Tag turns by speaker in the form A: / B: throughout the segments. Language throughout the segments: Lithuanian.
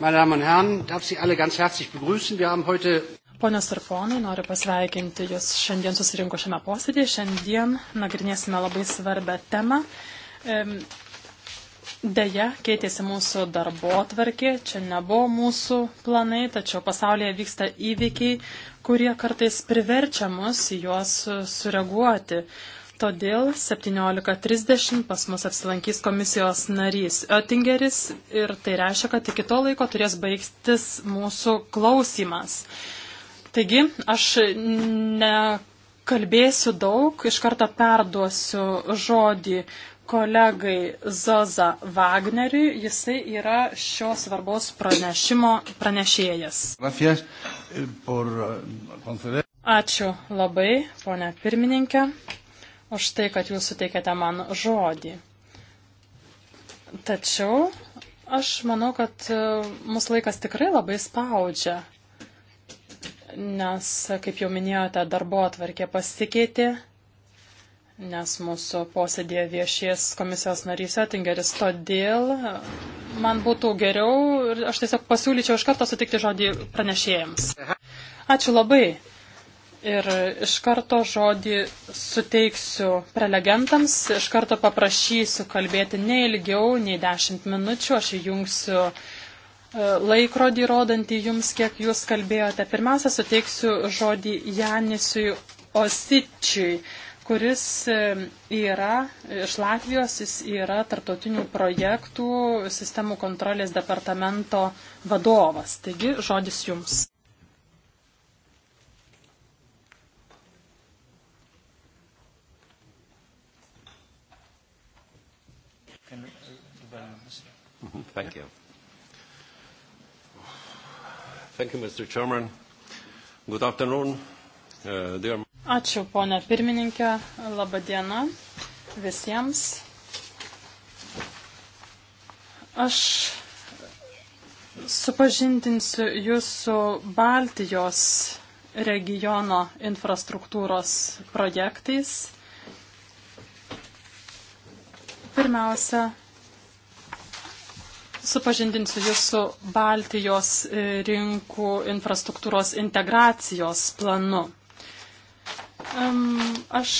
A: Meine Damen und Herren, darf Sie alle ganz herzlich begrüßen. Wir haben heute Ponios ir ponai, noriu pasveikinti Jūs šiandien susirinko šiame posėdėje. Šiandien nagrinėsime labai svarbę temą. Deja, keitėsi mūsų darbo atvarkė, čia nebuvo mūsų planai, tačiau pasaulyje vyksta įvykiai, kurie kartais priverčia mus į juos sureaguoti. Todėl 17.30 pas mus apsilankys komisijos narys Oettingeris ir tai reiškia, kad iki to laiko turės baigtis mūsų klausimas. Taigi, aš nekalbėsiu daug, iš karto perduosiu žodį kolegai Zoza Wagneriui, jisai yra šio svarbaus pranešimo pranešėjas.
B: Eh, eh,
A: Ačiū labai, ponia pirmininkė už tai, kad jūs suteikėte man žodį. Tačiau aš manau, kad e, mūsų laikas tikrai labai spaudžia, nes, kaip jau minėjote, darbo atvarkė pasikeitė, nes mūsų posėdėje viešies komisijos narys Atingeris, todėl e, man būtų geriau ir aš tiesiog pasiūlyčiau iš karto sutikti žodį pranešėjams. Ačiū labai. Ir iš karto žodį suteiksiu prelegentams, iš karto paprašysiu kalbėti ne ilgiau nei 10 minučių, aš įjungsiu e, laikrodį rodantį jums, kiek jūs kalbėjote. Pirmiausia, suteiksiu žodį Janisui Osičiui, kuris e, yra iš Latvijos, jis yra tartotinių projektų sistemų kontrolės departamento vadovas. Taigi, žodis jums.
B: Thank you. Thank you, Mr. Chairman. Good afternoon. Uh, dear...
A: Ačiū, ponia pirmininkė. Labą dieną visiems. Aš supažindinsiu jūsų Baltijos regiono infrastruktūros projektais. Pirmiausia, Supažindinsiu Jūs su Baltijos e, rinkų infrastruktūros integracijos planu. Aš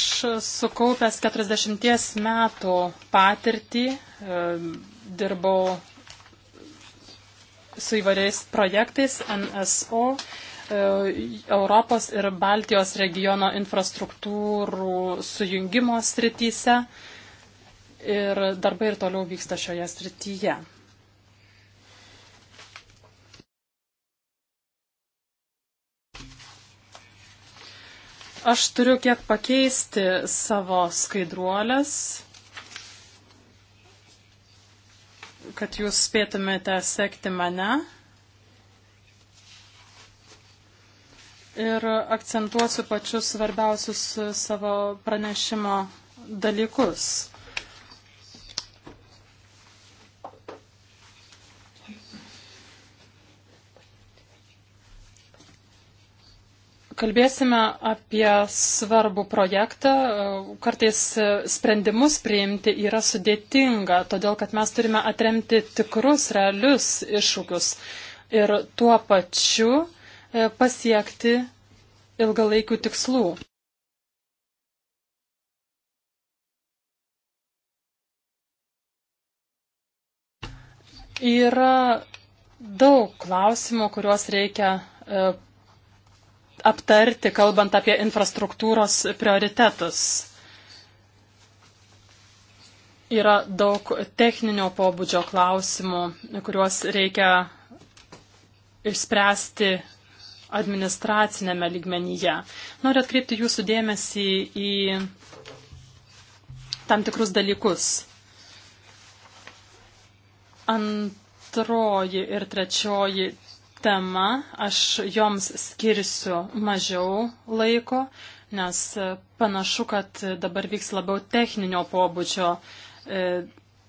A: sukaupęs 40 metų patirtį, e, dirbau su įvairiais projektais NSO, e, Europos ir Baltijos regiono infrastruktūrų sujungimo srityse ir darbai ir toliau vyksta šioje srityje. Aš turiu kiek pakeisti savo skaidruolės, kad jūs spėtumėte sekti mane. Ir akcentuosiu pačius svarbiausius savo pranešimo dalykus. Kalbėsime apie svarbų projektą. Kartais sprendimus priimti yra sudėtinga, todėl kad mes turime atremti tikrus, realius iššūkius ir tuo pačiu e, pasiekti ilgalaikių tikslų. Yra daug klausimų, kuriuos reikia e, aptarti, kalbant apie infrastruktūros prioritetus. Yra daug techninio pobūdžio klausimų, kuriuos reikia išspręsti administracinėme lygmenyje. Noriu atkreipti jūsų dėmesį į tam tikrus dalykus. Antroji ir trečioji tema, aš joms skirsiu mažiau laiko, nes e, panašu, kad dabar vyks labiau techninio pobūdžio e,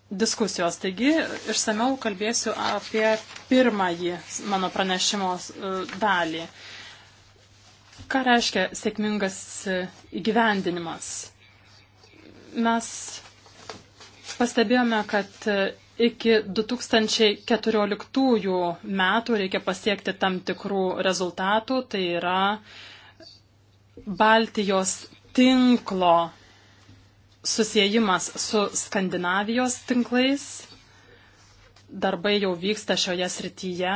A: diskusijos. Taigi išsameu kalbėsiu apie pirmąjį mano pranešimo e, dalį. Ką reiškia sėkmingas įgyvendinimas? Mes pastebėjome, kad e, iki 2014 metų reikia pasiekti tam tikrų rezultatų, tai yra Baltijos tinklo susijimas su Skandinavijos tinklais. Darbai jau vyksta šioje srityje.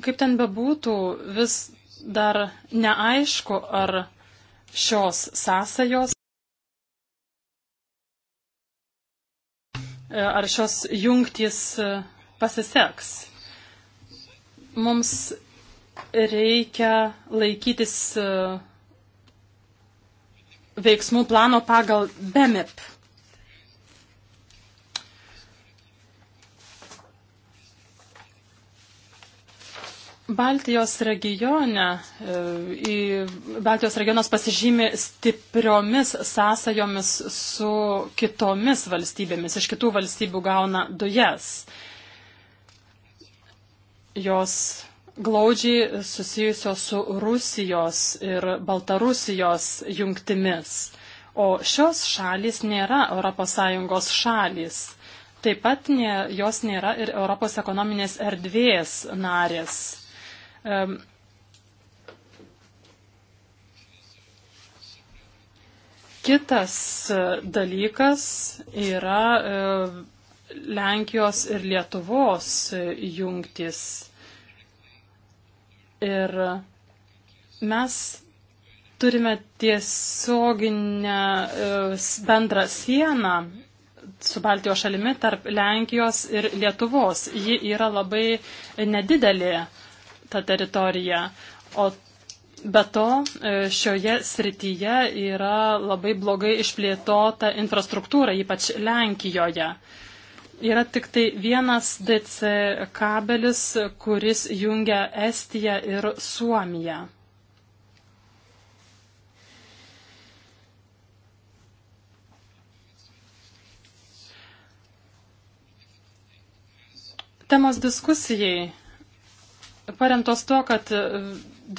A: Kaip ten bebūtų, vis dar neaišku, ar šios sąsajos ar šios jungtys e, pasiseks. Mums reikia laikytis e, veiksmų plano pagal BEMIP Baltijos regione, e, į Baltijos regionas pasižymi stipriomis sąsajomis su kitomis valstybėmis, iš kitų valstybių gauna dujas. Jos glaudžiai susijusios su Rusijos ir Baltarusijos jungtimis, o šios šalys nėra ES šalys. Taip pat nė, jos nėra ir Europos ekonominės erdvės narės. Um, kitas e, dalykas yra um, Lenkijos ir Lietuvos e, jungtis. Ir mes turime tiesioginę bendrą sieną su Baltijos šalimi tarp Lenkijos ir Lietuvos. Ji yra labai nedidelė tą teritoriją. O be to e, šioje srityje yra labai blogai išplėtota infrastruktūra, ypač Lenkijoje. Yra tik tai vienas DC kabelis, kuris jungia Estiją ir Suomiją. temos diskusijai paremtos tuo, kad e,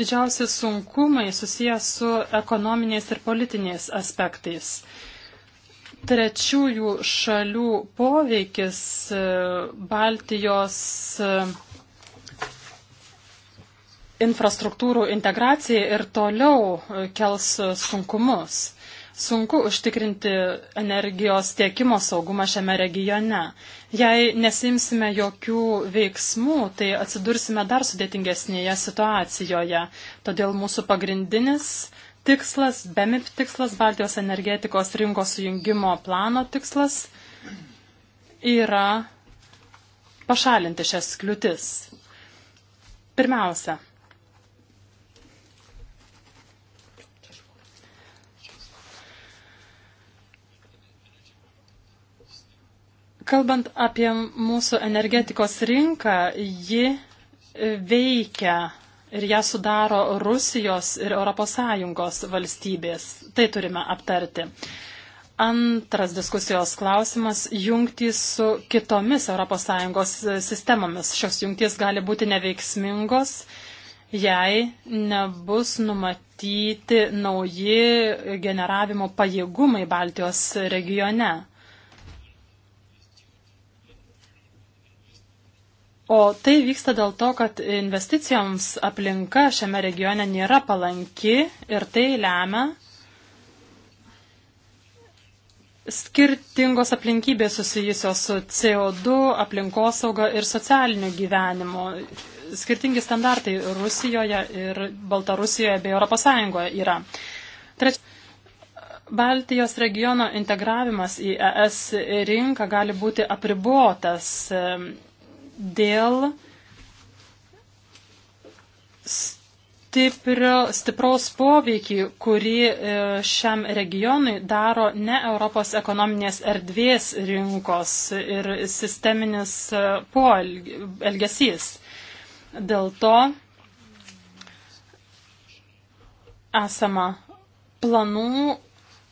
A: didžiausi sunkumai susijęs su ekonominiais ir politiniais aspektais. Trečiųjų šalių poveikis e, Baltijos e, infrastruktūrų integracijai ir toliau kels sunkumus. Sunku užtikrinti energijos tiekimo saugumą šiame regione. Jei nesimsime jokių veiksmų, tai atsidursime dar sudėtingesnėje situacijoje. Todėl mūsų pagrindinis tikslas, BEMIP tikslas, Baltijos energetikos rinkos sujungimo plano tikslas yra pašalinti šias kliūtis. Pirmiausia, Kalbant apie mūsų energetikos rinką, ji veikia ir ją sudaro Rusijos ir ES valstybės. Tai turime aptarti. Antras diskusijos klausimas - jungtys su kitomis ES sistemomis. Šios jungtys gali būti neveiksmingos, jei nebus numatyti nauji generavimo pajėgumai Baltijos regione. O tai vyksta dėl to, kad investicijoms aplinka šiame regione nėra palanki ir tai lemia skirtingos aplinkybės susijusios su CO2, aplinkosauga ir socialiniu gyvenimu. Skirtingi standartai Rusijoje ir Baltarusijoje bei ES yra. Trečia, Baltijos regiono integravimas į ES rinką gali būti apribuotas dėl stiprio, stipraus poveikį, kurį e, šiam regionui daro ne Europos ekonominės erdvės rinkos ir sisteminis e, poelgesys. Dėl to esama planų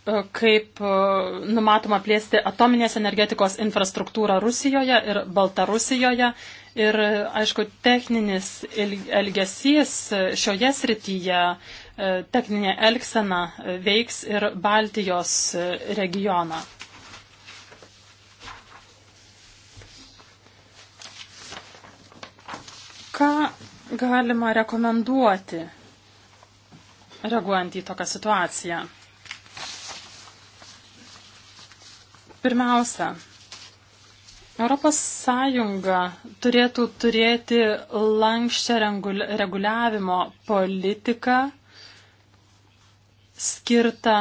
A: E, kaip e, numatoma plėsti atominės energetikos infrastruktūrą Rusijoje ir Baltarusijoje. Ir, e, aišku, techninis elgesys šioje srityje, techninė elgsena veiks ir Baltijos regioną. Ką galima rekomenduoti, reaguojant į tokią situaciją? Pirmiausia, Europos Sąjunga turėtų turėti lankščią reguliavimo politiką skirtą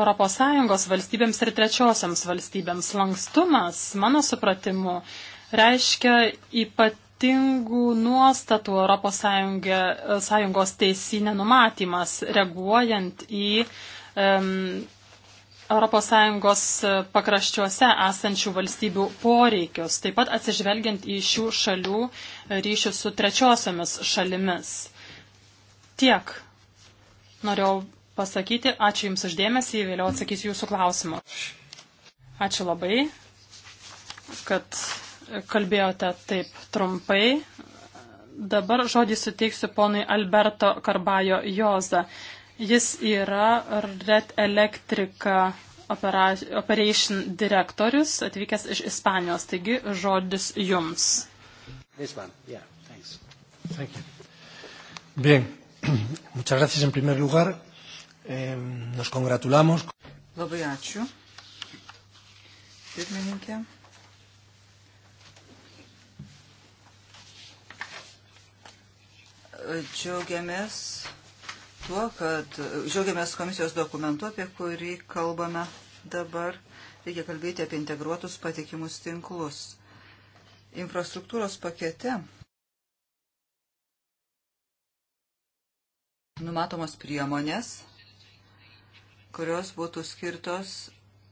A: Europos Sąjungos valstybėms ir trečiosiams valstybėms. Lankstumas, mano supratimu, reiškia ypatingų nuostatų Europos Sąjunga, Sąjungos teisinė numatymas, reaguojant į um, ES e, pakraščiuose esančių valstybių poreikius, taip pat atsižvelgiant į šių šalių e, ryšius su trečiosiomis šalimis. Tiek norėjau pasakyti. Ačiū Jums uždėmesį, vėliau atsakysiu Jūsų klausimą. Ačiū labai, kad kalbėjote taip trumpai. Dabar žodį suteiksiu ponui Alberto Karbajo Joza. Jis yra Red Electrica Operation direktorius atvykęs iš Ispanijos. Taigi žodis jums. One, yeah, thanks.
C: Thank you. Bien, muchas gracias en primer lugar. Eh, nos congratulamos.
D: Labai ačiū. Pirmininkė. Džiaugiamės tuo, kad žiaugiamės komisijos dokumentu, apie kurį kalbame dabar. Reikia kalbėti apie integruotus patikimus tinklus. Infrastruktūros pakete numatomos priemonės, kurios būtų skirtos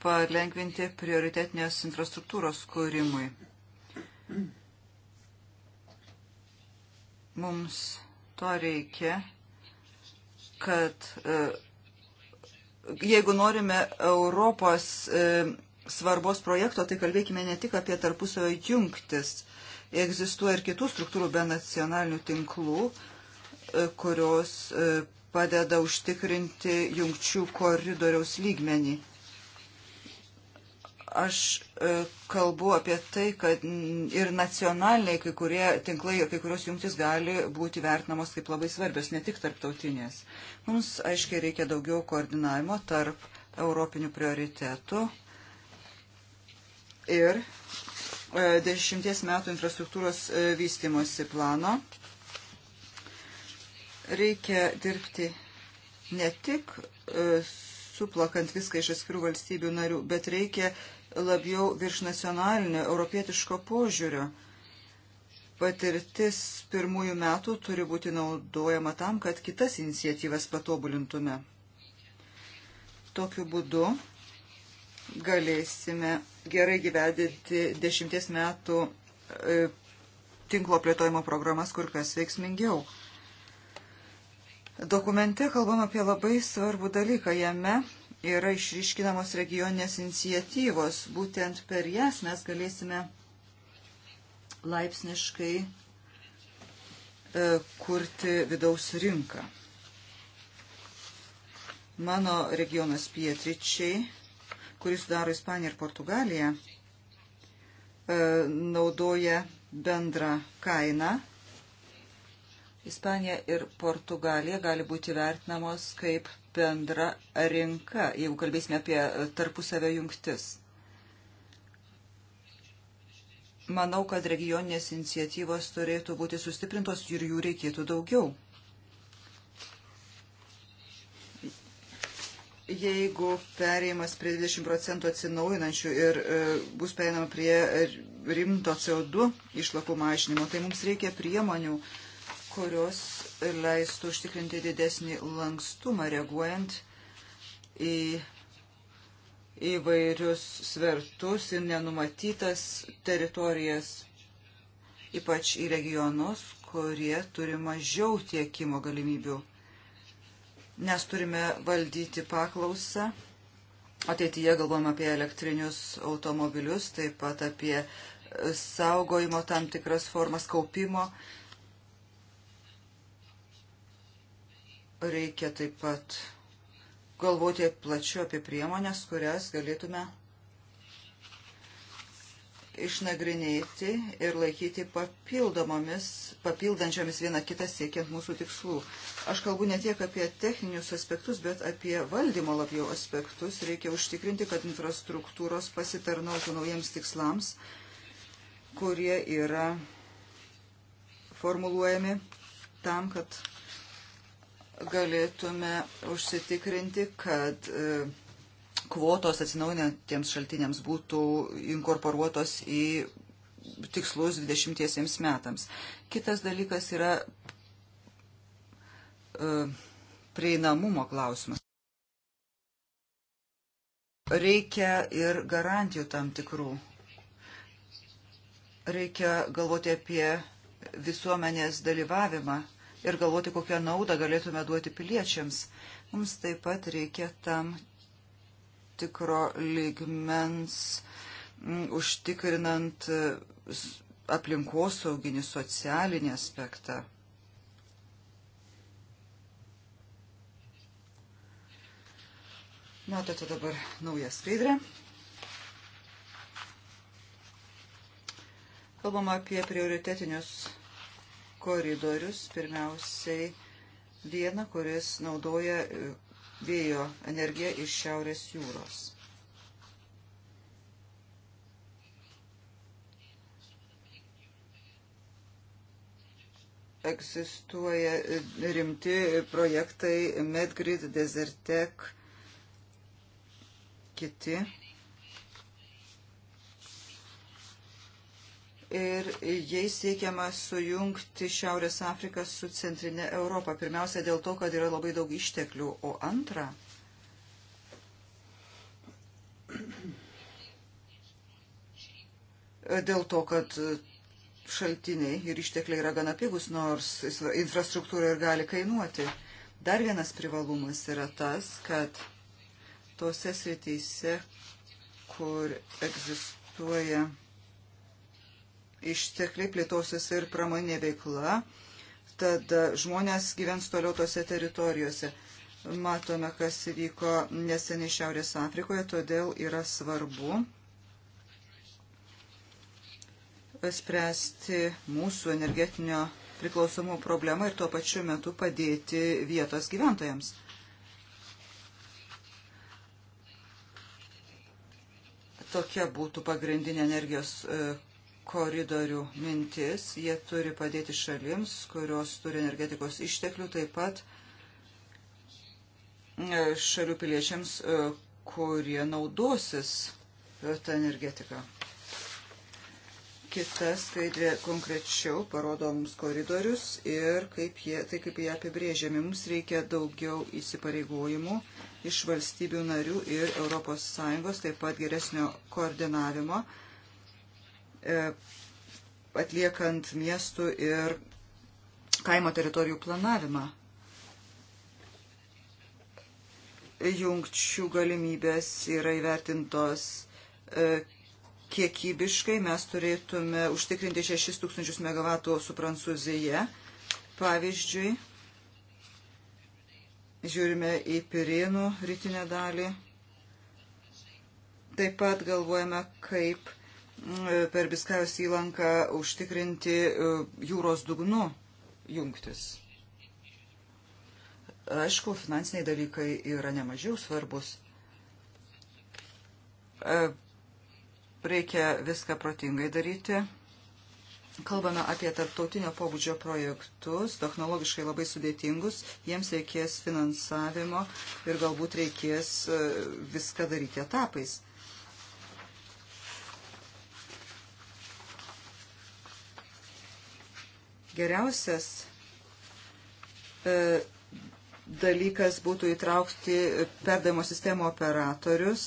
D: palengvinti prioritetinės infrastruktūros kūrimui. Mums to reikia kad e, jeigu norime Europos e, svarbos projekto, tai kalbėkime ne tik apie tarpusavio jungtis. Egzistuoja ir kitų struktūrų be nacionalinių tinklų, e, kurios padeda užtikrinti jungčių koridoriaus lygmenį. Aš e, kalbu apie tai, kad ir nacionaliniai kai kurie tinklai ir kai kurios jungtis gali būti vertinamos kaip labai svarbios, ne tik tarptautinės. Mums aiškiai reikia daugiau koordinavimo tarp europinių prioritetų ir e, dešimties metų infrastruktūros e, vystimosi plano. Reikia dirbti ne tik suplakant viską iš atskirų valstybių narių, bet reikia labiau virš nacionalinio europietiško požiūrio. Patirtis pirmųjų metų turi būti naudojama tam, kad kitas iniciatyvas patobulintume. Tokiu būdu galėsime gerai gyvedinti dešimties metų e, tinklo plėtojimo programas kur kas veiksmingiau. Dokumente kalbam apie labai svarbų dalyką. Jame yra išryškinamos regioninės inicijatyvos. Būtent per jas mes galėsime laipsniškai e, kurti vidaus rinką. Mano regionas pietričiai, kuris sudaro Ispaniją ir Portugaliją, e, naudoja bendrą kainą. Ispanija ir Portugalija gali būti vertinamos kaip bendra rinka, jeigu kalbėsime apie tarpusavio jungtis. Manau, kad regioninės iniciatyvos turėtų būti sustiprintos ir jų reikėtų daugiau. Jeigu perėjimas prie 20 procentų atsinaujinančių ir e, bus pereinama prie rimto CO2 išlakų mažinimo, tai mums reikia priemonių, kurios leistų užtikrinti didesnį lankstumą reaguojant į įvairius svertus ir nenumatytas teritorijas, ypač į regionus, kurie turi mažiau tiekimo galimybių. Nes turime valdyti paklausą. Ateityje galvom apie elektrinius automobilius, taip pat apie saugojimo tam tikras formas kaupimo. Uh, Reikia taip pat galvoti plačiau apie priemonės, kurias galėtume išnagrinėti ir laikyti papildomomis, papildančiomis vieną kitą siekiant mūsų tikslų. Aš kalbu ne tiek apie techninius aspektus, bet apie valdymo labiau aspektus. Reikia užtikrinti, kad infrastruktūros pasitarnautų naujiems tikslams, kurie yra formuluojami tam, kad galėtume užsitikrinti, kad e, kvotos atsinaujinantiems šaltiniams būtų inkorporuotos į tikslus 20 metams. Kitas dalykas yra e, prieinamumo klausimas. Reikia ir garantijų tam tikrų. Reikia galvoti apie visuomenės dalyvavimą ir galvoti, kokią naudą galėtume duoti piliečiams. Mums taip pat reikia tam tikro ligmens m, užtikrinant e, aplinkosauginį socialinį aspektą. Matote dabar naują skaidrę. Kalbama apie prioritetinius koridorius, pirmiausiai vieną, kuris naudoja e, vėjo energiją iš Šiaurės jūros. Egzistuoja e, rimti projektai Medgrid, Desertec, kiti. ir jais siekiama sujungti Šiaurės Afriką su Centrinė Europa. Pirmiausia, dėl to, kad yra labai daug išteklių, o antra, dėl to, kad šaltiniai ir ištekliai yra gana pigus, nors infrastruktūra ir gali kainuoti. Dar vienas privalumas yra tas, kad tose srityse, kur egzistuoja ištekliai, plėtosis ir pramonė veikla, tad žmonės gyvens toliau tose teritorijose. Matome, kas įvyko neseniai Šiaurės Afrikoje, todėl yra svarbu spręsti mūsų energetinio priklausomumo problemą ir tuo pačiu metu padėti vietos gyventojams. tokia būtų pagrindinė energijos e, koridorių mintis. Jie turi padėti šalims, kurios turi energetikos išteklių, taip pat e, šalių piliečiams, e, kurie naudosis e, tą energetiką. Kita skaidrė konkrečiau parodo mums koridorius ir kaip jie, tai kaip jie apibrėžiami. Mums reikia daugiau įsipareigojimų iš valstybių narių ir ES, taip pat geresnio koordinavimo E, atliekant miestų ir kaimo teritorijų planavimą. Jungčių galimybės yra įvertintos e, kiekybiškai. Mes turėtume užtikrinti 6000 MW su Prancūzija. Pavyzdžiui, žiūrime į Pirinų rytinę dalį. Taip pat galvojame, kaip E, per Biskajos įlanką užtikrinti e, jūros dugnu jungtis. Aišku, finansiniai dalykai yra nemažiau svarbus. E, reikia viską protingai daryti. Kalbame apie tarptautinio pobūdžio projektus, technologiškai labai sudėtingus, jiems reikės finansavimo ir galbūt reikės viską daryti etapais. Geriausias e, dalykas būtų įtraukti perdavimo sistemo operatorius,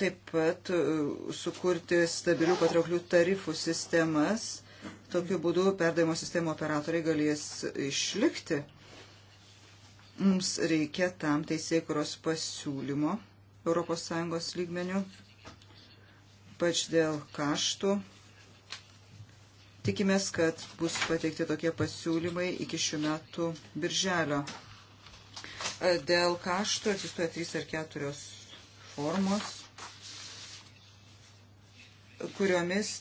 D: taip pat e, sukurti stabilių patrauklių tarifų sistemas. Tokiu būdu perdavimo sistemo operatoriai galės išlikti mums reikia tam teisėkuros pasiūlymo ES lygmenių, pač dėl kaštų Tikimės, kad bus pateikti tokie pasiūlymai iki šių metų birželio. E, dėl kaštų egzistuoja trys ar keturios formos, kuriomis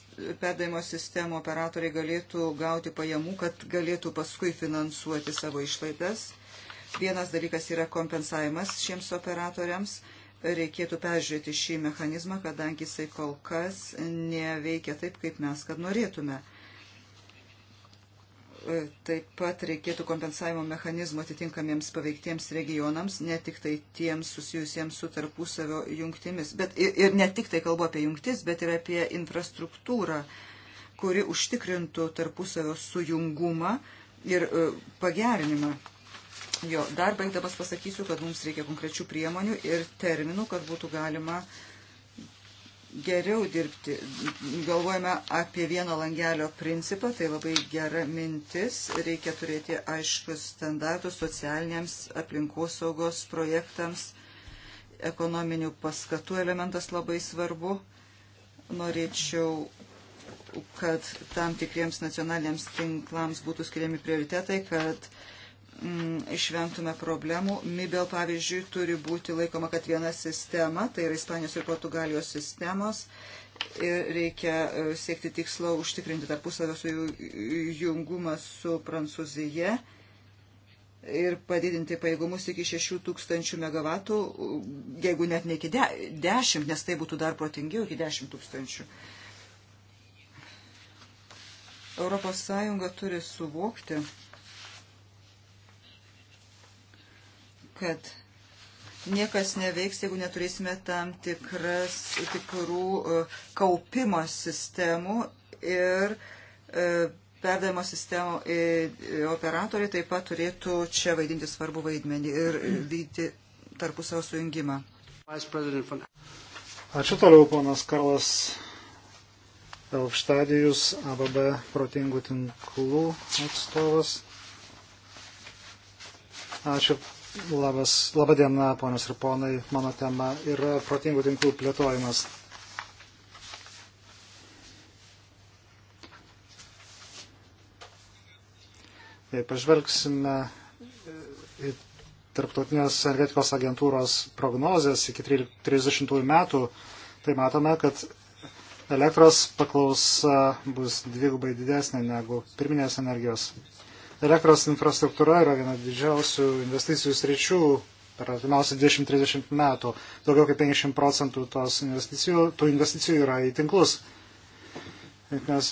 D: perdavimo sistemų operatoriai galėtų gauti pajamų, kad galėtų paskui finansuoti savo išlaidas. Vienas dalykas yra kompensavimas šiems operatoriams reikėtų peržiūrėti šį mechanizmą, kadangi jisai kol kas neveikia taip, kaip mes kad norėtume. E, taip pat reikėtų kompensavimo mechanizmo atitinkamiems paveiktiems regionams, ne tik tai tiems susijusiems su tarpusavio jungtimis. Bet ir, ir ne tik tai kalbu apie jungtis, bet ir apie infrastruktūrą, kuri užtikrintų tarpusavio sujungumą ir e, pagerinimą. Jo, dar baigdamas pasakysiu, kad mums reikia konkrečių priemonių ir terminų, kad būtų galima uh, geriau dirbti. Galvojame apie vieno langelio principą, tai labai gera mintis. Reikia turėti aiškius standartus socialiniams aplinkosaugos projektams. Ekonominių paskatų elementas labai svarbu. Norėčiau kad tam tikriems nacionaliniams tinklams būtų skiriami prioritetai, kad uh, mm, išvengtume problemų. Mibel, pavyzdžiui, turi būti laikoma, kad viena sistema, tai yra Ispanijos ir Portugalijos sistemos, ir reikia e, siekti tikslo užtikrinti tarpusavio sujungumą su Prancūzija ir padidinti pajėgumus iki 6000 MW, jeigu net ne iki 10, nes tai būtų dar protingiau, iki 10 tūkstančių. Europos Sąjunga turi suvokti, kad niekas neveiks, jeigu neturėsime tam tikras, tikrų e, kaupimo sistemų ir e, perdavimo sistemų e, operatoriai taip pat turėtų čia vaidinti svarbų vaidmenį ir vykti tarpusavio sujungimą.
C: Ačiū toliau, ponas Karlas Elfštadijus, ABB protingų tinklų atstovas. Ačiū Labas, laba diena, ponios ir ponai. Mano tema yra protingų tinklų plėtojimas. Jei pažvelgsime į tarptautinės energetikos agentūros prognozes iki 30 metų, tai matome, kad elektros paklausa bus dvigubai didesnė negu pirminės energijos. Elektros infrastruktūra yra viena didžiausių investicijų sričių per artimiausią 20-30 metų. Daugiau kaip 50 procentų investicijų, tų investicijų yra į tinklus. Nes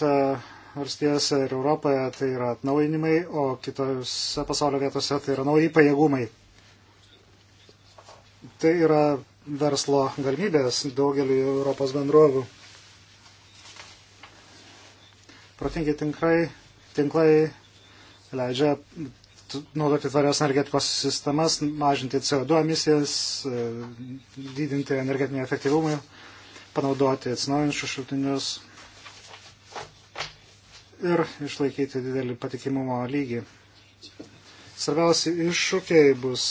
C: valstijose ir Europoje tai yra atnaujinimai, o kitose pasaulio vietose tai yra nauji pajėgumai. Tai yra verslo galimybės daugeliu Europos bendrovių. Protingi tinklai, tinklai leidžia naudoti tvarios energetikos sistemas, mažinti CO2 emisijas, e, didinti energetinį efektyvumą, panaudoti atsinaujinčius šaltinius ir išlaikyti didelį patikimumo lygį. Svarbiausi iššūkiai bus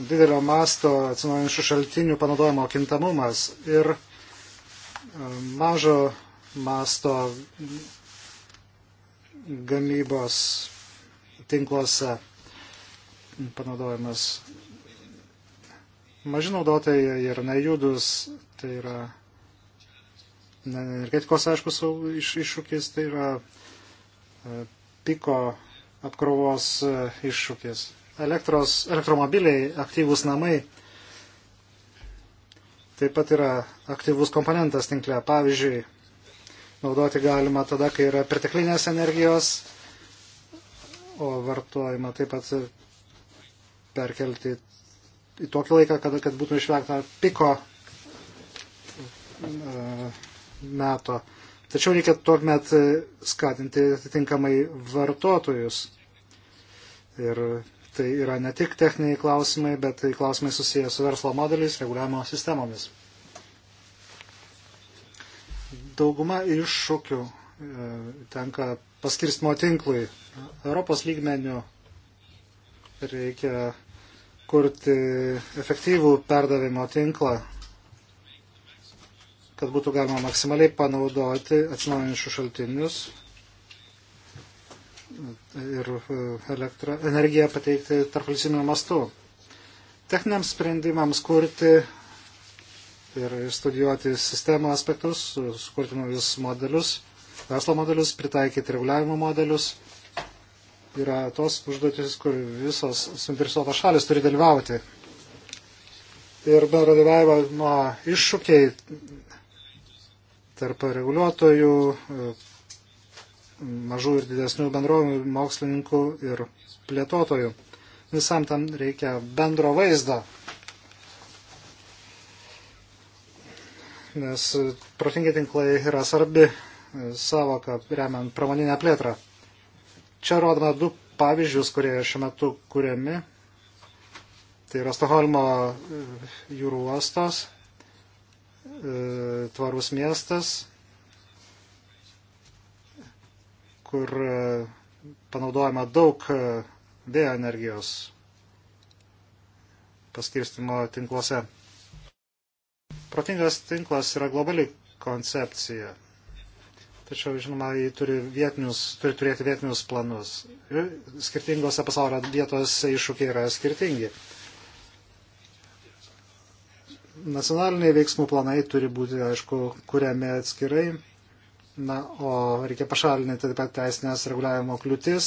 C: didelio masto atsinaujinčių šaltinių panaudojimo kintamumas ir mažo masto gamybos tinkluose panaudojimas. Maži naudotojai ir nejudus, tai yra energetikos aiškus iš, iššūkis, tai yra e, piko apkrovos e, iššūkis. Elektros, elektromobiliai, aktyvus namai taip pat yra aktyvus komponentas tinkle. Pavyzdžiui, naudoti galima tada, kai yra perteklinės energijos, o vartojimą taip pat perkelti į tokį laiką, kad, kad būtų išvengta piko e, meto. Tačiau reikia tuomet skatinti atitinkamai vartotojus ir tai yra ne tik techniniai klausimai, bet tai klausimai susiję su verslo modeliais, reguliavimo sistemomis. Dauguma iššūkių e, tenka paskirstimo tinklui. Europos lygmenių reikia kurti efektyvų perdavimo tinklą, kad būtų galima maksimaliai panaudoti atsinaujinčių šaltinius ir e, elektrą, energiją pateikti tarp valstybinių mastų. Techniniams sprendimams kurti ir studijuoti sistemų aspektus, sukurti naujus modelius, verslo modelius, pritaikyti reguliavimo modelius. Yra tos užduotis, kur visos suinteresuotos šalis turi dalyvauti. Ir bendradarbiavimo iššūkiai tarp reguliuotojų, mažų ir didesnių bendrovų, mokslininkų ir plėtotojų. Visam tam reikia bendro vaizdo. Nes protingi tinklai yra svarbi savoka remiant pramoninę plėtrą. Čia rodome du pavyzdžius, kurie šiuo metu kuriami. Tai yra Stoholmo e, jūrų uostas, e, tvarus miestas kur e, panaudojama daug e, vėjo energijos paskirstimo tinkluose. Protingas tinklas yra globali koncepcija. Tačiau, žinoma, jį turi, vietinius, turi turėti vietinius planus. Ir skirtingose pasaulio vietose iššūkiai yra skirtingi. Nacionaliniai veiksmų planai turi būti, aišku, kuriami atskirai Na, o reikia pašalinti taip pat teisinės reguliavimo kliūtis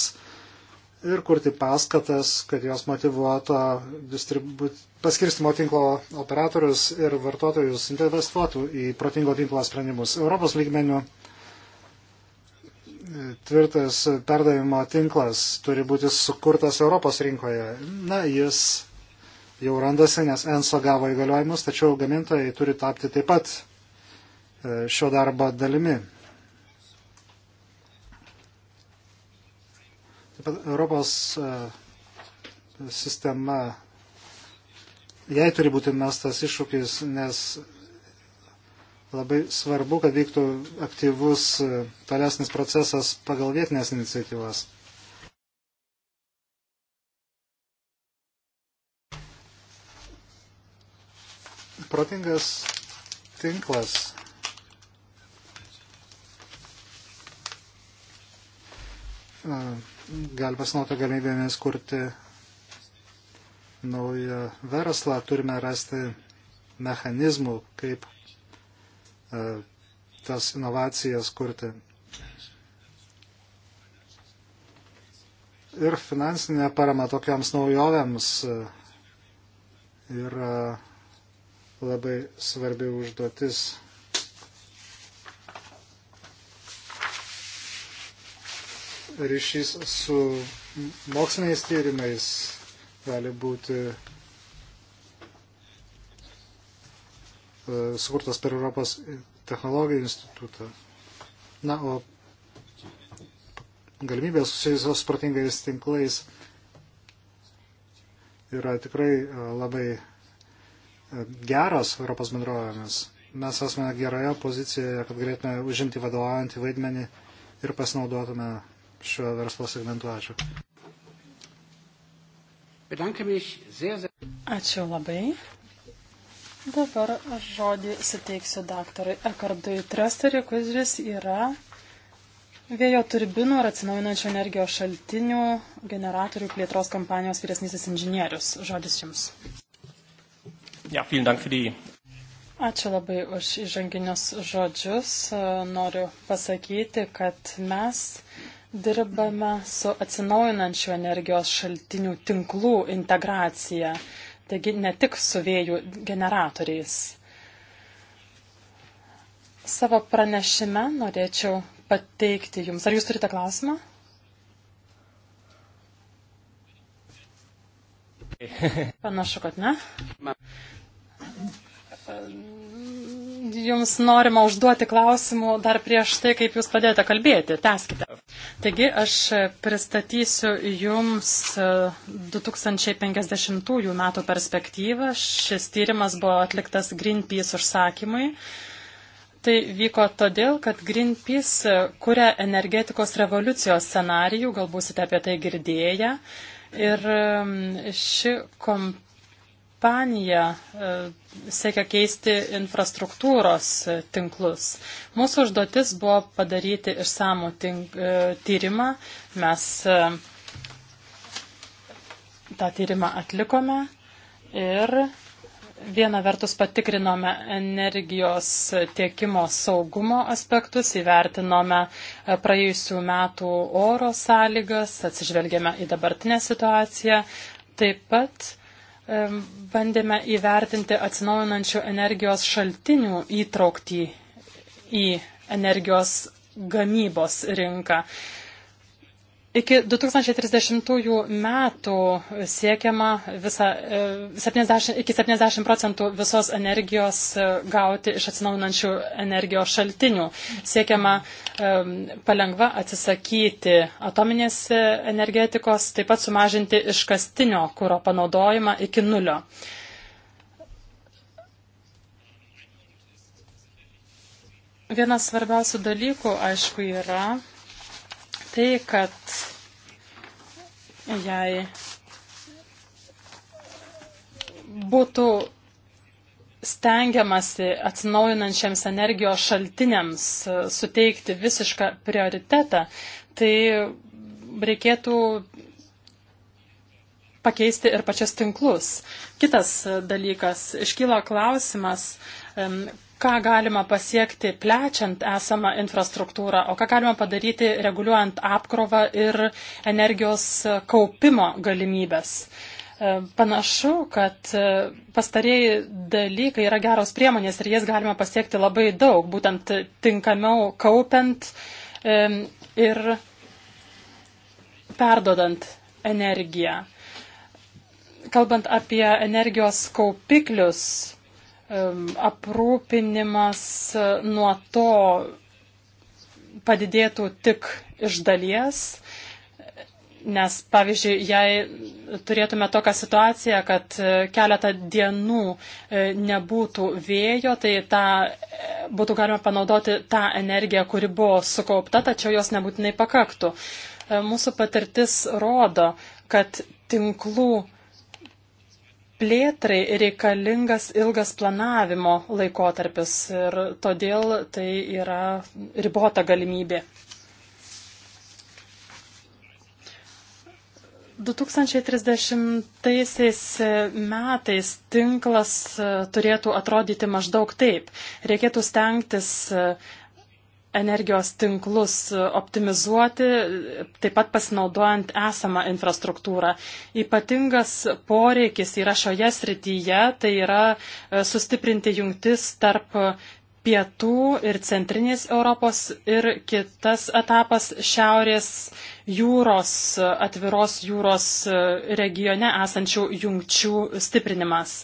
C: ir kurti paskatas, kad jos motivuoto distribu... paskirstimo tinklo operatorius ir vartotojus investuotų į protingo tinklo sprendimus. Europos lygmenių e, tvirtas perdavimo tinklas turi būti sukurtas Europos rinkoje. Na, jis jau randasi, nes ENSO gavo įgaliojimus, tačiau gamintojai turi tapti taip pat e, šio darbo dalimi. Taip pat Europos e, sistema, jai turi būti mestas iššūkis, nes labai svarbu, kad vyktų aktyvus e, tolesnis procesas pagal vietinės iniciatyvas. Protingas tinklas gali pasinauti galimybėmis kurti naują verslą, turime rasti mechanizmų, kaip e, tas inovacijas kurti. Ir finansinė parama tokiams naujovėms e, yra labai svarbi užduotis. ryšys su moksliniais tyrimais gali būti e, sukurtas per Europos technologijų institutą. Na, o galimybės susijusios protingais tinklais yra tikrai e, labai e, geros Europos bendrovėmis. Mes esame geroje pozicijoje, kad galėtume užimti vadovaujantį vaidmenį ir pasinaudotume šiuo verslo segmentu. Ačiū.
A: Ačiū labai. Dabar aš žodį suteiksiu daktarui Ekardui Tresteriui, kuris yra vėjo turbinų ir atsinaujinančių energijos šaltinių generatorių plėtros kompanijos vyresnysis inžinierius. Žodis jums. Ja, dank für die... Ačiū labai už įžanginius žodžius. Noriu pasakyti, kad mes Dirbame su atsinaujinančių energijos šaltinių tinklų integracija, taigi ne tik su vėjų generatoriais. Savo pranešime norėčiau pateikti jums. Ar jūs turite klausimą? Panašu, kad ne jums norima užduoti klausimų dar prieš tai, kaip jūs pradėjote kalbėti. Teskite. Taigi, aš pristatysiu jums 2050 e, metų perspektyvą. Šis tyrimas buvo atliktas Greenpeace užsakymui. Tai vyko todėl, kad Greenpeace kuria energetikos revoliucijos scenarijų, gal būsite apie tai girdėję. Ir e, ši kompanija Ispanija e, siekia keisti infrastruktūros e, tinklus. Mūsų užduotis buvo padaryti išsamų e, tyrimą. Mes tą tyrimą atlikome ir Viena vertus patikrinome energijos tiekimo saugumo aspektus, įvertinome praėjusių metų oro sąlygas, atsižvelgėme į dabartinę situaciją. Taip pat bandėme įvertinti atsinaujinančių energijos šaltinių įtraukti į energijos gamybos rinką. Iki 2030 metų siekiama visa, 70, e, iki 70 procentų visos energijos e, gauti iš atsinaujinančių energijos šaltinių. Siekiama um, palengva atsisakyti atominės energetikos, taip pat sumažinti iškastinio kūro panaudojimą iki nulio. Vienas svarbiausių dalykų, aišku, yra tai, kad jei būtų stengiamasi atsinaujinančiams energijos šaltiniams e, suteikti visišką prioritetą, tai reikėtų pakeisti ir pačias tinklus. Kitas e, dalykas, iškyla klausimas, ką galima pasiekti plečiant esamą infrastruktūrą, o ką galima padaryti reguliuojant apkrovą ir energijos kaupimo galimybės. E, panašu, kad e, pastarėjai dalykai yra geros priemonės ir jas galima pasiekti labai daug, būtent tinkamiau kaupiant e, ir perdodant energiją. Kalbant apie energijos kaupiklius, aprūpinimas e, nuo to padidėtų tik iš dalies. Nes, pavyzdžiui, jei turėtume tokią situaciją, kad e, keletą dienų e, nebūtų vėjo, tai tą, būtų galima panaudoti tą energiją, kuri buvo sukaupta, tačiau jos nebūtinai pakaktų. Mūsų patirtis rodo, kad tinklų plėtrai reikalingas ilgas planavimo laikotarpis ir todėl tai yra ribota galimybė. 2030 metais tinklas turėtų atrodyti maždaug taip. Reikėtų stengtis energijos tinklus optimizuoti, taip pat pasinaudojant esamą infrastruktūrą. Ypatingas poreikis yra šioje srityje, tai yra e, sustiprinti jungtis tarp pietų ir centrinės Europos ir kitas etapas šiaurės jūros, atviros jūros e, regione esančių jungčių stiprinimas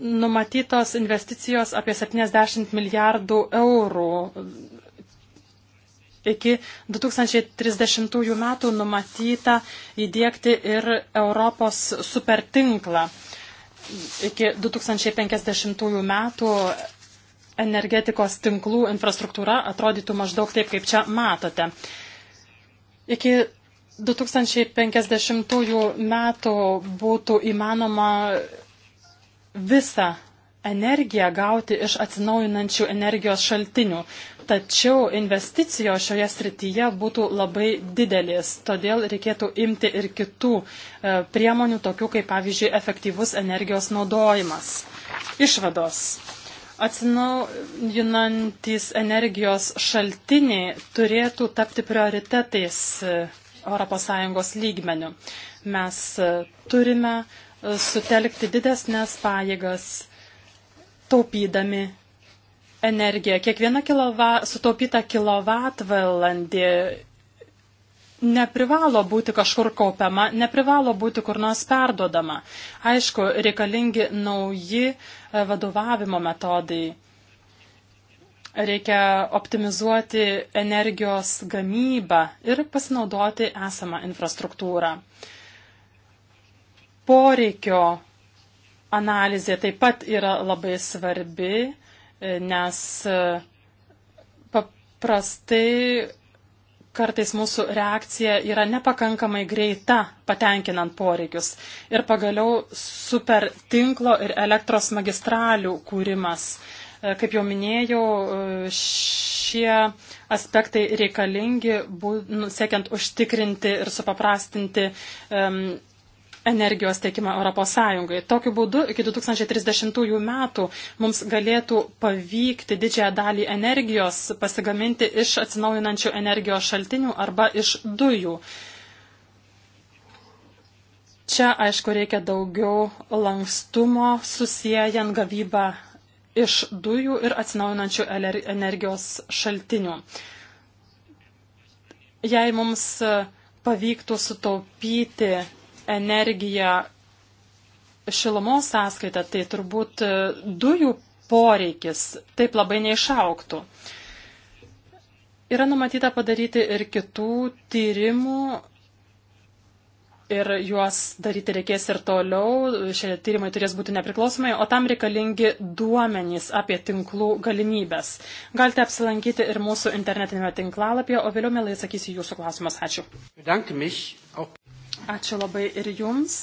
A: numatytos investicijos apie 70 milijardų eurų. Iki 2030 metų numatyta įdėkti ir Europos supertinklą. Iki 2050 metų energetikos tinklų infrastruktūra atrodytų maždaug taip, kaip čia matote. Iki 2050 metų būtų įmanoma visą energiją gauti iš atsinaujinančių energijos šaltinių. Tačiau investicijos šioje srityje būtų labai didelės, todėl reikėtų imti ir kitų e, priemonių, tokių kaip pavyzdžiui efektyvus energijos naudojimas. Išvados. Atsinaujinantis energijos šaltiniai turėtų tapti prioritetais ES lygmenių. Mes e, turime sutelkti didesnės pajėgas, taupydami energiją. Kiekviena kilova, sutaupyta kilovatvalandė neprivalo būti kažkur kaupiama, neprivalo būti kur nors perdodama. Aišku, reikalingi nauji e, vadovavimo metodai. Reikia optimizuoti energijos gamybą ir pasinaudoti esamą infrastruktūrą. Uh, poreikio analizė taip pat yra labai svarbi, e, nes e, paprastai kartais mūsų reakcija yra nepakankamai greita patenkinant poreikius. Ir pagaliau super tinklo ir elektros magistralių kūrimas. E, kaip jau minėjau, šie aspektai reikalingi, nu, siekiant užtikrinti ir supaprastinti um, energijos tiekimą Europos Sąjungai. Tokiu būdu iki 2030 metų mums galėtų pavykti didžiąją dalį energijos pasigaminti iš atsinaujinančių energijos šaltinių arba iš dujų. Čia, aišku, reikia daugiau lankstumo susijęjant gavybą iš dujų ir atsinaujinančių energijos šaltinių. Jei mums pavyktų sutaupyti energiją šilumos sąskaitą, tai turbūt e, dujų poreikis taip labai neišauktų. Yra numatyta padaryti ir kitų tyrimų ir juos daryti reikės ir toliau. Šie tyrimai turės būti nepriklausomai, o tam reikalingi duomenys apie tinklų galimybės. Galite apsilankyti ir mūsų internetinėme tinklalapyje, o vėliau mielai sakysiu jūsų klausimas. Ačiū. Ačiū labai ir jums,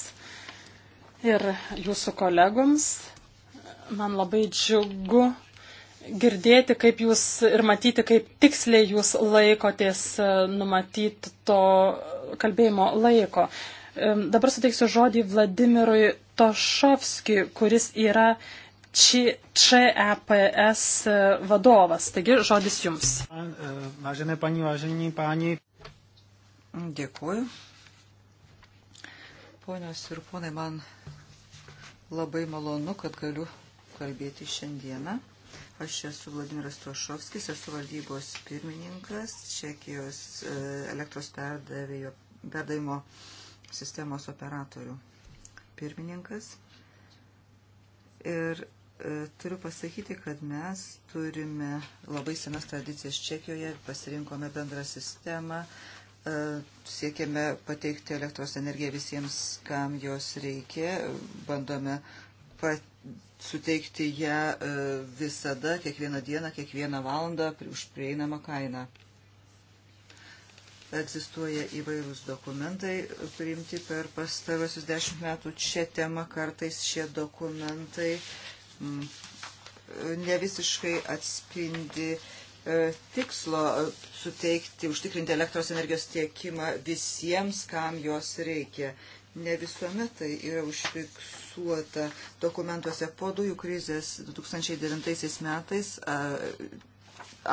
A: ir jūsų kolegoms. Man labai džiugu girdėti, kaip jūs ir matyti, kaip tiksliai jūs laikotės e, numatyti to kalbėjimo laiko. E, dabar suteiksiu žodį Vladimirui Tošovski, kuris yra ČEPS e, vadovas. Taigi, žodis jums. Važenė pani, važení pani. Dėkuoju.
D: Ponios ir ponai, man labai malonu, kad galiu kalbėti šiandieną. Aš esu Vladimiras Tošovskis, esu valdybos pirmininkas Čekijos e, elektros perdavėjo, perdavimo sistemos operatorių pirmininkas. Ir e, turiu pasakyti, kad mes turime labai senas tradicijas Čekijoje, pasirinkome bendrą sistemą, E, siekiame pateikti elektros energiją visiems, kam jos reikia, bandome pat, suteikti ją e, visada, kiekvieną dieną, kiekvieną valandą už prieinamą kainą. Egzistuoja įvairūs dokumentai priimti per pastarosius dešimt metų. Čia tema kartais šie dokumentai mm, ne visiškai atspindi uh, E, tikslo e, suteikti, užtikrinti elektros energijos tiekimą visiems, kam jos reikia. Ne visuomet tai yra užfiksuota dokumentuose po dujų krizės 2009 metais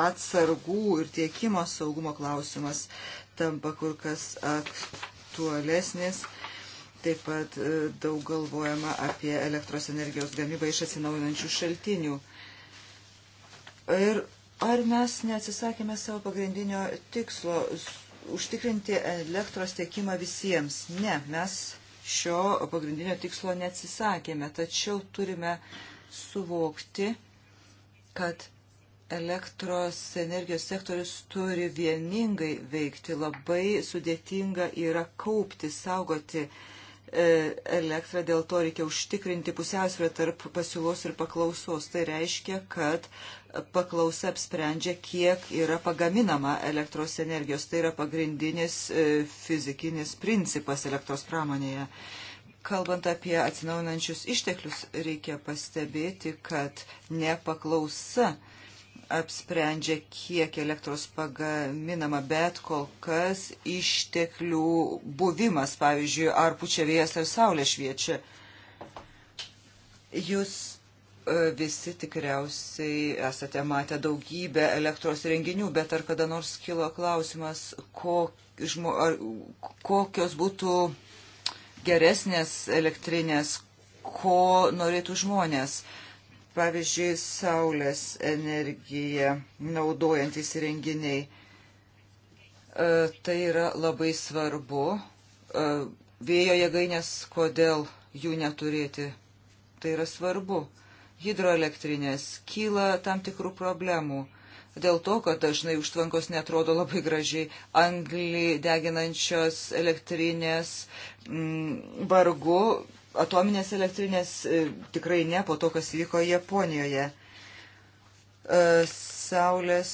D: atsargų ir tiekimo saugumo klausimas tampa kur kas aktualesnis. Taip pat e, daug galvojama apie elektros energijos gamybą iš atsinaujinančių šaltinių. Ir Ar mes neatsisakėme savo pagrindinio tikslo užtikrinti elektros tiekimą visiems? Ne, mes šio pagrindinio tikslo neatsisakėme, tačiau turime suvokti, kad elektros energijos sektorius turi vieningai veikti. Labai sudėtinga yra kaupti, saugoti uh, E, elektrą, dėl to reikia užtikrinti pusiausvę tarp pasiūlos ir paklausos. Tai reiškia, kad paklausa apsprendžia, kiek yra pagaminama elektros energijos. Tai yra pagrindinis e, fizikinis principas elektros pramonėje. Kalbant apie atsinaujinančius išteklius, reikia pastebėti, kad nepaklausa paklausa apsprendžia, kiek elektros pagaminama, bet kol kas išteklių buvimas, pavyzdžiui, ar pučia vėjas, ar saulė šviečia. Jūs e, visi tikriausiai esate matę daugybę elektros renginių, bet ar kada nors kilo klausimas, ko, žmo, ar, kokios būtų geresnės elektrinės, ko norėtų žmonės. Uh, pavyzdžiui, saulės energiją naudojantis įrenginiai. E, tai yra labai svarbu. E, vėjo jėgainės, kodėl jų neturėti, tai yra svarbu. Hidroelektrinės kyla tam tikrų problemų dėl to, kad dažnai užtvankos netrodo labai gražiai, anglį deginančios elektrinės mm, vargu atominės elektrinės e, tikrai ne po to, kas vyko Japonijoje. E, saulės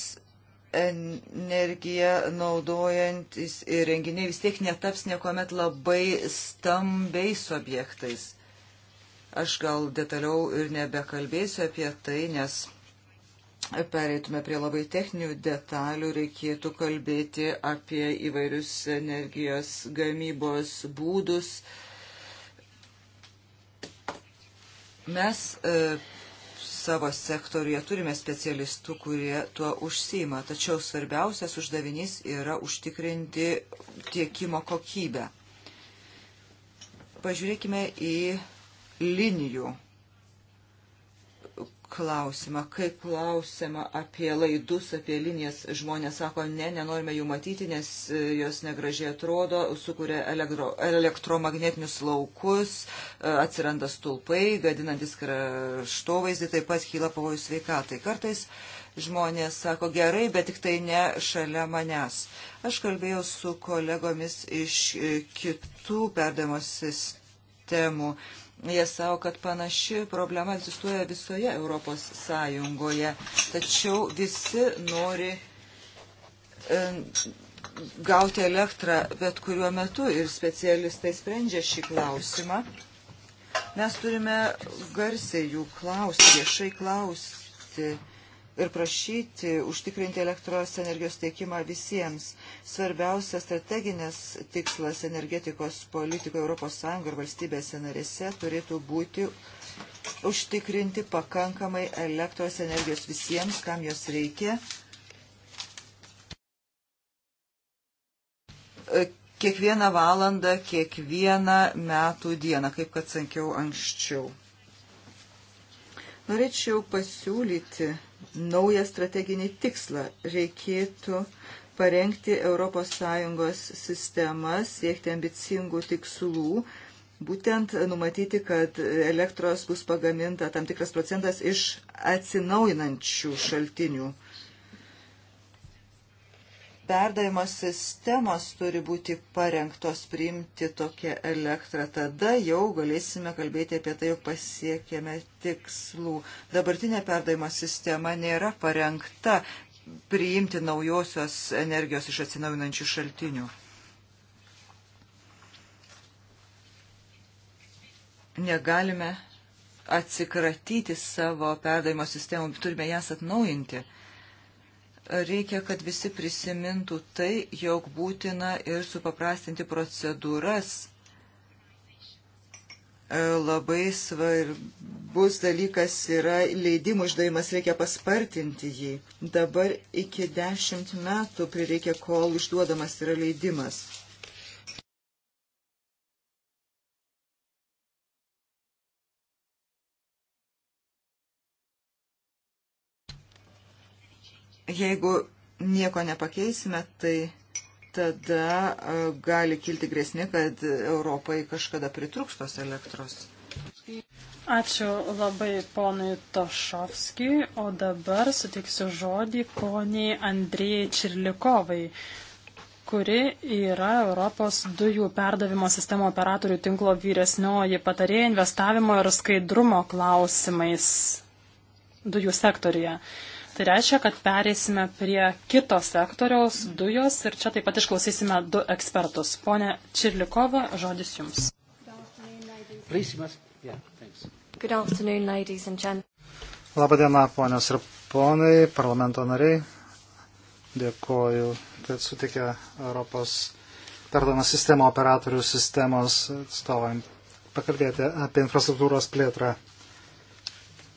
D: energiją naudojantis įrenginiai vis tiek netaps niekuomet labai stambiais objektais. Aš gal detaliau ir nebekalbėsiu apie tai, nes pereitume prie labai techninių detalių, reikėtų kalbėti apie įvairius energijos gamybos būdus, uh, Mes e, savo sektoriuje turime specialistų, kurie tuo užsima, tačiau svarbiausias uždavinys yra užtikrinti tiekimo kokybę. Pažiūrėkime į linijų klausimą. Kai klausima apie laidus, apie linijas, žmonės sako, ne, nenorime jų matyti, nes e, jos negražiai atrodo, sukuria elektro, elektromagnetinius laukus, e, atsiranda stulpai, gadinantis kraštovaizdį, taip pat kyla pavojus sveikatai. Kartais žmonės sako gerai, bet tik tai ne šalia manęs. Aš kalbėjau su kolegomis iš e, kitų perdamos sistemų. Jie savo, kad panaši problema egzistuoja visoje Europos Sąjungoje, tačiau visi nori e, gauti elektrą bet kuriuo metu ir specialistai sprendžia šį klausimą. Mes turime garsiai jų klausti, viešai klausti ir prašyti užtikrinti elektros energijos tiekimą visiems. Svarbiausias strateginis tikslas energetikos politikoje ES ir valstybėse narėse turėtų būti užtikrinti pakankamai elektros energijos visiems, kam jos reikia. Kiekvieną valandą, kiekvieną metų dieną, kaip kad sankiau anksčiau. Norėčiau pasiūlyti naują strateginį tikslą. Reikėtų parengti ES sistemas, siekti ambicingų tikslų, būtent numatyti, kad elektros bus pagaminta tam tikras procentas iš atsinaujinančių šaltinių perdavimo sistemos turi būti parengtos priimti tokią elektrą. Tada jau galėsime kalbėti apie tai, jog pasiekėme tikslų. Dabartinė perdavimo sistema nėra parengta priimti naujosios energijos iš atsinaujinančių šaltinių. Negalime atsikratyti savo perdavimo sistemų, turime jas atnaujinti reikia, kad visi prisimintų tai, jog būtina ir supaprastinti procedūras. E, labai svarbus dalykas yra leidimų išdavimas, reikia paspartinti jį. Dabar iki dešimt metų prireikia, kol išduodamas yra leidimas. Jeigu nieko nepakeisime, tai tada e, gali kilti grėsmė, kad Europai kažkada pritruks tos elektros.
A: Ačiū labai ponui Tošovskijui, o dabar sutiksiu žodį poniai Andrėjai Čirlikovai, kuri yra Europos dujų perdavimo sistemo operatorių tinklo vyresnioji patarėja investavimo ir skaidrumo klausimais dujų sektorija. Uh, Tai reiškia, kad pereisime prie kito sektoriaus dujos ir čia taip pat išklausysime du ekspertus. Pone Čirlikova, žodis Jums.
C: Labadiena, ponios ir ponai, parlamento nariai. Dėkoju, kad sutikė Europos perdavimo sistemo operatorių sistemos atstovam pakalbėti apie infrastruktūros plėtrą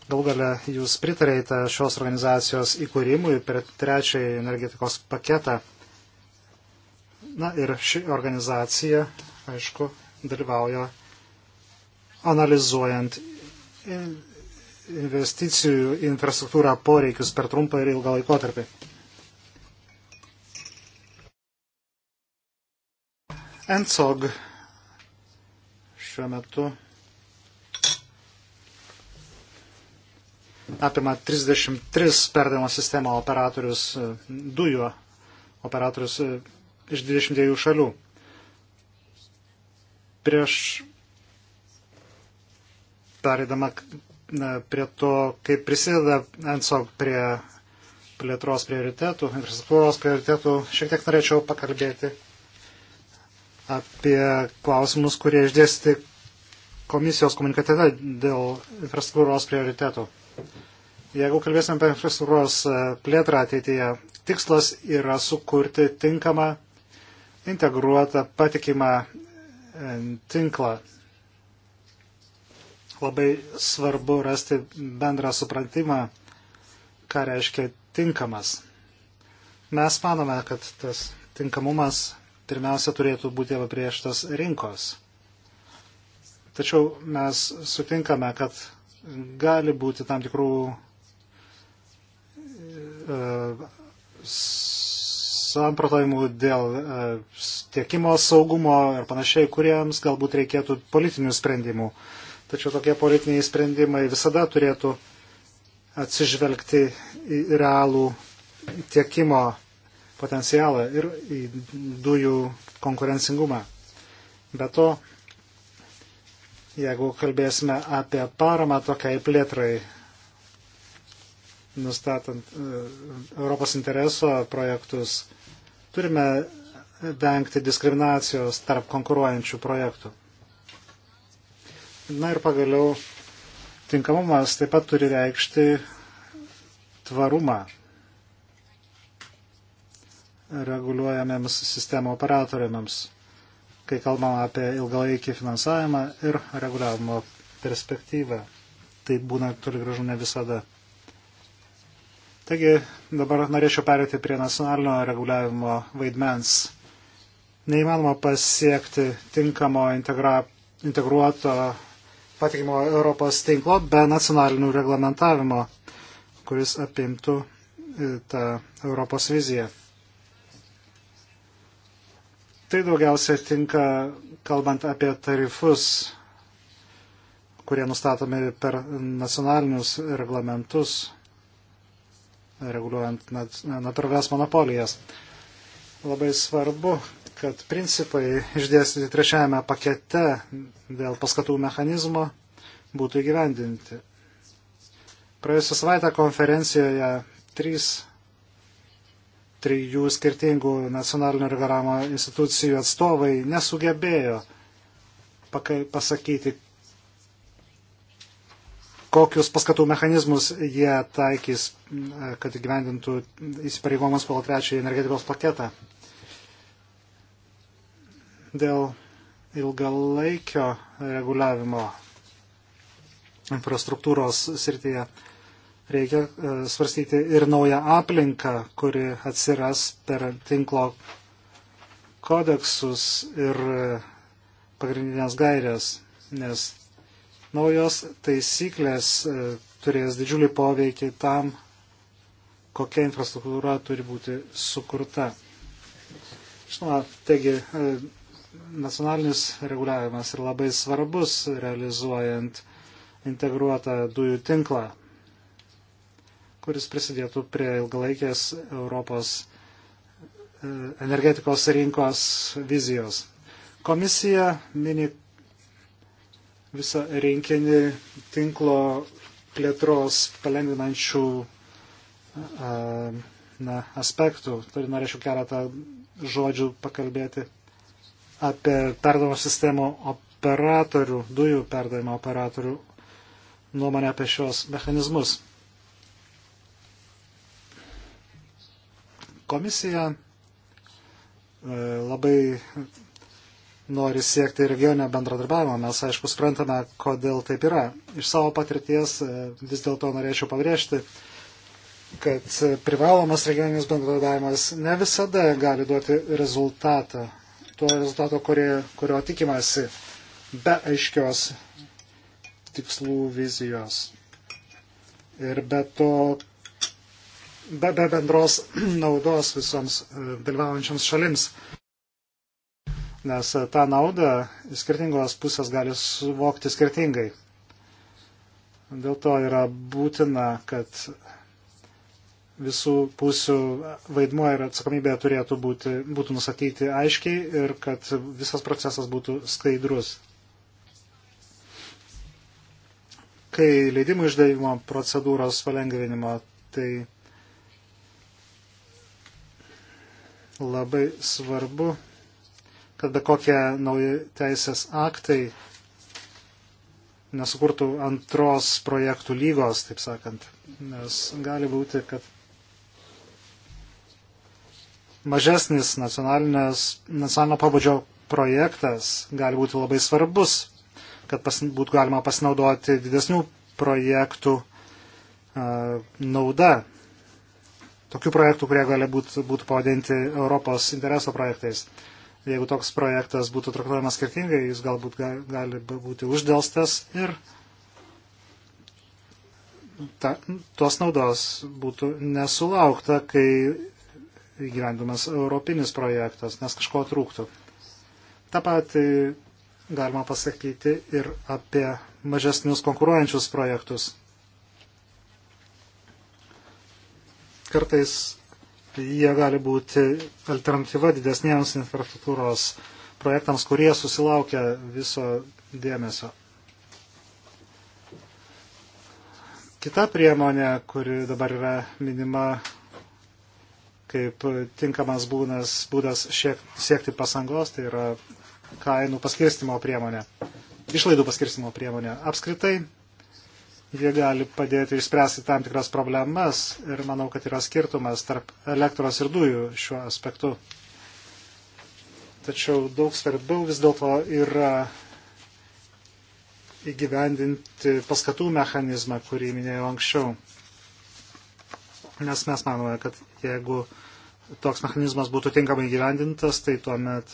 C: Galų gale jūs pritarėte šios organizacijos įkūrimui per trečiąjį energetikos paketą. Na ir ši organizacija, aišku, dalyvauja analizuojant investicijų infrastruktūrą poreikius per trumpą ir ilgą laikotarpį. ENSOG šiuo metu apima 33 perdavimo sistemo operatorius e, dujo, operatorius e, iš 22 šalių. Prieš perėdama prie to, kaip prisideda ENSO prie plėtros prioritetų, infrastruktūros prioritetų, šiek tiek norėčiau pakalbėti apie klausimus, kurie išdėsti komisijos komunikate dėl infrastruktūros prioritetų. Jeigu kalbėsime apie infrastruktūros e, plėtrą ateityje, tikslas yra sukurti tinkamą, integruotą, patikimą e, tinklą. Labai svarbu rasti bendrą supratimą, ką reiškia tinkamas. Mes manome, kad tas tinkamumas pirmiausia turėtų būti apibrieštas rinkos. Tačiau mes sutinkame, kad gali būti tam tikrų E, samprotavimų dėl e, tiekimo saugumo ir panašiai, kuriems galbūt reikėtų politinių sprendimų. Tačiau tokie politiniai sprendimai visada turėtų atsižvelgti į realų tiekimo potencialą ir į dujų konkurencingumą. Be to, jeigu kalbėsime apie paramą tokiai plėtrai, nustatant e, Europos intereso projektus, turime vengti diskriminacijos tarp konkuruojančių projektų. Na ir pagaliau tinkamumas taip pat turi reikšti tvarumą reguliuojamiems sistemų operatoriams, kai kalbam apie ilgalaikį finansavimą ir reguliavimo perspektyvą. Tai būna toli gražu ne visada. Taigi dabar norėčiau perėti prie nacionalinio reguliavimo vaidmens. Neįmanoma pasiekti tinkamo integra, integruoto patikimo Europos tinklo be nacionalinių reglamentavimo, kuris apimtų e, tą Europos viziją. Tai daugiausia tinka, kalbant apie tarifus, kurie nustatomi per nacionalinius reglamentus reguliuojant natūralias monopolijas. Labai svarbu, kad principai išdėstyti trečiajame pakete dėl paskatų mechanizmo būtų įgyvendinti. Praėjusią savaitę konferencijoje trys trijų skirtingų nacionalinio reguliavimo institucijų atstovai nesugebėjo pasakyti, kokius paskatų mechanizmus jie taikys, e, kad gyvendintų įsipareigomas pagal trečiąjį energetikos paketą. Dėl ilgalaikio reguliavimo infrastruktūros srityje reikia e, svarstyti ir naują aplinką, kuri atsiras per tinklo kodeksus ir e, pagrindinės gairės, nes Naujos taisyklės e, turės didžiulį poveikį tam, kokia infrastruktūra turi būti sukurta. Žinoma, taigi e, nacionalinis reguliavimas yra labai svarbus realizuojant integruotą dujų tinklą, kuris prisidėtų prie ilgalaikės Europos e, energetikos rinkos vizijos. Komisija mini visą rinkinį tinklo plėtros palengvinančių na, aspektų. Turiu norėčiau keletą žodžių pakalbėti apie perdavimo sistemų operatorių, dujų perdavimo operatorių nuomonę apie šios mechanizmus. Komisija e, labai nori siekti regioninio bendradarbiavimo. Mes, aišku, suprantame, kodėl taip yra. Iš savo patirties e, vis dėlto norėčiau pabrėžti, kad privalomas regioninis bendradarbiavimas ne visada gali duoti rezultatą, tuo rezultato, kurie, kurio tikimasi, be aiškios tikslų vizijos. Ir be to, be, be bendros naudos visoms e, dalyvaujančioms šalims nes e, tą naudą skirtingos pusės gali suvokti skirtingai. Dėl to yra būtina, kad visų pusių vaidmuo ir atsakomybė turėtų būti, būtų nusatyti aiškiai ir kad visas procesas būtų skaidrus. Kai leidimų išdavimo procedūros palengvinimo, tai labai svarbu kad be kokie nauji teisės aktai nesukurtų antros projektų lygos, taip sakant. Nes gali būti, kad mažesnis nacionalinio pabudžio projektas gali būti labai svarbus, kad pas, būtų galima pasinaudoti didesnių projektų uh, nauda. Tokių projektų, kurie gali būt, būtų pavadinti Europos intereso projektais. Uh, jeigu toks projektas būtų traktuojamas skirtingai, jis galbūt gali būti uždėlstas ir ta, tos naudos būtų nesulaukta, kai įgyvendamas europinis projektas, nes kažko trūktų. Ta pati galima pasakyti ir apie mažesnius konkuruojančius projektus. Kartais jie gali būti alternatyva didesniems infrastruktūros projektams, kurie susilaukia viso dėmesio. Kita priemonė, kuri dabar yra minima kaip tinkamas būdas, būdas šiek, siekti pasangos, tai yra kainų paskirstimo priemonė, išlaidų paskirstimo priemonė. Apskritai, jie gali padėti išspręsti tam tikras problemas ir manau, kad yra skirtumas tarp elektros ir dujų šiuo aspektu. Tačiau daug svarbiau vis dėlto yra įgyvendinti paskatų mechanizmą, kurį minėjau anksčiau. Nes mes manome, kad jeigu toks mechanizmas būtų tinkamai įgyvendintas, tai tuomet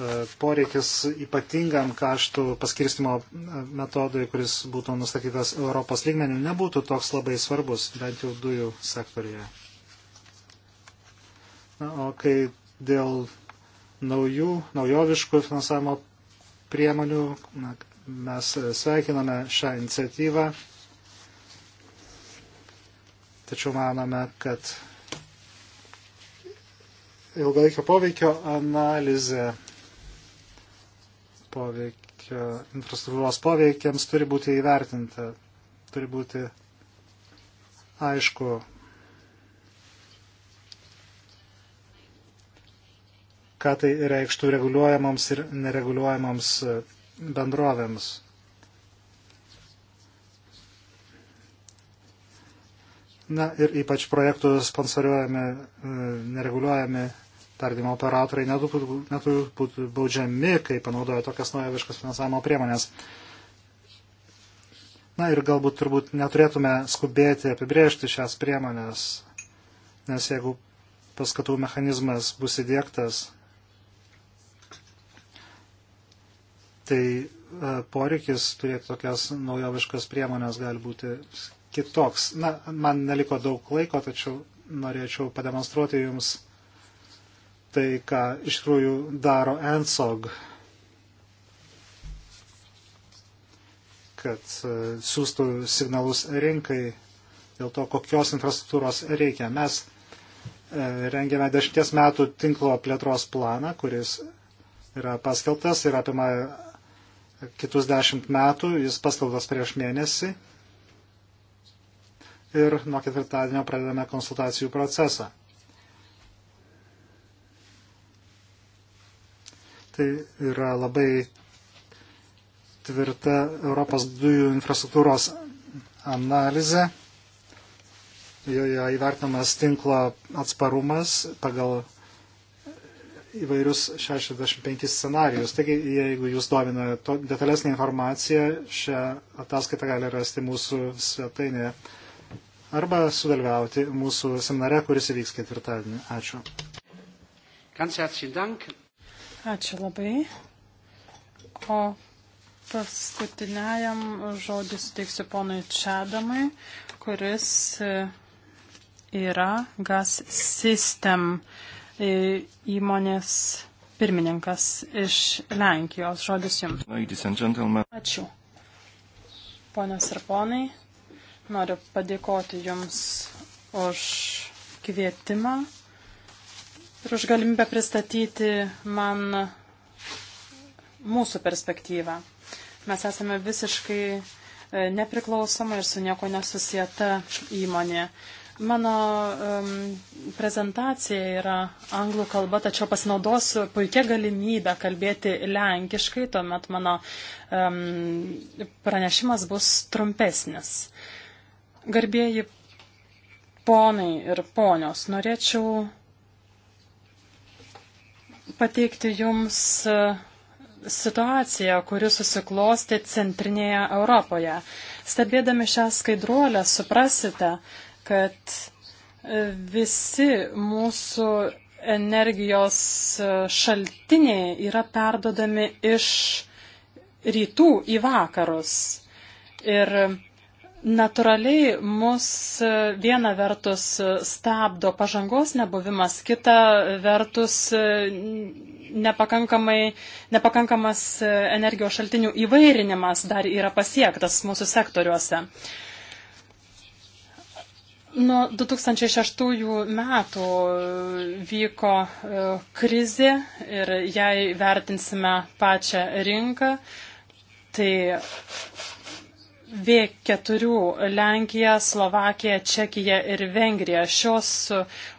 C: E, poreikis ypatingam kaštų paskirstimo metodui, kuris būtų nustatytas Europos lygmenių, nebūtų toks labai svarbus, bent jau dujų sektorijoje. Na, o kai dėl naujų, naujoviškų finansavimo priemonių, na, mes sveikiname šią iniciatyvą, tačiau manome, kad ilgalaikio poveikio analizė poveikio, infrastruktūros poveikiams turi būti įvertinta, turi būti aišku, ką tai reikštų reguliuojamoms ir nereguliuojamoms e, bendrovėms. Na ir ypač projektų sponsoriuojami, e, nereguliuojami tardymo operatoriai neturi būti baudžiami, kai panaudoja tokias naujoviškas finansavimo priemonės. Na ir galbūt turbūt neturėtume skubėti apibriežti šias priemonės, nes jeigu paskatų mechanizmas bus įdėktas, tai e, poreikis turėti tokias naujoviškas priemonės gali būti kitoks. Na, man neliko daug laiko, tačiau norėčiau pademonstruoti Jums tai, ką iš tikrųjų daro ENSOG, kad e, siūstų signalus rinkai dėl to, kokios infrastruktūros reikia. Mes e, rengėme dešimties metų tinklo plėtros planą, kuris yra paskeltas ir apima kitus dešimt metų, jis paskeltas prieš mėnesį. Ir nuo ketvirtadienio pradedame konsultacijų procesą. Tai yra labai tvirta Europos dujų infrastruktūros analizė. Joje įvertinamas tinklo atsparumas pagal įvairius 65 scenarius. Taigi, jeigu jūs domina detalesnė informacija, šią ataskaitą gali rasti mūsų svetainėje arba sudalyvauti mūsų seminare, kuris įvyks ketvirtadienį. Ačiū.
A: Ačiū labai. O paskutiniajam žodį suteiksiu ponui Čedamui, kuris e, yra Gas System e, įmonės pirmininkas iš Lenkijos. Žodis jums. Ačiū. Ponios ir ponai, noriu padėkoti jums už kvietimą ir už galimybę pristatyti man mūsų perspektyvą. Mes esame visiškai e, nepriklausoma ir su nieko nesusieta įmonė. Mano um, prezentacija yra anglų kalba, tačiau pasinaudosiu puikia galimybę kalbėti lenkiškai, tuomet mano um, pranešimas bus trumpesnis. Garbėjai ponai ir ponios, norėčiau pateikti Jums e, situaciją, kuri susiklosti centrinėje Europoje. Stebėdami šią skaidruolę suprasite, kad e, visi mūsų energijos e, šaltiniai yra perdodami iš rytų į vakarus. Ir Natūraliai mus viena vertus stabdo pažangos nebuvimas, kita vertus nepakankamas energijos šaltinių įvairinimas dar yra pasiektas mūsų sektoriuose. Nuo 2006 metų vyko e, krizė ir jei vertinsime pačią rinką, tai V4 - Lenkija, Slovakija, Čekija ir Vengrija. Šios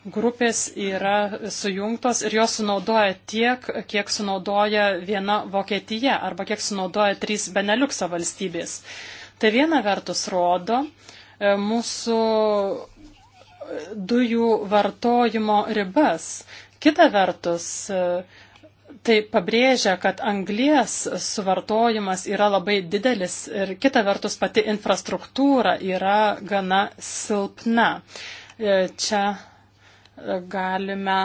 A: grupės yra sujungtos ir jos sunaudoja tiek, kiek sunaudoja viena Vokietija arba kiek sunaudoja trys Beneliukso valstybės. Tai viena vertus rodo e, mūsų dujų vartojimo ribas. Kita vertus, e, tai pabrėžia, kad anglies suvartojimas yra labai didelis ir kita vertus pati infrastruktūra yra gana silpna. E, čia e, galime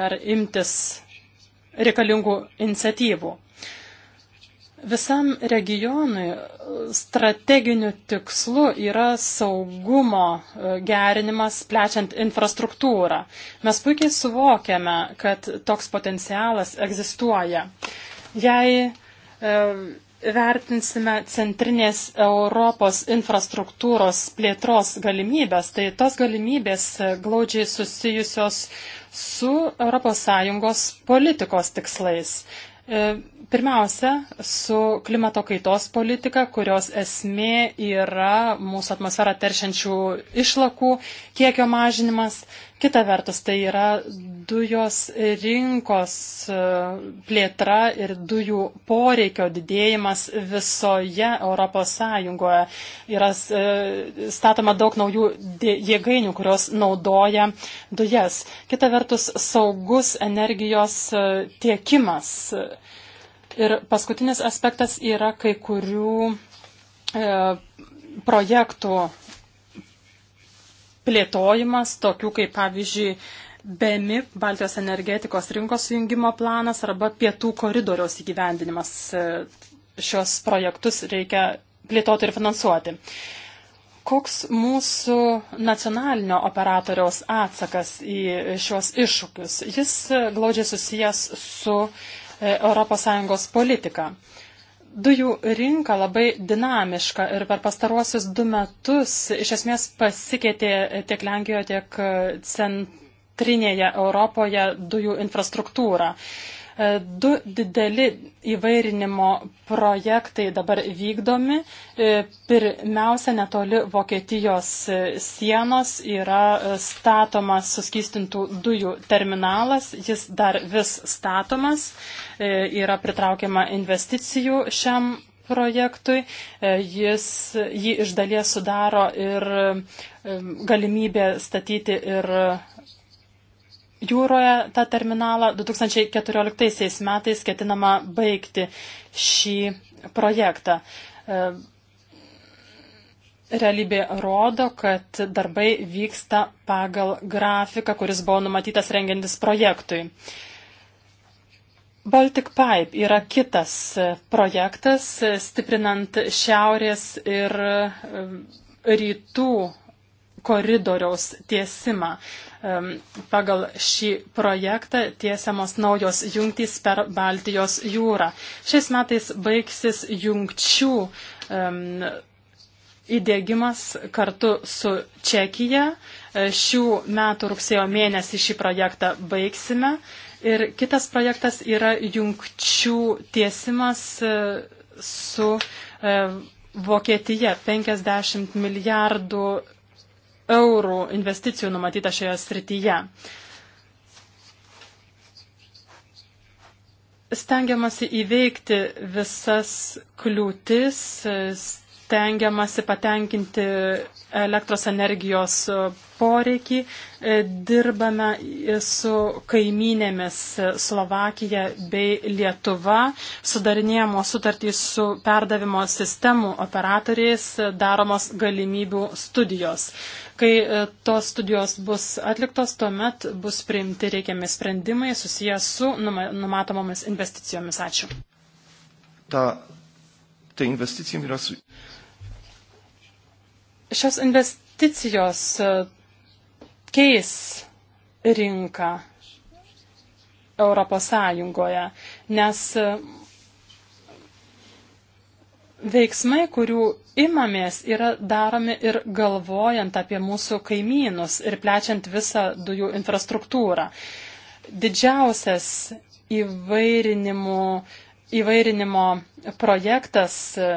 A: dar imtis reikalingų iniciatyvų. Visam regionui strateginiu tikslu yra saugumo e, gerinimas, plečiant infrastruktūrą. Mes puikiai suvokiame, kad toks potencialas egzistuoja. Jei e, vertinsime centrinės Europos infrastruktūros plėtros galimybės, tai tos galimybės e, glaudžiai susijusios su ES politikos tikslais. E, Pirmiausia, su klimato kaitos politika, kurios esmė yra mūsų atmosferą teršiančių išlakų kiekio mažinimas. Kita vertus, tai yra dujos rinkos e, plėtra ir dujų poreikio didėjimas visoje Europos Sąjungoje. Yra e, statoma daug naujų jėgainių, kurios naudoja dujas. Kita vertus, saugus energijos e, tiekimas. Ir paskutinis aspektas yra kai kurių e, projektų plėtojimas, tokių kaip pavyzdžiui BEMI, Baltijos energetikos rinkos sujungimo planas arba pietų koridoriaus įgyvendinimas. E, šios projektus reikia plėtoti ir finansuoti. Koks mūsų nacionalinio operatoriaus atsakas į šios iššūkius? Jis glaudžiai susijęs su uh, ES politiką. Dujų rinka labai dinamiška ir per pastaruosius du metus iš esmės pasikeitė tiek Lenkijoje, tiek centrinėje Europoje dujų infrastruktūra. E, du dideli įvairinimo projektai dabar vykdomi. E, pirmiausia, netoli Vokietijos sienos yra statomas suskystintų dujų terminalas. Jis dar vis statomas. E, yra pritraukiama investicijų šiam projektui. Jis, jį iš dalies sudaro ir galimybė statyti ir jūroje tą terminalą. 2014 metais ketinama baigti šį projektą. E, realybė rodo, kad darbai vyksta pagal grafiką, kuris buvo numatytas rengiantis projektui. Baltic Pipe yra kitas projektas, stiprinant šiaurės ir rytų koridoriaus tiesimą. Pagal šį projektą tiesiamos naujos jungtys per Baltijos jūrą. Šiais metais baigsis jungčių um, įdėgymas kartu su Čekija. E, šių metų rugsėjo mėnesį šį projektą baigsime. Ir kitas projektas yra jungčių tiesimas e, su e, Vokietija 50 milijardų eurų investicijų numatyta šioje srityje. Stengiamasi įveikti visas kliūtis, stengiamasi patenkinti elektros energijos poreikį, dirbame su kaimynėmis Slovakija bei Lietuva, sudarinėjamos sutartys su perdavimo sistemų operatoriais, daromos galimybių studijos. Kai e, tos studijos bus atliktos, tuomet bus priimti reikiami sprendimai susijęs su numatomomis investicijomis. Ačiū.
C: Ta, ta investicijom yra su.
A: Šios investicijos e, keis rinką Europos Sąjungoje, nes e, veiksmai, kurių imamės, yra daromi ir galvojant apie mūsų kaimynus ir plečiant visą dujų infrastruktūrą. Didžiausias įvairinimo, įvairinimo projektas e,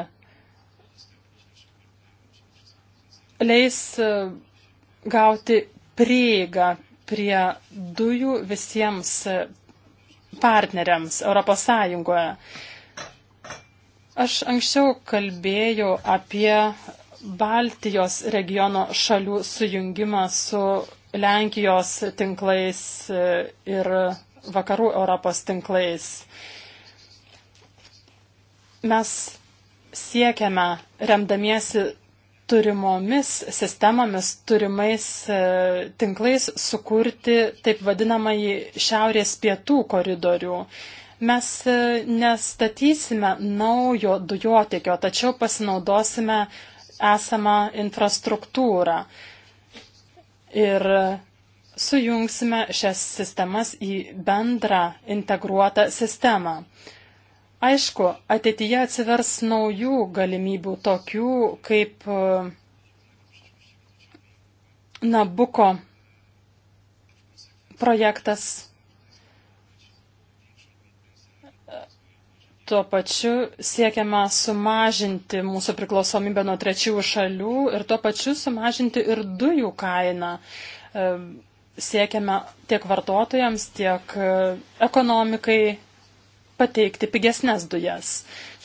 A: leis e, gauti prieigą prie dujų visiems e, partneriams Europos Sąjungoje. Aš anksčiau kalbėjau apie Baltijos regiono šalių sujungimą su Lenkijos tinklais e, ir vakarų Europos tinklais. Mes siekiame, remdamiesi turimomis sistemomis, turimais e, tinklais sukurti taip vadinamąjį šiaurės pietų koridorių. Mes e, nestatysime naujo dujotiekio, tačiau pasinaudosime esamą infrastruktūrą ir sujungsime šias sistemas į bendrą integruotą sistemą. Aišku, ateityje atsivers naujų galimybių, tokių kaip e, Nabuko projektas Tuo pačiu siekiama sumažinti mūsų priklausomybę nuo trečiųjų šalių ir tuo pačiu sumažinti ir dujų kainą. E, Siekiame tiek vartotojams, tiek e, ekonomikai pateikti pigesnės dujas.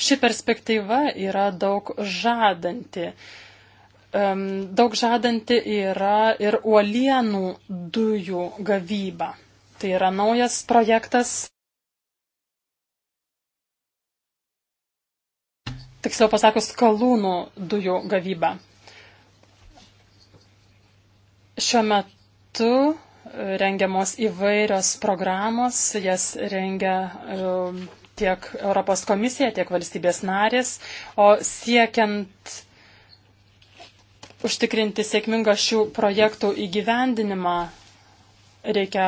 A: Ši perspektyva yra daug žadanti. Daug žadanti yra ir uolienų dujų gavyba. Tai yra naujas projektas. tiksliau pasakius, kalūnų dujų gavybą. Šiuo metu e, rengiamos įvairios programos, jas rengia e, tiek Europos komisija, tiek valstybės narės, o siekiant užtikrinti sėkmingą šių projektų įgyvendinimą, reikia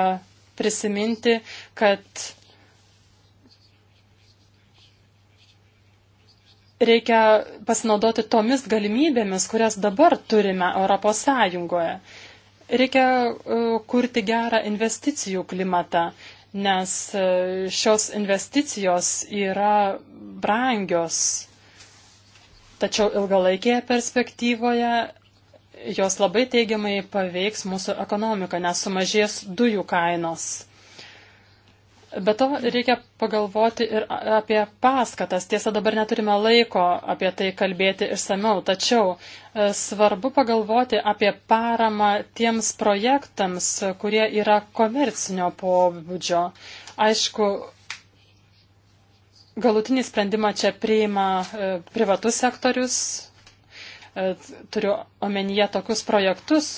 A: prisiminti, kad reikia pasinaudoti tomis galimybėmis, kurias dabar turime Europos Sąjungoje. Reikia e, kurti gerą investicijų klimatą, nes e, šios investicijos yra brangios, tačiau ilgalaikėje perspektyvoje jos labai teigiamai paveiks mūsų ekonomiką, nes sumažės dujų kainos. Be to reikia pagalvoti ir apie paskatas. Tiesa, dabar neturime laiko apie tai kalbėti išsameu, tačiau e, svarbu pagalvoti apie paramą tiems projektams, kurie yra komercinio pobūdžio. Aišku, galutinį sprendimą čia priima e, privatus sektorius. E, turiu omenyje tokius projektus,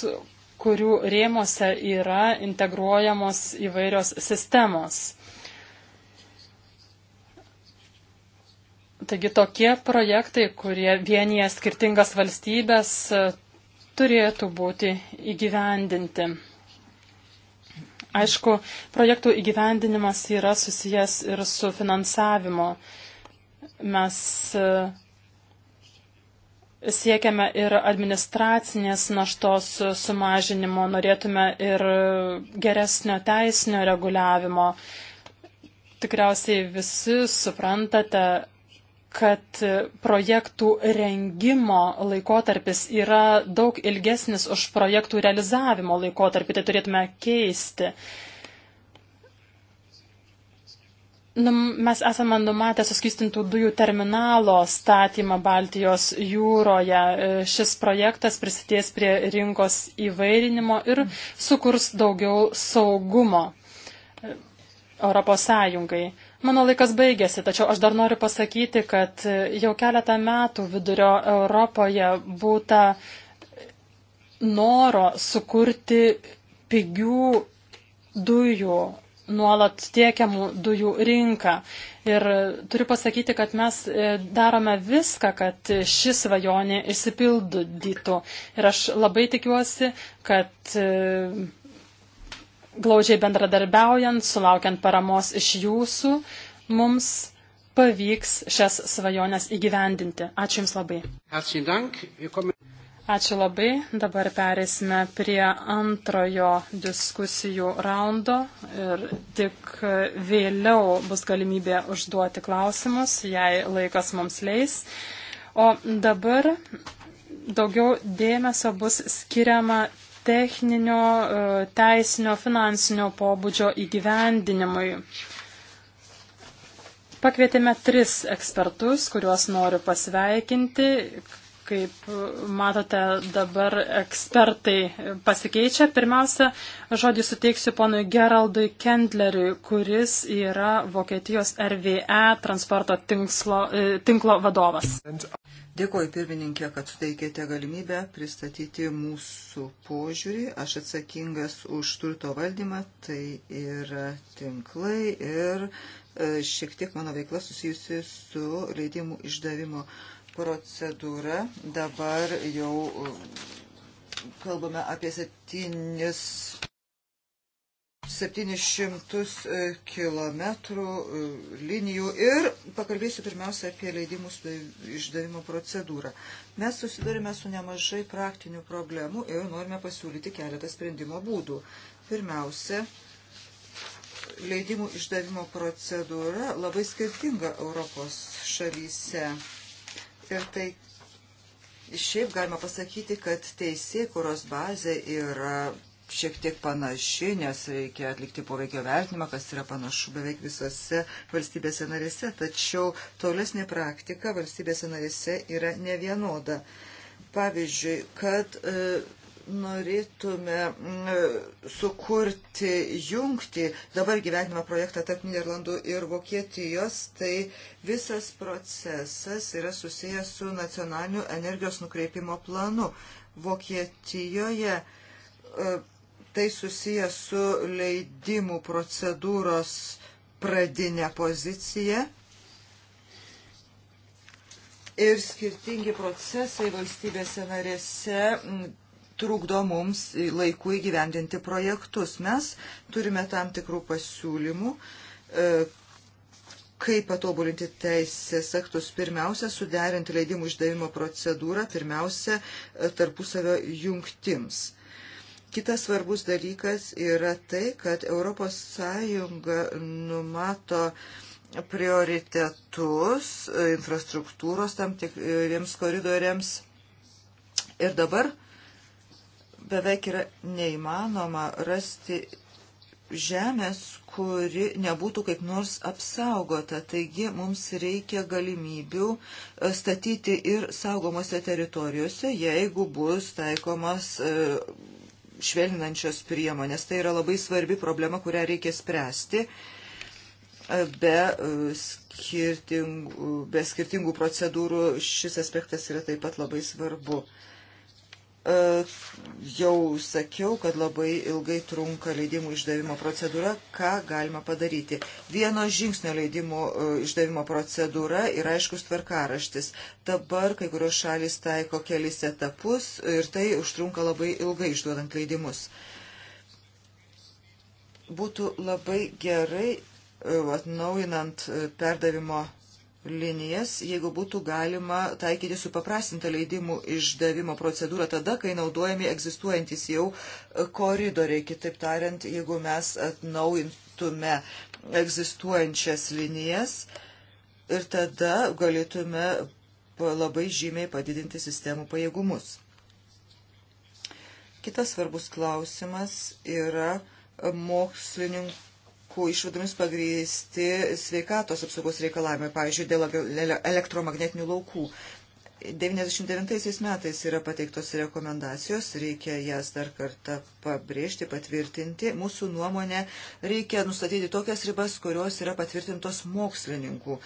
A: kurių rėmose yra integruojamos įvairios sistemos. Taigi tokie projektai, kurie vienyje skirtingas valstybės, e, turėtų būti įgyvendinti. Aišku, projektų įgyvendinimas yra susijęs ir su finansavimo. Mes e, siekiame ir administracinės naštos sumažinimo, norėtume ir geresnio teisinio reguliavimo. Tikriausiai visi suprantate, kad projektų rengimo laikotarpis yra daug ilgesnis už projektų realizavimo laikotarpį, tai turėtume keisti. Nu, mes esame numatę suskistintų dujų terminalo statymą Baltijos jūroje. Šis projektas prisidės prie rinkos įvairinimo ir sukurs daugiau saugumo Europos Sąjungai. Mano laikas baigėsi, tačiau aš dar noriu pasakyti, kad jau keletą metų vidurio Europoje būta noro sukurti pigių dujų, nuolat tiekiamų dujų rinką. Ir turiu pasakyti, kad mes e, darome viską, kad ši svajonė išsipildytų. Ir aš labai tikiuosi, kad e, Glaudžiai bendradarbiaujant, sulaukiant paramos iš jūsų, mums pavyks šias svajones įgyvendinti. Ačiū Jums labai. Ačiū labai. Dabar perėsime prie antrojo diskusijų raundo ir tik vėliau bus galimybė užduoti klausimus, jei laikas mums leis. O dabar daugiau dėmesio bus skiriama techninio, e, teisinio, finansinio pobūdžio įgyvendinimui. Pakvietėme tris ekspertus, kuriuos noriu pasveikinti. Kaip matote, dabar ekspertai pasikeičia. Pirmiausia, žodį suteiksiu ponui Geraldui Kendleriui, kuris yra Vokietijos RVE transporto tinklo, e, tinklo vadovas.
D: Dėkoju pirmininkė, kad suteikėte galimybę pristatyti mūsų požiūrį. Aš atsakingas už turto valdymą, tai yra tinklai ir e, šiek tiek mano veikla susijusi su leidimų išdavimo procedūra. Dabar jau e, kalbame apie septynis 700 e, km e, linijų ir pakalbėsiu pirmiausia apie leidimų išdavimo procedūrą. Mes susidurime su nemažai praktinių problemų ir norime pasiūlyti keletą sprendimo būdų. Pirmiausia, leidimų išdavimo procedūra labai skirtinga Europos šalyse. Ir tai šiaip galima pasakyti, kad teisėkuros bazė yra šiek tiek panaši, nes reikia atlikti poveikio vertinimą, kas yra panašu beveik visose valstybėse narėse, tačiau tolesnė praktika valstybėse narėse yra nevienoda. Pavyzdžiui, kad e, norėtume e, sukurti jungti dabar gyvenimo projektą tarp Niderlandų ir Vokietijos, tai visas procesas yra susijęs su nacionaliniu energijos nukreipimo planu. Vokietijoje e, tai susiję su leidimų procedūros pradinė pozicija ir skirtingi procesai valstybėse narėse trukdo mums laiku įgyvendinti projektus. Mes turime tam tikrų pasiūlymų, e, kaip patobulinti teisės aktus. Pirmiausia, suderinti leidimų išdavimo procedūrą, pirmiausia, e, tarpusavio jungtims. Kitas svarbus dalykas yra tai, kad ES numato prioritetus infrastruktūros tam tikriems koridoriams. Ir dabar beveik yra neįmanoma rasti žemės, kuri nebūtų kaip nors apsaugota. Taigi mums reikia galimybių statyti ir saugomose teritorijose, jeigu bus taikomas e, švelninančios priemonės. Tai yra labai svarbi problema, kurią reikia spręsti e, be e, skirtingų, be skirtingų procedūrų. Šis aspektas yra taip pat labai svarbu. E, jau sakiau, kad labai ilgai trunka leidimų išdavimo procedūra, ką galima padaryti. Vieno žingsnio leidimų e, išdavimo procedūra yra aiškus tvarkaraštis. Dabar kai kurios šalis taiko kelis etapus ir tai užtrunka labai ilgai išduodant leidimus. Būtų labai gerai e, atnaujinant perdavimo linijas, jeigu būtų galima taikyti supaprastintą leidimų išdavimo procedūrą tada, kai naudojami egzistuojantis jau e, koridoriai. Kitaip tariant, jeigu mes atnaujintume egzistuojančias linijas ir tada galėtume labai žymiai padidinti sistemų pajėgumus. Kitas svarbus klausimas yra mokslininkų mokslininkų išvadomis pagrįsti sveikatos apsaugos reikalavimai, pavyzdžiui, dėl elektromagnetinių laukų. 99 metais yra pateiktos rekomendacijos, reikia jas dar kartą pabrėžti, patvirtinti. Mūsų nuomonė reikia nustatyti tokias ribas, kurios yra patvirtintos mokslininkų.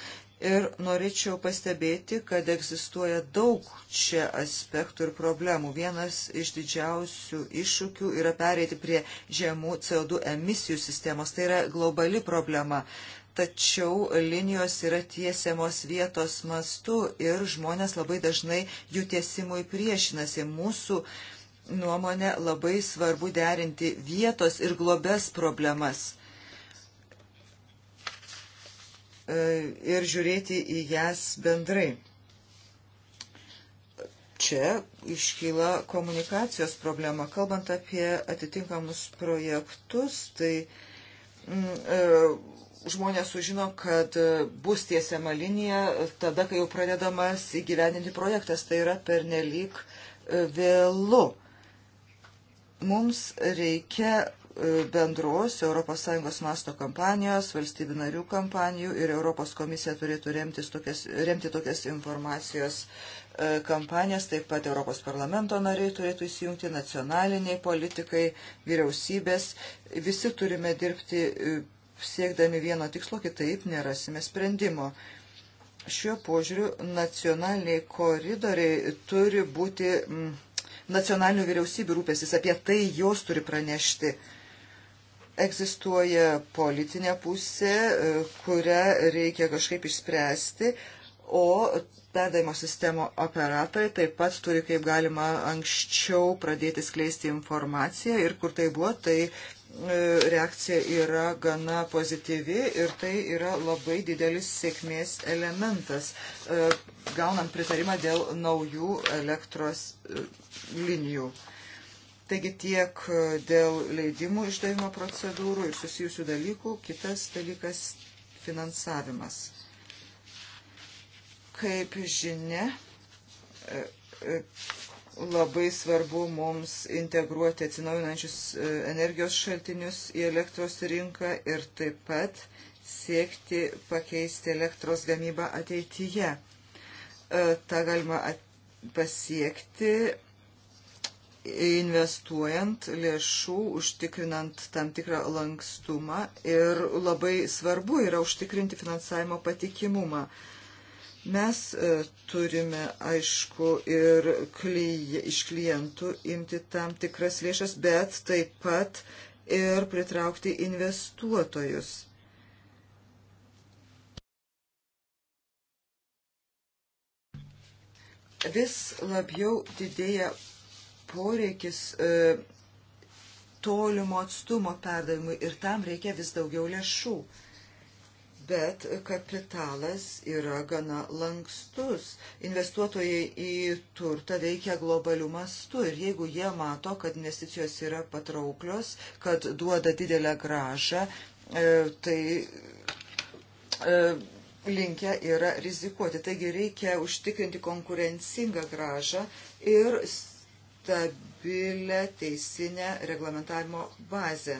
D: Ir norėčiau pastebėti, kad egzistuoja daug čia aspektų ir problemų. Vienas iš didžiausių iššūkių yra pereiti prie žemų CO2 emisijų sistemos. Tai yra globali problema. Tačiau linijos yra tiesiamos vietos mastu ir žmonės labai dažnai jų tiesimui priešinasi. Mūsų nuomonė labai svarbu derinti vietos ir globės problemas E, ir žiūrėti į jas bendrai. Čia iškyla komunikacijos problema. Kalbant apie atitinkamus projektus, tai mm, e, žmonės sužino, kad bus tiesiama linija tada, kai jau pradedamas įgyveninti projektas. Tai yra pernelyg e, vėlu. Mums reikia bendros ES masto kampanijos, valstybių narių kampanijų ir Europos komisija turėtų tokias, remti tokias informacijos e, kampanijas, taip pat Europos parlamento nariai turėtų įsijungti, nacionaliniai politikai, vyriausybės. Visi turime dirbti e, siekdami vieno tikslo, kitaip nerasime sprendimo. Šiuo požiūriu nacionaliniai koridoriai turi būti. Mm, nacionalinių vyriausybių rūpesis, apie tai jos turi pranešti. Uh, Egzistuoja politinė pusė, e, kurią reikia kažkaip išspręsti, o perdavimo sistemo operatoriai taip pat turi kaip galima anksčiau pradėti skleisti informaciją ir kur tai buvo, tai e, reakcija yra gana pozityvi ir tai yra labai didelis sėkmės elementas, e, gaunant pritarimą dėl naujų elektros linijų. Taigi tiek e, dėl leidimų išdavimo procedūrų ir susijusių dalykų. Kitas dalykas - finansavimas. Kaip žinia, e, e, labai svarbu mums integruoti atsinaujinančius energijos šaltinius į elektros rinką ir taip pat siekti pakeisti elektros gamybą ateityje. Ta galima pasiekti investuojant lėšų, užtikrinant tam tikrą lankstumą ir labai svarbu yra užtikrinti finansavimo patikimumą. Mes e, turime, aišku, ir klyje, iš klientų imti tam tikras lėšas, bet taip pat ir pritraukti investuotojus. Vis labiau didėja poreikis e, tolimo atstumo perdavimui ir tam reikia vis daugiau lėšų. Bet kapitalas yra gana lankstus. Investuotojai į turtą veikia globalių mastų ir jeigu jie mato, kad investicijos yra patrauklios, kad duoda didelę gražą, e, tai e, linkę yra rizikuoti. Taigi reikia užtikrinti konkurencingą gražą ir stabilę teisinę reglamentavimo bazę.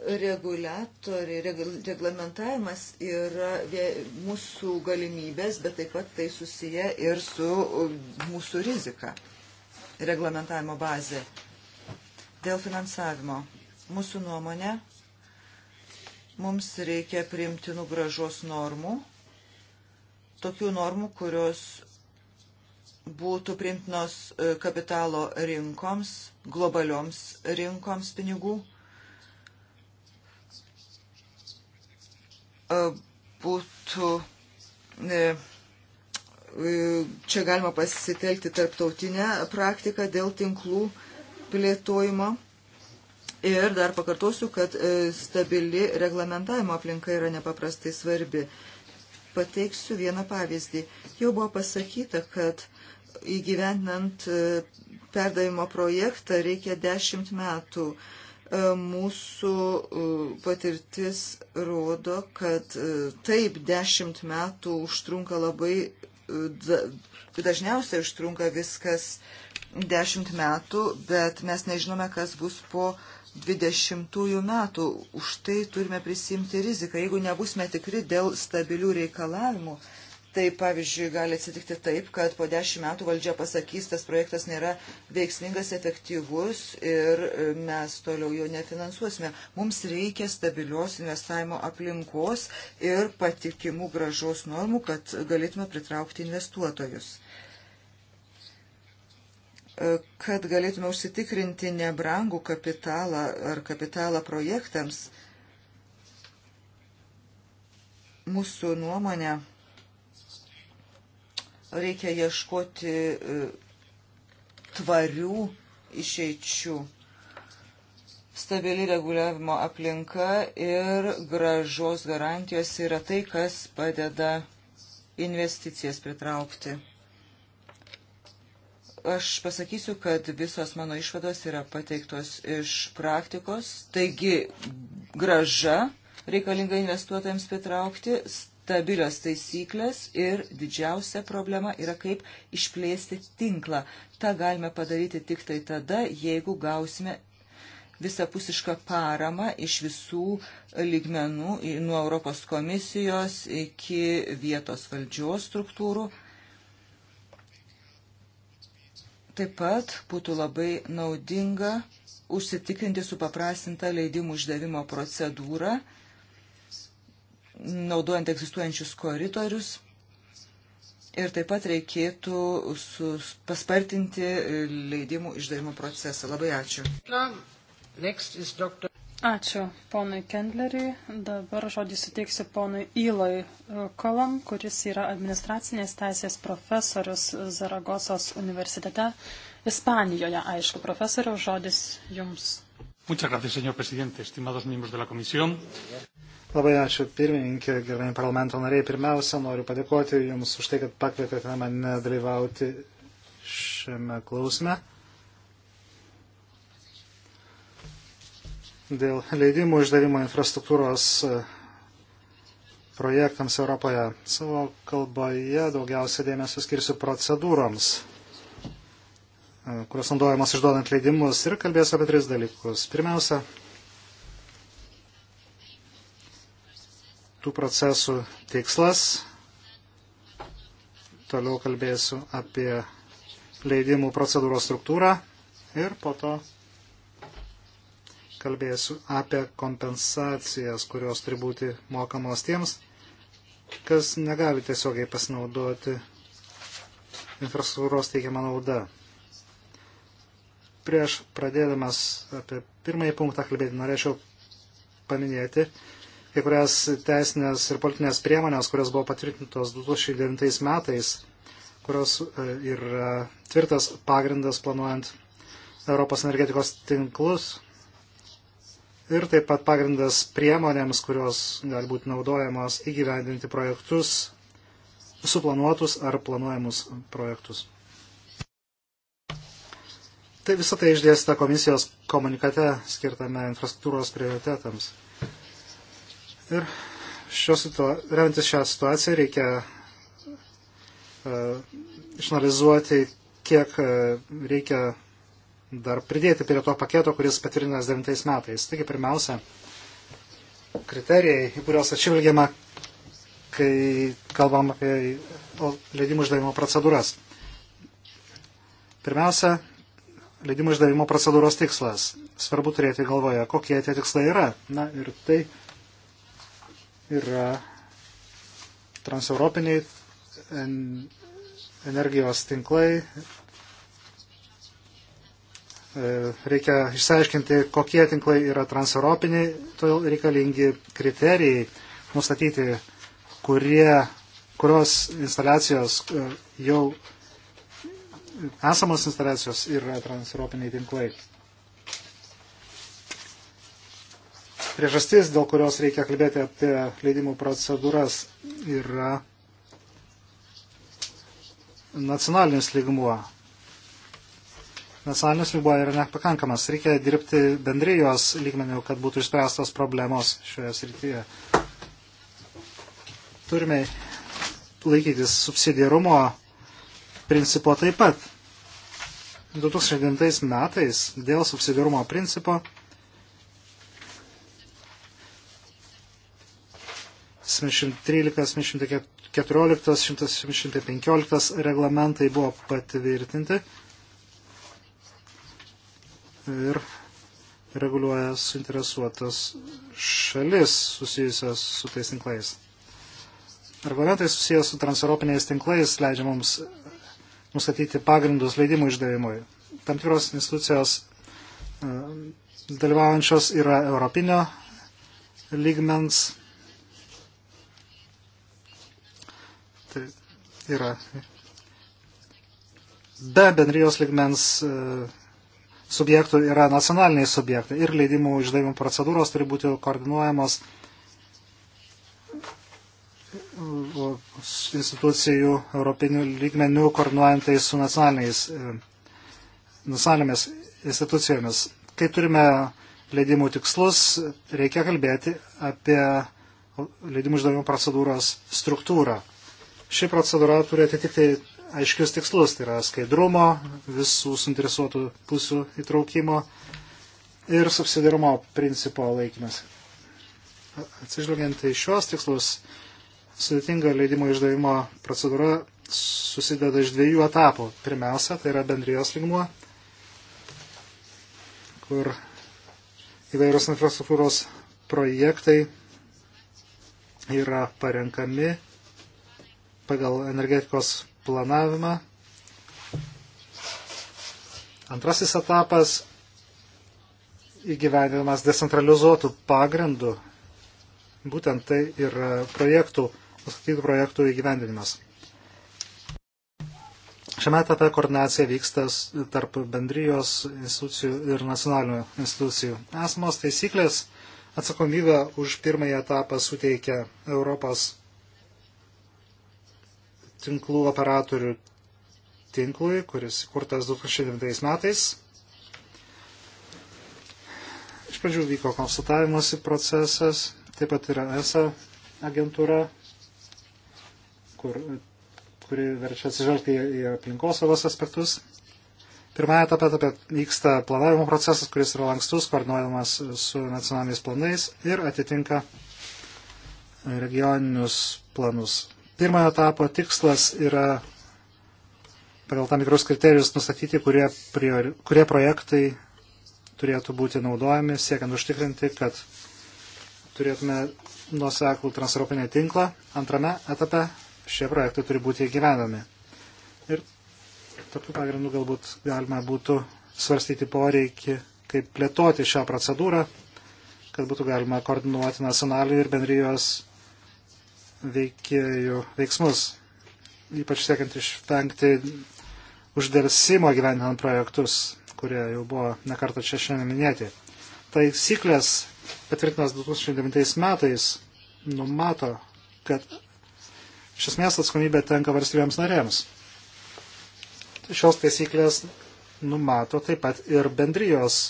D: Reguliatoriai, reglamentavimas yra mūsų galimybės, bet taip pat tai susiję ir su um, mūsų rizika. Reglamentavimo bazė. Dėl finansavimo. Mūsų nuomonė, mums reikia priimtinų gražos normų, tokių normų, kurios būtų primtinos e, kapitalo rinkoms, globalioms rinkoms pinigų. E, būtų e, čia galima pasitelkti tarptautinę praktiką dėl tinklų plėtojimo. Ir dar pakartosiu, kad stabili reglamentavimo aplinka yra nepaprastai svarbi. Pateiksiu vieną pavyzdį. Jau buvo pasakyta, kad uh, įgyvendinant e, perdavimo projektą reikia dešimt metų. E, mūsų e, patirtis rodo, kad taip dešimt metų užtrunka labai, dažniausiai užtrunka viskas dešimt metų, bet mes nežinome, kas bus po 20 metų. Už tai turime prisimti riziką. Jeigu nebusime tikri dėl stabilių reikalavimų, Tai pavyzdžiui, gali atsitikti taip, kad po dešimt metų valdžia pasakys, tas projektas nėra veiksmingas, efektyvus ir e, mes toliau jo nefinansuosime. Mums reikia stabilios investavimo aplinkos ir patikimų gražos normų, kad galėtume pritraukti investuotojus e, kad galėtume užsitikrinti nebrangų kapitalą ar kapitalą projektams, mūsų nuomonė Reikia ieškoti e, tvarių išeičių. Stabili reguliavimo aplinka ir gražos garantijos yra tai, kas padeda investicijas pritraukti. Aš pasakysiu, kad visos mano išvados yra pateiktos iš praktikos, taigi graža reikalinga investuotojams pritraukti, stabilios taisyklės ir didžiausia problema yra kaip išplėsti tinklą. Ta galime padaryti tik tai tada, jeigu gausime visapusišką paramą iš visų lygmenų, nuo Europos komisijos iki vietos valdžios struktūrų. Taip pat būtų labai naudinga užsitikrinti supaprastintą leidimų uždavimo procedūrą naudojant egzistuojančius koridorius. Ir taip pat reikėtų paspartinti leidimų išdavimo procesą. Labai ačiū.
A: Ačiū ponui Kendleriui. Dabar žodį suteiksiu ponui Iloj Kolam, kuris yra administracinės teisės profesorius Zaragosos universitete Ispanijoje. Aišku, profesoriaus žodis jums.
C: Muchas gracias, señor presidente, estimados miembros de la comisión. Labai ačiū pirmininkė, gerbėjai parlamento nariai. Pirmiausia, noriu padėkoti Jums už tai, kad pakvietėte mane dalyvauti šiame klausime. Dėl leidimų išdavimo infrastruktūros e, projektams Europoje savo kalboje daugiausia dėmesio skirsiu procedūroms, e, kurios naudojamos išduodant leidimus ir kalbėsiu apie tris dalykus. Pirmiausia, tų procesų tikslas. Toliau kalbėsiu apie leidimų procedūros struktūrą ir po to kalbėsiu apie kompensacijas, kurios turi būti mokamos tiems, kas negali tiesiogiai pasinaudoti infrastruktūros teikiamą naudą. Prieš pradėdamas apie pirmąjį punktą kalbėti, norėčiau paminėti, kai kurias teisinės ir politinės priemonės, kurios buvo patvirtintos 2009 metais, kurios e, yra tvirtas pagrindas planuojant Europos energetikos tinklus ir taip pat pagrindas priemonėms, kurios gali būti naudojamos įgyvendinti projektus, suplanuotus ar planuojamus projektus. Tai visą tai išdėstė komisijos komunikate skirtame infrastruktūros prioritetams. Ir šios, remiantis šią situaciją reikia uh, išanalizuoti, kiek uh, reikia dar pridėti prie to paketo, kuris patvirtinas 9 metais. Taigi pirmiausia, kriterijai, į kuriuos atšvilgiama, kai kalbam apie leidimų išdavimo procedūras. Pirmiausia, leidimų išdavimo procedūros tikslas. Svarbu turėti galvoje, kokie tie tikslai yra. Na ir tai yra transeuropiniai energijos tinklai. E, reikia išsiaiškinti, kokie tinklai yra transeuropiniai, todėl reikalingi kriterijai nustatyti, kurie, kurios instaliacijos e, jau esamos instaliacijos yra transeuropiniai tinklai. priežastis, dėl kurios reikia kalbėti apie leidimų procedūras, yra nacionalinis lygmuo. Nacionalinis lygmuo yra nepakankamas. Reikia dirbti bendrijos lygmenių, kad būtų išspręstos problemos šioje srityje. Turime laikytis subsidiarumo principo taip pat. 2009 metais dėl subsidiarumo principo 713, 114, 115 reglamentai buvo patvirtinti ir reguliuoja suinteresuotas šalis susijusios su tais tinklais. Reglamentai susijęs su transeuropiniais tinklais leidžia mums nustatyti pagrindus leidimų išdavimui. Tam tikros institucijos e, dalyvaujančios yra europinio lygmens yra be bendrijos ligmens e, subjektų yra nacionaliniai subjektai ir leidimų išdavimo procedūros turi būti koordinuojamos institucijų europinių lygmenių koordinuojantai su nacionaliniais, e, nacionalinėmis institucijomis. Kai turime leidimų tikslus, reikia kalbėti apie leidimų išdavimo procedūros struktūrą. Ši procedūra turi atitikti aiškius tikslus, tai yra skaidrumo, visų suinteresuotų pusių įtraukimo ir subsidirumo principo laikymas. Atsižvelgiant į šios tikslus, sudėtinga leidimo išdavimo procedūra susideda iš dviejų etapų. Pirmiausia, tai yra bendrijos lygmuo, kur įvairūs infrastruktūros projektai yra parenkami pagal energetikos planavimą. Antrasis etapas įgyvendinamas decentralizuotų pagrindų. Būtent tai ir projektų, nustatytų projektų įgyvendinimas. Šiame etape koordinacija vyksta tarp bendrijos institucijų ir nacionalinių institucijų. Esamos taisyklės atsakomybę už pirmąjį etapą suteikia Europos tinklų operatorių tinklui, kuris kurtas 2009 metais. Iš pradžių vyko konsultavimosi procesas, taip pat yra ESA agentūra, kur, kuri verčia atsižvelgti į aplinkosaugos aspektus. Pirmąją etapą etape vyksta planavimo procesas, kuris yra lankstus, koordinuojamas su nacionaliniais planais ir atitinka regioninius planus pirmojo etapo tikslas yra pagal tam tikrus kriterijus nustatyti, kurie, priori, kurie projektai turėtų būti naudojami, siekiant užtikrinti, kad turėtume nuoseklų transeuropinį tinklą. Antrame etape šie projektai turi būti įgyvenami. Ir tokiu pagrindu galbūt galima būtų svarstyti poreikį, kaip plėtoti šią procedūrą, kad būtų galima koordinuoti nacionalinių ir bendrijos veikėjų veiksmus, ypač siekiant išvengti uždelsimo gyvendinant projektus, kurie jau buvo nekartą čia šiandien minėti. Taisyklės patvirtinas 2009 metais numato, kad iš esmės atsakomybė tenka valstybėms narėms. Šios taisyklės numato taip pat ir bendrijos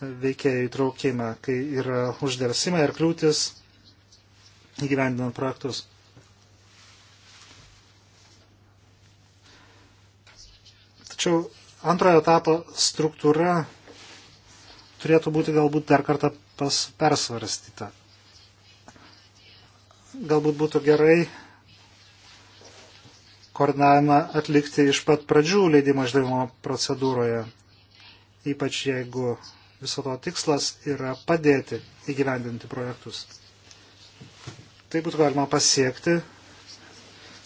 C: veikėjų įtraukimą, kai yra uždelsimai ir kliūtis gyvendinant projektus. Tačiau antrojo etapo struktūra turėtų būti galbūt dar kartą pas, persvarstyta. Galbūt būtų gerai koordinavimą atlikti iš pat pradžių leidimo išdavimo procedūroje, ypač jeigu viso to tikslas yra padėti įgyvendinti projektus tai būtų galima pasiekti,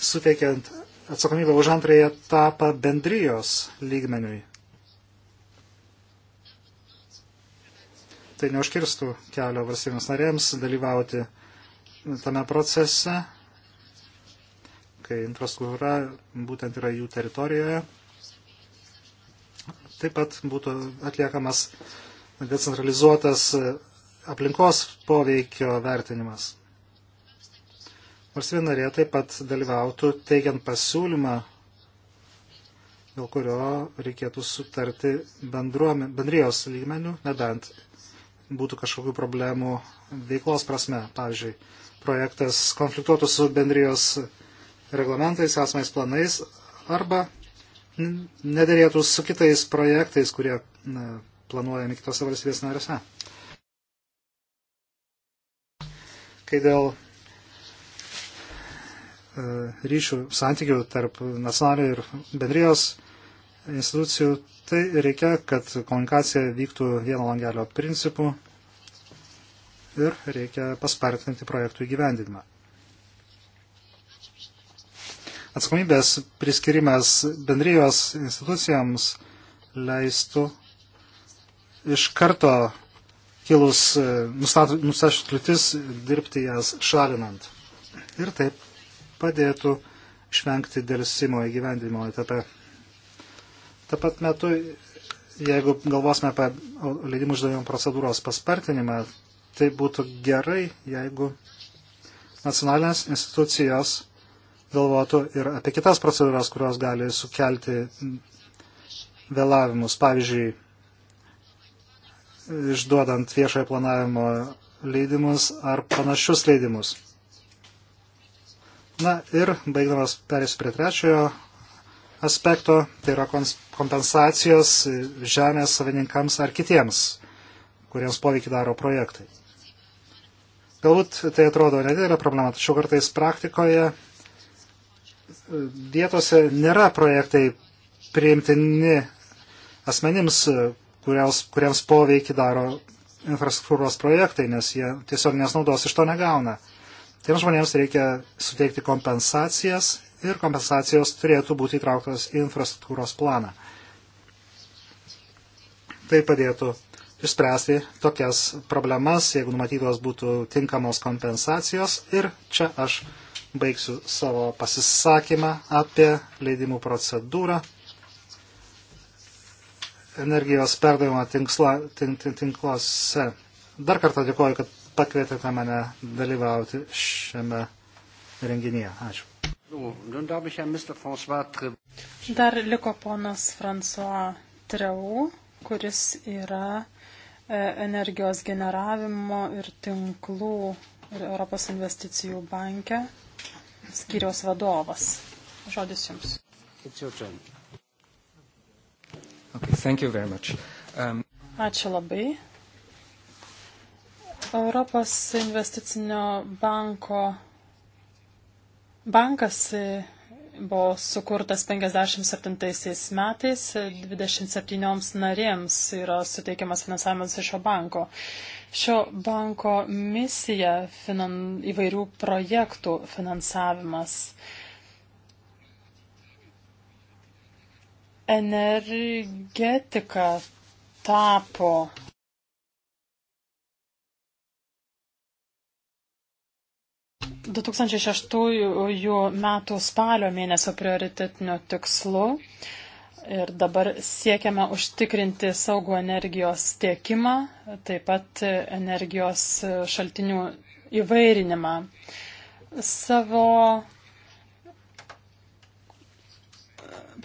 C: suteikiant atsakomybę už antrąją etapą bendrijos lygmeniui. Tai neužkirstų kelio valstybėms narėms dalyvauti tame procese, kai infrastruktūra būtent yra jų teritorijoje. Taip pat būtų atliekamas decentralizuotas aplinkos poveikio vertinimas. Valstybė narė taip pat dalyvautų teikiant pasiūlymą, dėl kurio reikėtų sutarti bendrijos lygmenių, nebent būtų kažkokių problemų veiklos prasme. Pavyzdžiui, projektas konfliktuotų su bendrijos reglamentais, esamais planais arba nedėrėtų su kitais projektais, kurie na, planuojami kitose valstybės narėse. Kai dėl E, ryšių santykių tarp nacionalių ir bendrijos institucijų, tai reikia, kad komunikacija vyktų vieno langelio principų ir reikia paspartinti projektų įgyvendinimą. Atsakomybės priskirimas bendrijos institucijams leistų iš karto kilus e, nustačius kliūtis dirbti jas šalinant. Ir taip padėtų išvengti dėlsimo įgyvendinimo etape. Ta pat metu, jeigu galvosime apie leidimų išdavimo procedūros paspartinimą, tai būtų gerai, jeigu nacionalinės institucijos galvotų ir apie kitas procedūras, kurios gali sukelti vėlavimus. Pavyzdžiui, išduodant viešojo planavimo leidimus ar panašius leidimus. Na ir baigdamas perėsiu prie trečiojo aspekto, tai yra kompensacijos žemės savininkams ar kitiems, kuriems poveikį daro projektai. Galbūt tai atrodo nedidelė problema, tačiau kartais praktikoje e, vietose nėra projektai priimtini asmenims, e, kuriams, kuriems poveikį daro infrastruktūros projektai, nes jie tiesiog nesnaudos iš to negauna. Tiems žmonėms reikia suteikti kompensacijas ir kompensacijos turėtų būti įtrauktos į infrastruktūros planą. Tai padėtų išspręsti tokias problemas, jeigu numatytos būtų tinkamos kompensacijos. Ir čia aš baigsiu savo pasisakymą apie leidimų procedūrą energijos perdavimo tinkla, tink, tink, tinklose. Dar kartą dėkoju, kad pakvietėte mane dalyvauti šiame renginyje. Ačiū.
A: Dar liko ponas François Treu, kuris yra e, energijos generavimo ir tinklų ir Europos investicijų banke skyriaus vadovas. Žodis jums.
C: Okay, um...
A: Ačiū labai. Europos investicinio banko bankas buvo sukurtas 57 metais, 27 narėms yra suteikiamas finansavimas iš šio banko. Šio banko misija finan, įvairių projektų finansavimas. Energetika tapo 2006 metų spalio mėnesio prioritetiniu tikslu ir dabar siekiame užtikrinti saugų energijos tiekimą, taip pat energijos šaltinių įvairinimą. Savo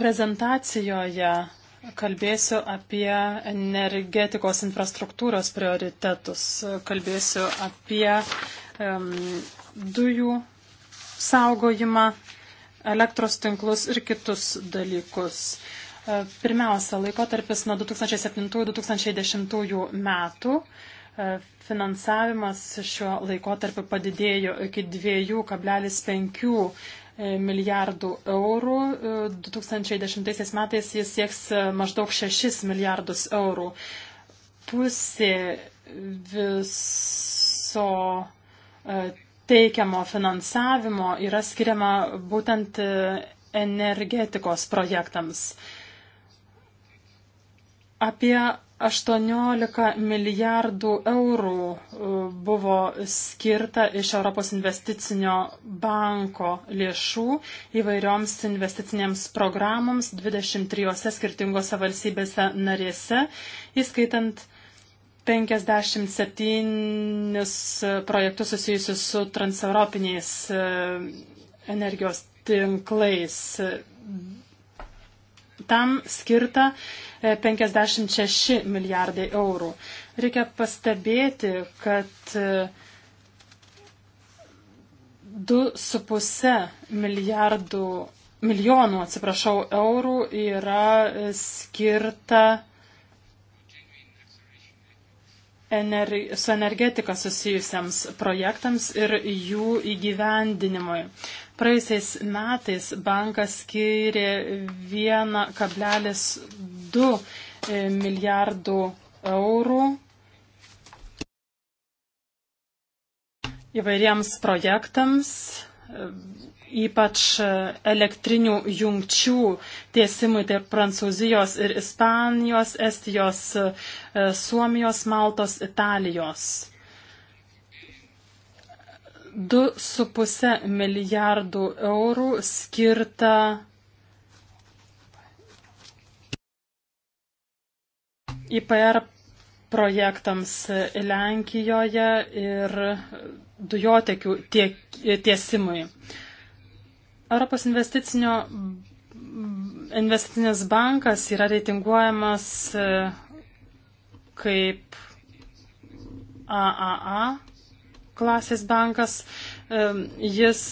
A: prezentacijoje Kalbėsiu apie energetikos infrastruktūros prioritetus, kalbėsiu apie um, dujų saugojimą, elektros tinklus ir kitus dalykus. E, pirmiausia, laikotarpis nuo 2007-2010 metų e, finansavimas šiuo laikotarpiu padidėjo iki 2,5 e, milijardų eurų. 2010 metais jis sieks maždaug 6 milijardus eurų. Pusė viso teikiamo finansavimo yra skiriama būtent e, energetikos projektams. Apie 18 milijardų eurų e, buvo skirta iš Europos investicinio banko lėšų įvairioms investicinėms programoms 23 skirtingose valstybėse narėse, įskaitant 57 projektus susijusius su transeuropiniais e, energijos tinklais. Tam skirta 56 e, milijardai eurų. Reikia pastebėti, kad 2,5 e, milijardų milijonų, atsiprašau, eurų yra skirta energi su energetika susijusiams projektams ir jų įgyvendinimui. Praeisiais metais bankas skyrė 1,2 e, milijardų eurų įvairiems projektams ypač e, elektrinių jungčių tiesimui tarp Prancūzijos ir Ispanijos, Estijos, e, e, Suomijos, Maltos, Italijos. 2,5 milijardų eurų skirta IPR projektams Lenkijoje ir dujotekių tiesimui. Tiek, Europos investicinio, investicinis bankas yra reitinguojamas e, kaip AAA klasės bankas. E, jis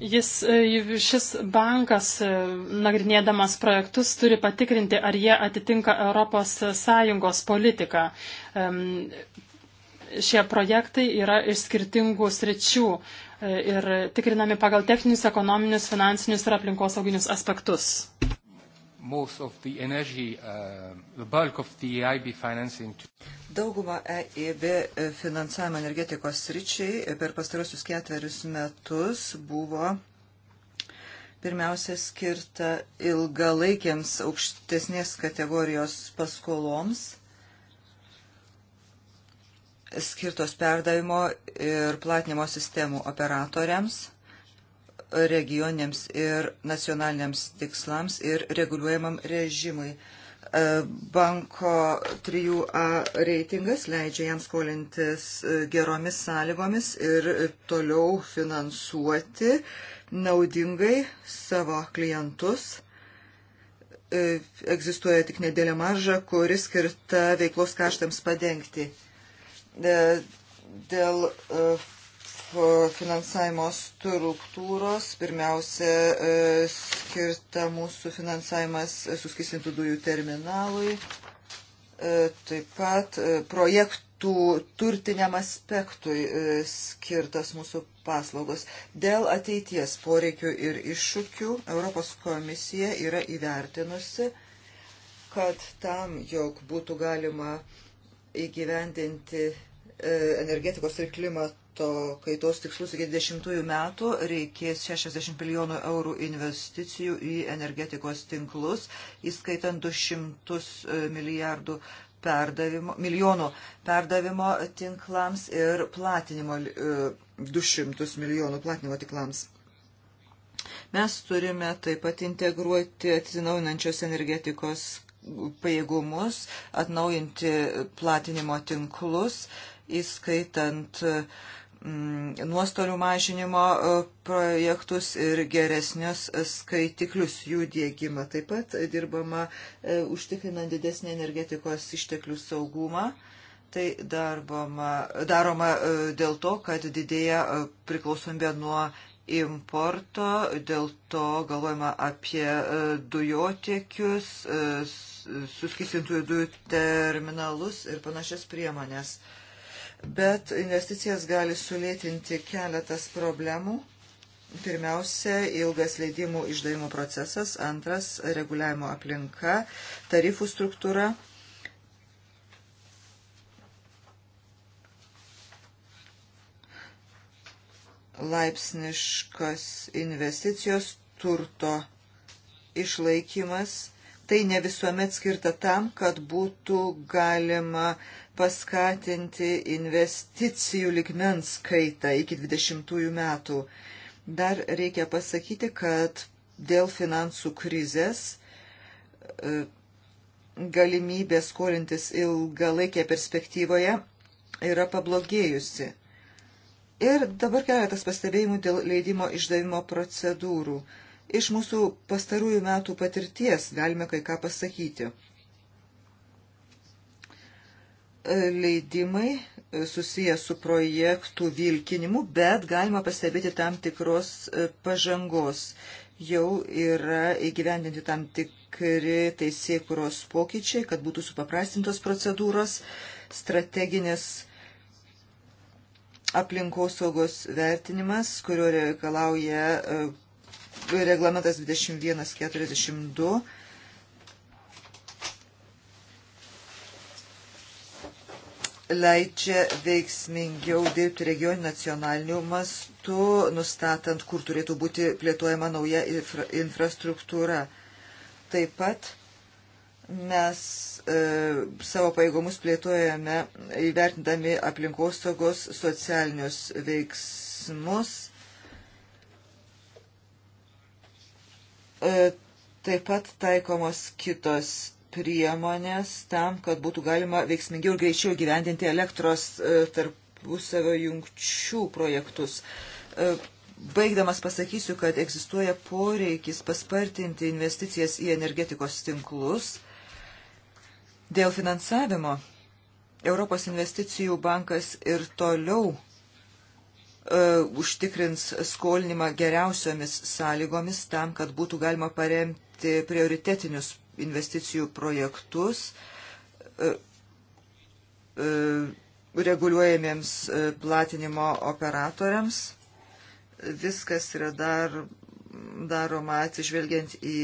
A: Jis, e, šis bankas, e, nagrinėdamas projektus, turi patikrinti, ar jie atitinka ES politiką. Šie projektai yra iš skirtingų sričių e, ir tikrinami pagal techninius, ekonominius, finansinius ir aplinkosauginius aspektus
B: most of the energy, uh, the bulk of the EIB financing.
D: Dauguma EIB e, finansavimo energetikos sričiai e, per pastarosius ketverius metus buvo pirmiausia skirta ilgalaikiams aukštesnės kategorijos paskoloms, skirtos perdavimo ir platinimo sistemų operatoriams regioniams ir nacionaliniams tikslams ir reguliuojamam režimui. E, Banko 3A reitingas leidžia jam skolintis e, geromis sąlygomis ir toliau finansuoti naudingai savo klientus. E, egzistuoja tik nedėlė marža, kuri skirta veiklos kaštams padengti. Dėl finansavimo struktūros. Pirmiausia, e, skirta mūsų finansavimas suskistintų dujų terminalui. E, taip pat e, projektų tų turtiniam aspektui skirtas mūsų paslaugos. Dėl ateities poreikių ir iššūkių Europos komisija yra įvertinusi, kad tam, jog būtų galima įgyvendinti energetikos ir klimato klimato kaitos tikslus iki 20 metų reikės 60 milijonų eurų investicijų į energetikos tinklus, įskaitant 200 e, milijardų perdavimo, milijonų perdavimo tinklams ir platinimo 200 e, milijonų platinimo tinklams. Mes turime taip pat integruoti atsinaujinančios energetikos pajėgumus, atnaujinti platinimo tinklus, įskaitant Mm, nuostolių mažinimo e, projektus ir geresnius skaitiklius jų dėgymą. Taip pat dirbama e, užtikrinant didesnį energetikos išteklių saugumą. Tai darbama, daroma e, dėl to, kad didėja priklausomybė nuo importo, dėl to galvojama apie dujotiekius, suskisintųjų dujų terminalus ir panašias priemonės. Uh, bet investicijas gali sulėtinti keletas problemų. Pirmiausia, ilgas leidimų išdavimo procesas, antras, reguliavimo aplinka, tarifų struktūra. laipsniškas investicijos turto išlaikymas tai ne visuomet skirta tam, kad būtų galima paskatinti investicijų ligmens kaitą iki 20 metų. Dar reikia pasakyti, kad dėl finansų krizės e, galimybė skolintis ilgalaikėje perspektyvoje yra pablogėjusi. Ir dabar keletas pastebėjimų dėl leidimo išdavimo procedūrų. Iš mūsų pastarųjų metų patirties galime kai ką pasakyti. Leidimai susijęs su projektų vilkinimu, bet galima pastebėti tam tikros e, pažangos. Jau yra įgyvendinti tam tikri teisėkuros pokyčiai, kad būtų supaprastintos procedūros, strateginės aplinkosaugos vertinimas, kurio reikalauja e, reglamentas 2142. leidžia veiksmingiau dirbti regioniniu nacionaliniu mastu, nustatant, kur turėtų būti plėtojama nauja infra infrastruktūra. Taip pat mes e, savo paėgomus plėtojame įvertindami aplinkosaugos socialinius veiksmus E, taip pat taikomos kitos priemonės tam, kad būtų galima veiksmingiau ir greičiau gyvendinti elektros e, tarpusavio jungčių projektus. E, baigdamas pasakysiu, kad egzistuoja poreikis paspartinti investicijas į energetikos tinklus. Dėl finansavimo Europos investicijų bankas ir toliau E, užtikrins skolinimą geriausiomis sąlygomis tam, kad būtų galima paremti prioritetinius investicijų projektus e, e, reguliuojamiems platinimo operatoriams. Viskas yra dar, daroma atsižvelgiant į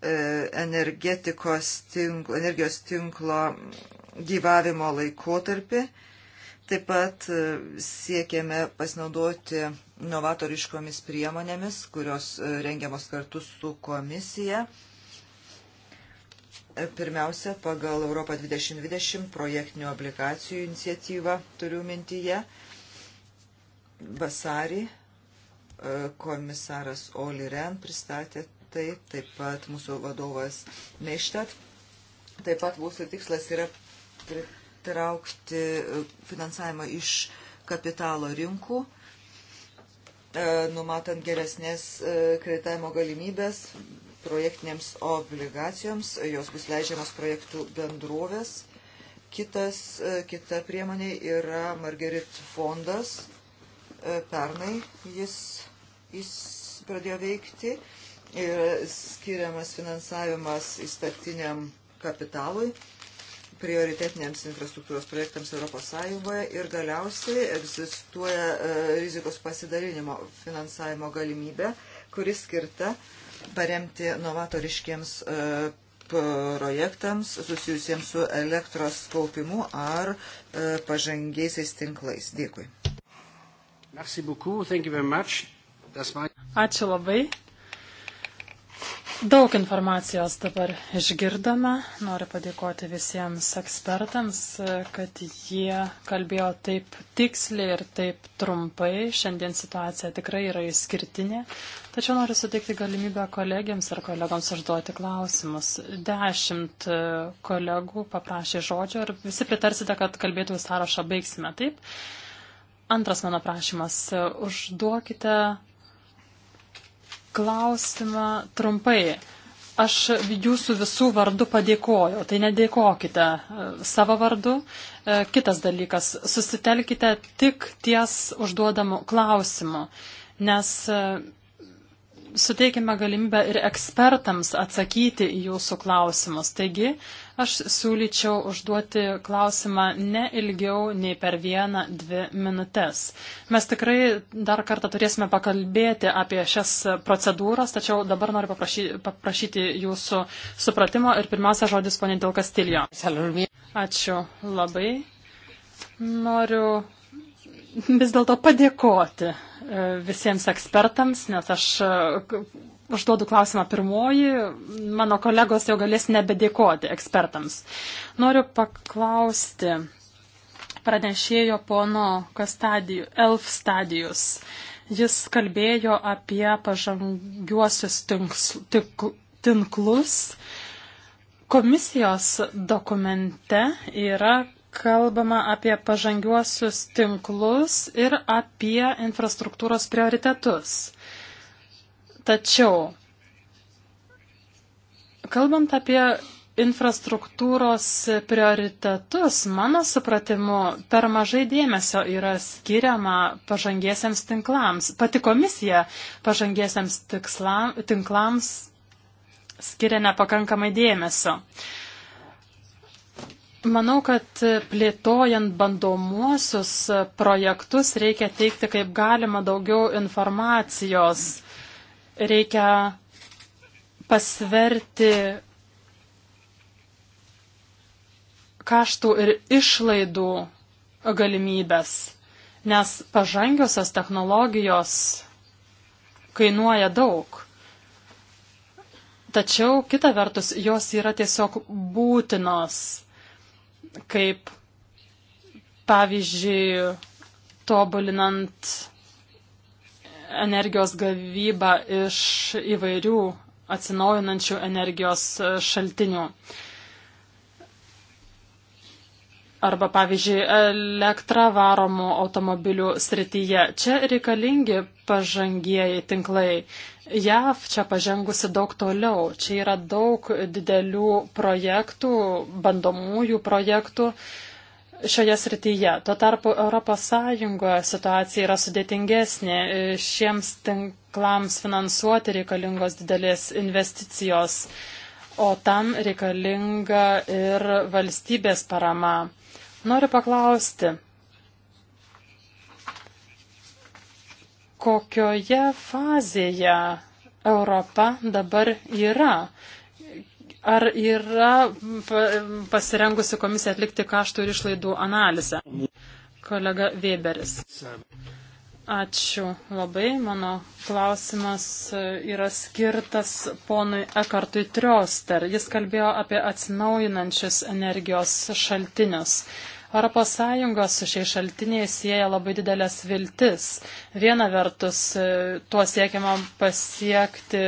D: energetikos tinklo, energijos tinklo gyvavimo laikotarpį. Taip pat e, siekiame pasinaudoti novatoriškomis priemonėmis, kurios e, rengiamos kartu su komisija. E, pirmiausia, pagal Europą 2020 projektinių obligacijų iniciatyvą turiu mintyje. Vasarį komisaras Oli Ren pristatė tai, taip pat mūsų vadovas Neištet. Taip pat mūsų tikslas yra traukti e, finansavimą iš kapitalo rinkų, e, numatant geresnės e, kreditavimo galimybės projektinėms obligacijoms, jos bus leidžiamas projektų bendrovės. Kitas, kita priemonė yra Margerit fondas. Pernai jis, jis pradėjo veikti ir skiriamas finansavimas įstatiniam kapitalui prioritetiniams infrastruktūros projektams ES ir galiausiai egzistuoja e, rizikos pasidalinimo finansavimo galimybė, kuris skirta paremti novatoriškiems e, projektams susijusiems su elektros kaupimu ar e, pažangiaisiais tinklais. Dėkui.
A: Ačiū labai. Daug informacijos dabar išgirdome. Noriu padėkoti visiems ekspertams, kad jie kalbėjo taip tiksliai ir taip trumpai. Šiandien situacija tikrai yra išskirtinė. Tačiau noriu suteikti galimybę kolegiams ir kolegoms užduoti klausimus. Dešimt kolegų paprašė žodžio ir visi pritarsite, kad kalbėtojų sąrašą baigsime. Taip. Antras mano prašymas. Užduokite klausimą trumpai. Aš jūsų visų vardu padėkoju, tai nedėkokite e, savo vardu. E, kitas dalykas, susitelkite tik ties užduodamu klausimu, nes e, suteikime galimybę ir ekspertams atsakyti į jūsų klausimus. Taigi, Aš siūlyčiau užduoti klausimą ne ilgiau nei per vieną, dvi minutės. Mes tikrai dar kartą turėsime pakalbėti apie šias procedūras, tačiau dabar noriu paprašyti, paprašyti jūsų supratimo ir pirmiausia žodis ponė Dėl Kastilio. Ačiū labai. Noriu vis dėlto padėkoti e, visiems ekspertams, nes aš užduodu klausimą pirmoji, mano kolegos jau galės nebedėkoti ekspertams. Noriu paklausti pranešėjo pono Kastadijų, Elf Stadijus. Jis kalbėjo apie pažangiuosius tinklus. Komisijos dokumente yra kalbama apie pažangiuosius tinklus ir apie infrastruktūros prioritetus. Tačiau, kalbant apie infrastruktūros prioritetus, mano supratimu, per mažai dėmesio yra skiriama pažangiesiams tinklams. Pati komisija pažangiesiams tikslam, tinklams skiria nepakankamai dėmesio. Manau, kad plėtojant bandomuosius projektus reikia teikti kaip galima daugiau informacijos reikia pasverti kaštų ir išlaidų galimybės, nes pažangiosios technologijos kainuoja daug. Tačiau kita vertus, jos yra tiesiog būtinos, kaip pavyzdžiui, tobulinant energijos gavybą iš įvairių atsinaujinančių energijos e, šaltinių. Arba, pavyzdžiui, elektra varomų automobilių srityje. Čia reikalingi pažangieji tinklai. JAV čia pažengusi daug toliau. Čia yra daug didelių projektų, bandomųjų projektų. Uh, šioje srityje. Tuo tarpu ES situacija yra sudėtingesnė. Šiems tinklams finansuoti reikalingos didelės investicijos, o tam reikalinga ir valstybės parama. Noriu paklausti, kokioje fazėje Europa dabar yra? Ar yra pasirengusi komisija atlikti kaštų ir išlaidų analizę? Kolega Weberis. Ačiū labai. Mano klausimas e, yra skirtas ponui Ekartui Trioster. Jis kalbėjo apie atsinaujinančius energijos šaltinius. Europos Sąjunga su šiais šaltiniais sieja labai didelės viltis. Viena vertus, e, tuo siekiama pasiekti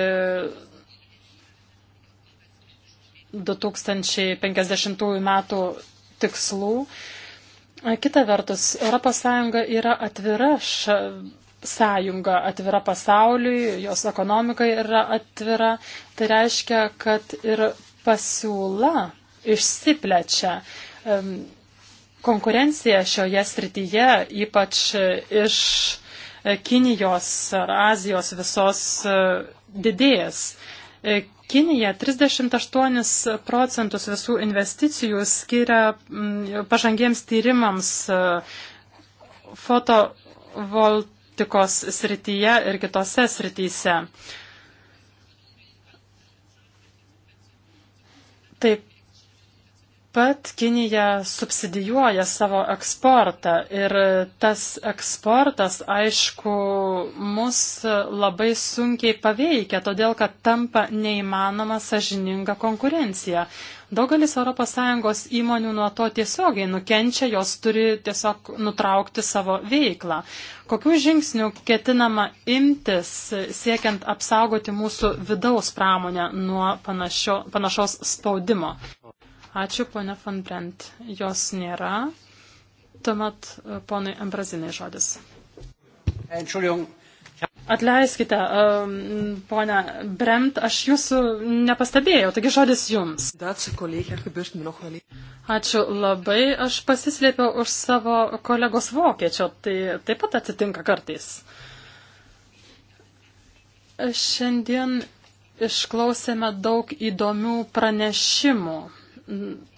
A: 2050 metų tikslų. Kita vertus, ES yra atvira ša, sąjunga, atvira pasauliui, jos ekonomika yra atvira. Tai reiškia, kad ir pasiūla išsiplečia. Konkurencija šioje srityje, ypač iš e, Kinijos ar Azijos visos e, didės. E, Kinija 38 procentus visų investicijų skiria mm, pažangiems tyrimams e, fotovoltikos srityje ir kitose srityse. Taip pat Kinija subsidijuoja savo eksportą ir tas eksportas, aišku, mus labai sunkiai paveikia, todėl kad tampa neįmanoma sažininga konkurencija. Daugelis ES įmonių nuo to tiesiogiai nukenčia, jos turi tiesiog nutraukti savo veiklą. Kokių žingsnių ketinama imtis siekiant apsaugoti mūsų vidaus pramonę nuo panašio, panašaus spaudimo? Ačiū, ponė von Brent. Jos nėra. Tuomet e, ponai Ambrazinai žodis. Atleiskite, ponia Bremt, aš jūsų nepastebėjau, taigi žodis jums. Ačiū labai, aš pasislėpiau už savo kolegos vokiečio, tai taip pat atsitinka kartais. Šiandien išklausėme daug įdomių pranešimų.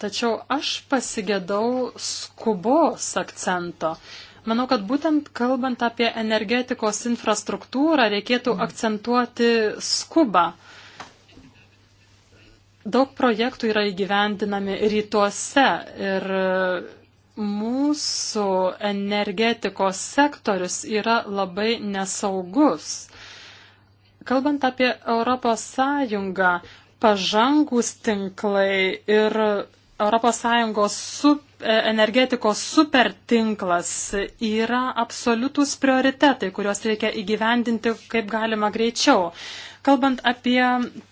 A: Tačiau aš pasigėdau skubos akcento. Manau, kad būtent kalbant apie energetikos infrastruktūrą, reikėtų mhm. akcentuoti skubą. Daug projektų yra įgyvendinami rytuose ir e, mūsų energetikos sektorius yra labai nesaugus. Kalbant apie Europos Sąjungą, pažangus tinklai ir ES su, e, energetikos supertinklas yra absoliutus prioritetai, kuriuos reikia įgyvendinti kaip galima greičiau. Kalbant apie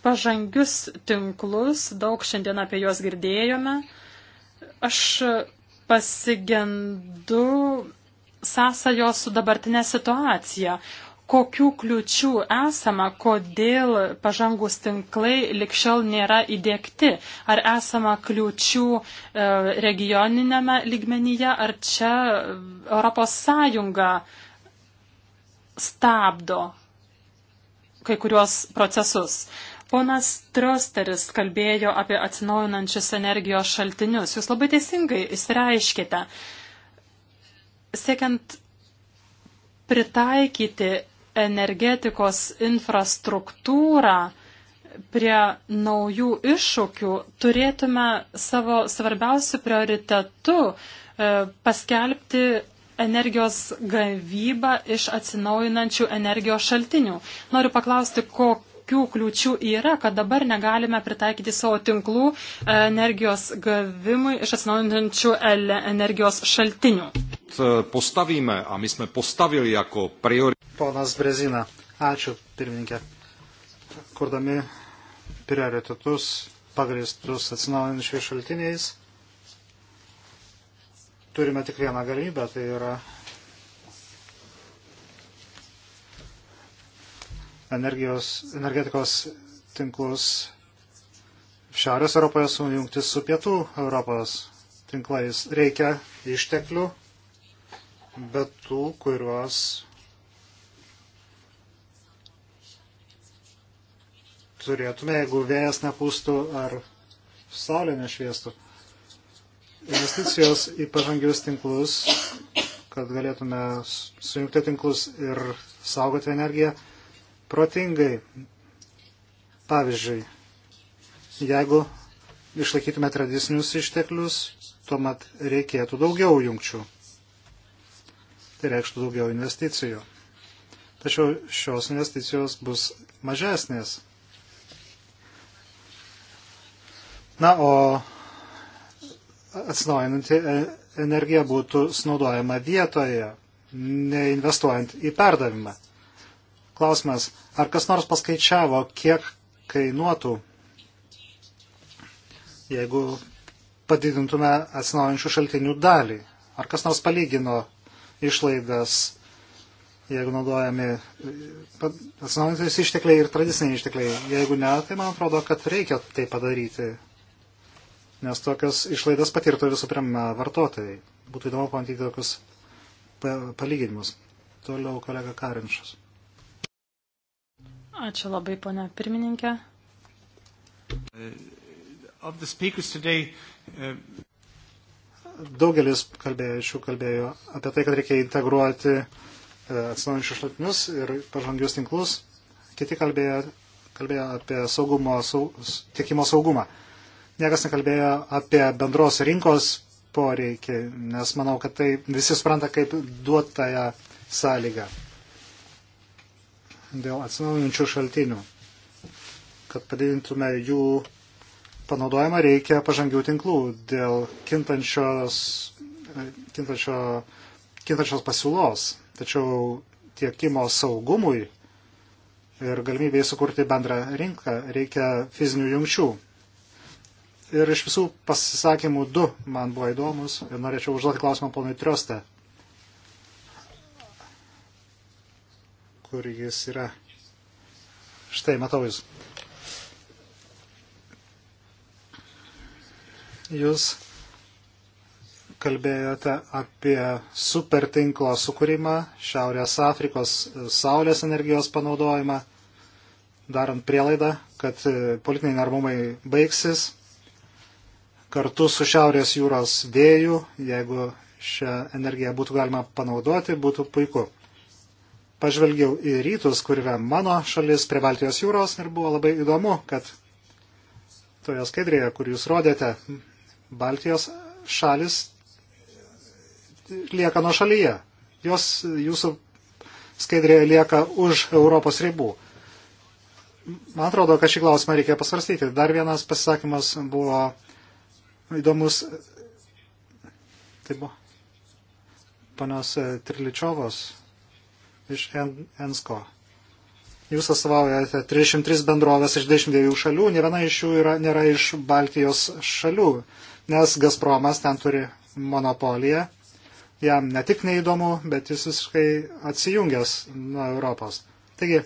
A: pažangius tinklus, daug šiandien apie juos girdėjome, aš pasigendu sąsajos su dabartinė situacija kokių kliučių esama, kodėl pažangus tinklai likščiau nėra įdėkti. Ar esama kliučių e, regioninėme lygmenyje, ar čia Europos Sąjunga stabdo kai kuriuos procesus. Ponas Trosteris kalbėjo apie atsinaujinančius energijos šaltinius. Jūs labai teisingai įsireiškite. Siekiant pritaikyti energetikos infrastruktūrą prie naujų iššūkių, turėtume savo svarbiausių prioritetų e, paskelbti energijos gavybą iš atsinaujinančių energijos šaltinių. Noriu paklausti, kokiu kokių kliūčių yra, kad dabar negalime pritaikyti savo tinklų e, energijos gavimui iš atsinaujinančių energijos šaltinių.
C: E, Postavime, a mes sme postavili jako priori... Ponas Brezina, ačiū pirmininkė. Kurdami prioritetus pagristus atsinaujinančiais šaltiniais, turime tik vieną galimybę, tai yra energijos, energetikos tinklus Šiaurės Europoje sujungti su Pietų Europos tinklais. Reikia išteklių, bet tų, kuriuos turėtume, jeigu vėjas nepūstų ar saulė nešviestų. Investicijos į pažangius tinklus, kad galėtume sujungti tinklus ir saugoti energiją, protingai. Pavyzdžiui, jeigu išlaikytume tradicinius išteklius, tuomet reikėtų daugiau jungčių. Tai reikštų daugiau investicijų. Tačiau šios investicijos bus mažesnės. Na, o atsinaujinanti e- energija būtų sunaudojama vietoje, neinvestuojant į perdavimą. Klausimas, ar kas nors paskaičiavo, kiek kainuotų, jeigu padidintume atsinaujančių šaltinių dalį? Ar kas nors palygino išlaidas, jeigu naudojami atsinaujantis ištekliai ir tradiciniai ištekliai? Jeigu ne, tai man atrodo, kad reikia tai padaryti, nes tokias išlaidas patirtų visų pirma vartotojai. Būtų įdomu pamatyti tokius palyginimus. Toliau kolega Karinčius.
A: Ačiū labai, ponia pirmininkė.
C: Uh, uh, Daugelis kalbėjušių kalbėjo apie tai, kad reikia integruoti uh, atsinaujančius šaltinius ir pažangius tinklus. Kiti kalbėjo, kalbėjo apie saugumo, saug, tiekimo saugumą. Niekas nekalbėjo apie bendros rinkos poreikį, nes manau, kad tai visi supranta kaip duotąją sąlygą dėl atsinaujančių šaltinių. Kad padidintume jų panaudojimą, reikia pažangių tinklų dėl kintančios, e, kintančio, kintančios pasiūlos. Tačiau tiekimo saugumui ir galimybėj sukurti bendrą rinką reikia fizinių jungčių. Ir iš visų pasisakymų du man buvo įdomus ir norėčiau užduoti klausimą ponui Triostą kur jis yra. Štai, matau jūs. Jūs kalbėjote apie supertinklo sukūrimą, Šiaurės Afrikos saulės energijos panaudojimą, darant prielaidą, kad e, politiniai nervumai baigsis kartu su Šiaurės jūros vėju, jeigu šią energiją būtų galima panaudoti, būtų puiku pažvelgiau į rytus, kur yra mano šalis prie Baltijos jūros ir buvo labai įdomu, kad toje skaidrėje, kur jūs rodėte, Baltijos šalis lieka nuo šalyje. Jos jūsų skaidrėje lieka už Europos ribų. Man atrodo, kad šį klausimą reikia pasvarstyti. Dar vienas pasisakymas buvo įdomus. Tai buvo panios Triličiovos iš ENSCO. Jūs atstovaujate 303 bendrovės iš 22 šalių, nė viena iš jų yra, nėra iš Baltijos šalių, nes Gazpromas ten turi monopoliją. Jam ne tik neįdomu, bet jis visiškai atsijungęs nuo Europos. Taigi,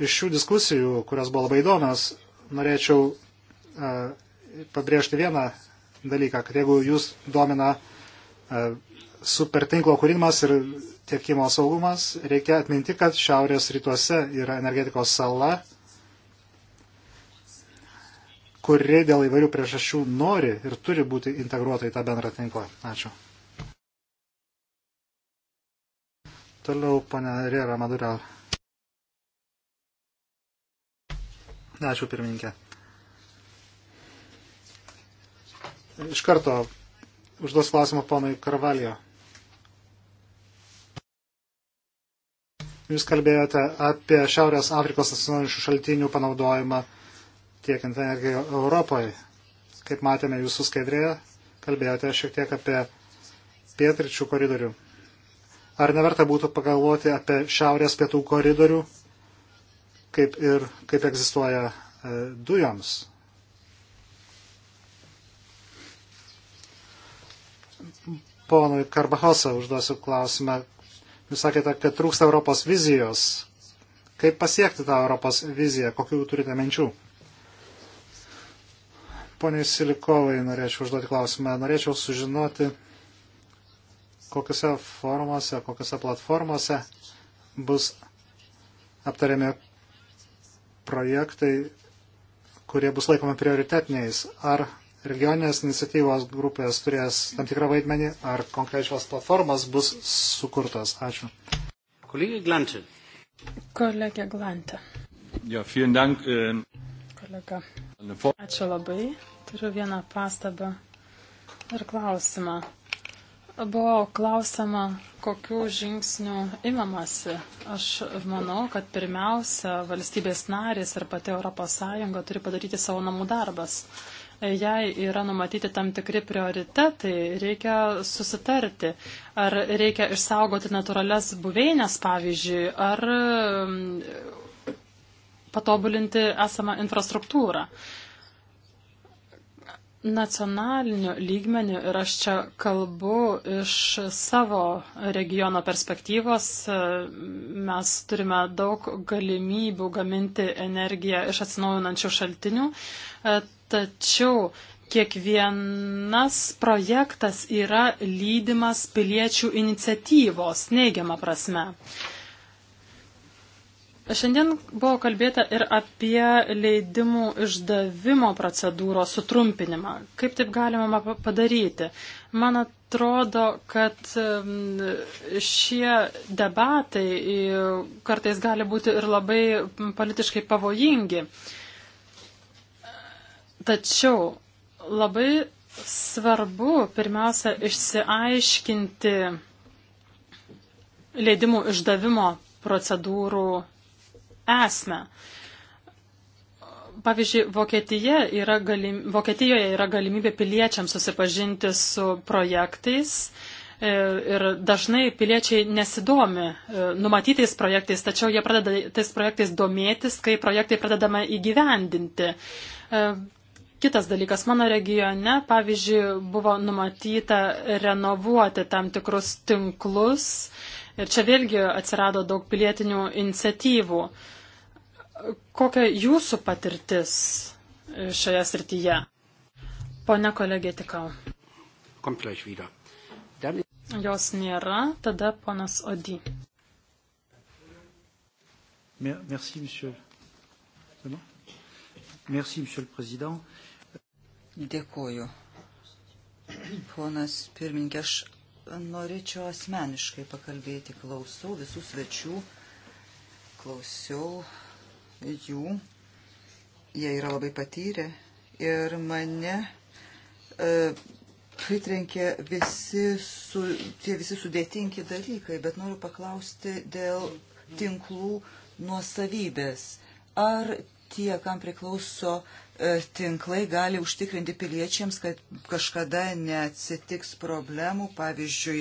C: iš šių diskusijų, kurios buvo labai įdomios, norėčiau uh, pabrėžti vieną dalyką, kad jeigu jūs domina uh, supertinklo kūrimas ir tiekimo saugumas, reikia atminti, kad šiaurės rytuose yra energetikos sala, kuri dėl įvairių priežasčių nori ir turi būti integruota į tą bendrą tinklą. Ačiū. Toliau, ponia Rėra Madurel. Ačiū, pirmininkė. Iš karto užduos klausimą ponui Karvalijo. Jūs kalbėjote apie Šiaurės Afrikos atsinaujinčių šaltinių panaudojimą tiekiant energiją Europoje. Kaip matėme jūsų skaidrėje, kalbėjote šiek tiek apie pietričių koridorių. Ar neverta būtų pagalvoti apie šiaurės pietų koridorių, kaip ir kaip egzistuoja e, dujoms? Ponui Karbahosą užduosiu klausimą, Jūs sakėte, kad trūksta Europos vizijos. Kaip pasiekti tą Europos viziją? Kokių turite minčių? Pone Silikovai, norėčiau užduoti klausimą. Norėčiau sužinoti, kokiuose formuose, kokiuose platformose bus aptariami projektai, kurie bus laikomi prioritetiniais. Ar regioninės iniciatyvos grupės turės tam tikrą vaidmenį, ar konkrečios platformos bus sukurtos. Ačiū. Kolegė Glantė.
A: Kolegė Glantė. Ja, vielen Dank. Äh, Kolega. Ačiū labai. Turiu vieną pastabą ir klausimą. Buvo klausima, kokių žingsnių imamasi. Aš manau, kad pirmiausia, valstybės narės ir pati ES turi padaryti savo namų darbas jei yra numatyti tam tikri prioritetai, reikia susitarti, ar reikia išsaugoti natūrales buveinės, pavyzdžiui, ar mm, patobulinti esamą infrastruktūrą. Nacionaliniu lygmeniu ir aš čia kalbu iš savo regiono perspektyvos, mes turime daug galimybių gaminti energiją iš atsinaujinančių šaltinių, Tačiau kiekvienas projektas yra lydimas piliečių iniciatyvos, neigiama prasme. Šiandien buvo kalbėta ir apie leidimų išdavimo procedūros sutrumpinimą. Kaip taip galima padaryti? Man atrodo, kad šie debatai kartais gali būti ir labai politiškai pavojingi. Tačiau labai svarbu pirmiausia išsiaiškinti leidimų išdavimo procedūrų esmę. Pavyzdžiui, Vokietija yra galim, Vokietijoje yra galimybė piliečiams susipažinti su projektais e, ir dažnai piliečiai nesidomi e, numatytais projektais, tačiau jie pradeda tais projektais domėtis, kai projektai pradedama įgyvendinti. E, Kitas dalykas, mano regione, pavyzdžiui, buvo numatyta renovuoti tam tikrus tinklus ir čia vėlgi atsirado daug pilietinių iniciatyvų. Kokia jūsų patirtis šioje srityje? Pone kolegė Tikau. Jos nėra, tada ponas Odi.
C: Merci, monsieur. Merci, monsieur le président.
D: Dėkuoju. Ponas pirmininkė, aš norėčiau asmeniškai pakalbėti. Klausiau visų svečių, klausiau jų. Jie yra labai patyrę ir mane e, pritrenkė visi, su, tie visi sudėtingi dalykai, bet noriu paklausti dėl tinklų nuosavybės. Ar tie, kam priklauso e, E, tinklai gali užtikrinti piliečiams, kad kažkada neatsitiks problemų, pavyzdžiui,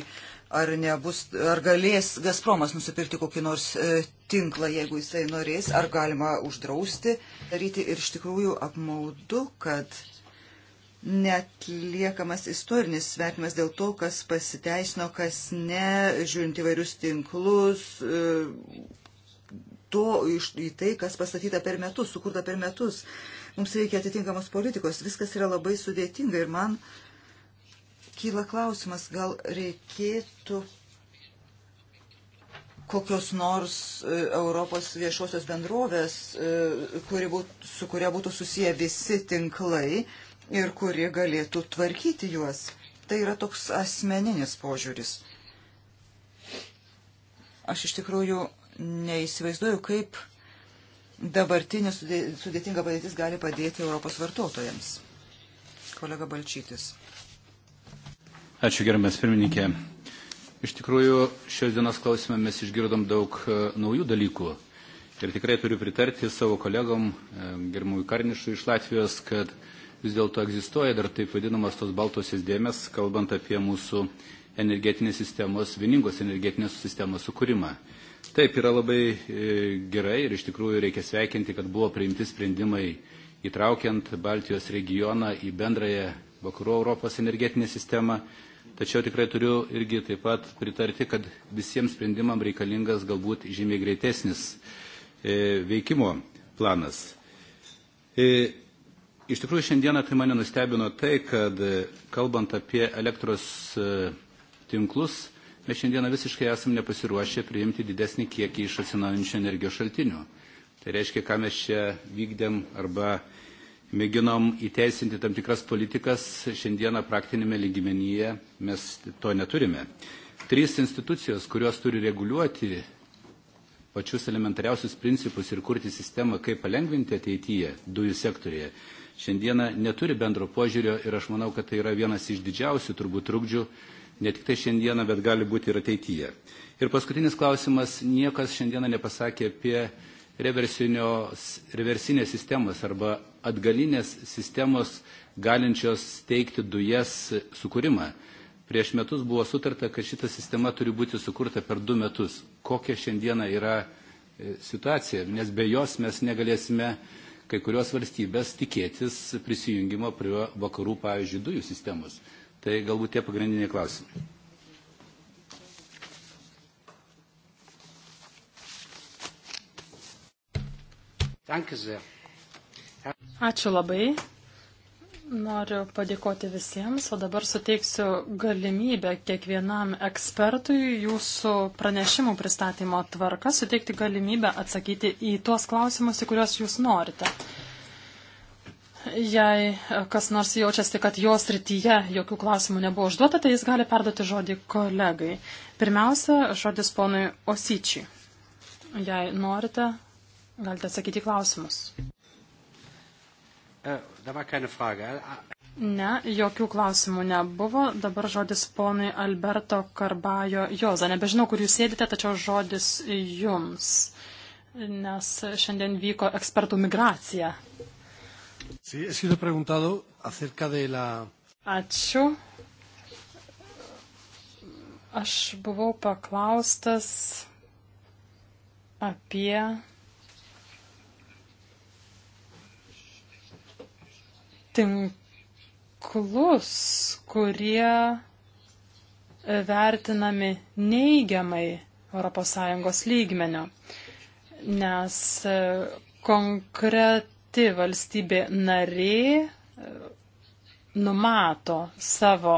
D: ar, nebus, ar galės Gazpromas nusipirkti kokį nors e, tinklą, jeigu jisai norės, ar galima uždrausti daryti ir iš tikrųjų apmaudu, kad net liekamas istorinis svetimas dėl to, kas pasiteisino, kas ne, žiūrint įvairius tinklus, e, to, iš, į tai, kas pastatyta per metus, sukurta per metus. Uh, Mums reikia atitinkamos politikos. Viskas yra labai sudėtinga ir man kyla klausimas, gal reikėtų kokios nors e, Europos viešosios bendrovės, e, kuri būtų, su kuria būtų susiję visi tinklai ir kuri galėtų tvarkyti juos. Tai yra toks asmeninis požiūris. Aš iš tikrųjų neįsivaizduoju, kaip dabartinė sudėtinga padėtis gali padėti Europos vartotojams. Kolega Balčytis.
B: Ačiū gerbiamas pirmininkė. Iš tikrųjų, šios dienos klausime mes išgirdom daug e, naujų dalykų. Ir tikrai turiu pritarti savo kolegom, e, gerbiamui Karnišui iš Latvijos, kad vis dėlto egzistuoja dar taip vadinamas tos baltosios dėmes, kalbant apie mūsų energetinės sistemos, vieningos energetinės sistemos sukūrimą. Taip, yra labai e, gerai ir iš tikrųjų reikia sveikinti, kad buvo priimti sprendimai įtraukiant Baltijos regioną į bendrąją vakarų Europos energetinę sistemą. Tačiau tikrai turiu irgi taip pat pritarti, kad visiems sprendimam reikalingas galbūt žymiai greitesnis e, veikimo planas. E, iš tikrųjų, šiandieną tai mane nustebino tai, kad kalbant apie elektros tinklus, mes šiandieną visiškai esam nepasiruošę priimti didesnį kiekį iš atsinaujančių energijos šaltinių. Tai reiškia, ką mes čia vykdėm arba mėginom įteisinti tam tikras politikas, šiandieną praktinėme lygmenyje mes to neturime. Trys institucijos, kurios turi reguliuoti pačius elementariausius principus ir kurti sistemą, kaip palengvinti ateityje dujų sektorėje. Šiandieną neturi bendro požiūrio ir aš manau, kad tai yra vienas iš didžiausių turbūt trukdžių ne tik tai šiandieną, bet gali būti ir ateityje. Ir paskutinis klausimas, niekas šiandieną nepasakė apie reversinės sistemos arba atgalinės sistemos galinčios teikti dujas sukūrimą. Prieš metus buvo sutarta, kad šita sistema turi būti sukurta per du metus. Kokia šiandieną yra e, situacija, nes be jos mes negalėsime kai kurios valstybės tikėtis prisijungimo prie vakarų, pavyzdžiui, dujų sistemos. Tai galbūt tie pagrindiniai klausimai.
A: Ačiū labai. Noriu padėkoti visiems, o dabar suteiksiu galimybę kiekvienam ekspertui jūsų pranešimų pristatymo tvarka suteikti galimybę atsakyti į tuos klausimus, į kuriuos jūs norite. Jei e, kas nors jaučiasi, kad jos rytyje jokių klausimų nebuvo užduota, tai jis gali perduoti žodį kolegai. Pirmiausia, žodis ponui Osyčiai. Jei norite, galite atsakyti klausimus.
B: Äh,
A: ne, jokių klausimų nebuvo. Dabar žodis ponui Alberto Karbajo Joza. Nebežinau, kur jūs sėdite, tačiau žodis jums, nes šiandien vyko ekspertų migracija. Ačiū. Aš buvau paklaustas apie tinklus, kurie vertinami neigiamai ES lygmenio, nes e, konkret pati valstybė narė e, numato savo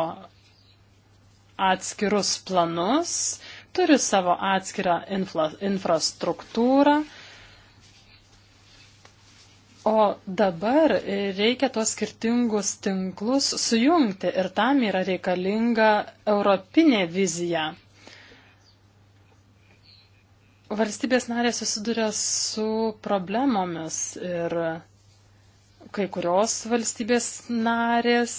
A: atskirus planus, turi savo atskirą infla, infrastruktūrą, O dabar reikia tuos skirtingus tinklus sujungti ir tam yra reikalinga europinė vizija. Valstybės narės susiduria su problemomis ir kai kurios valstybės narės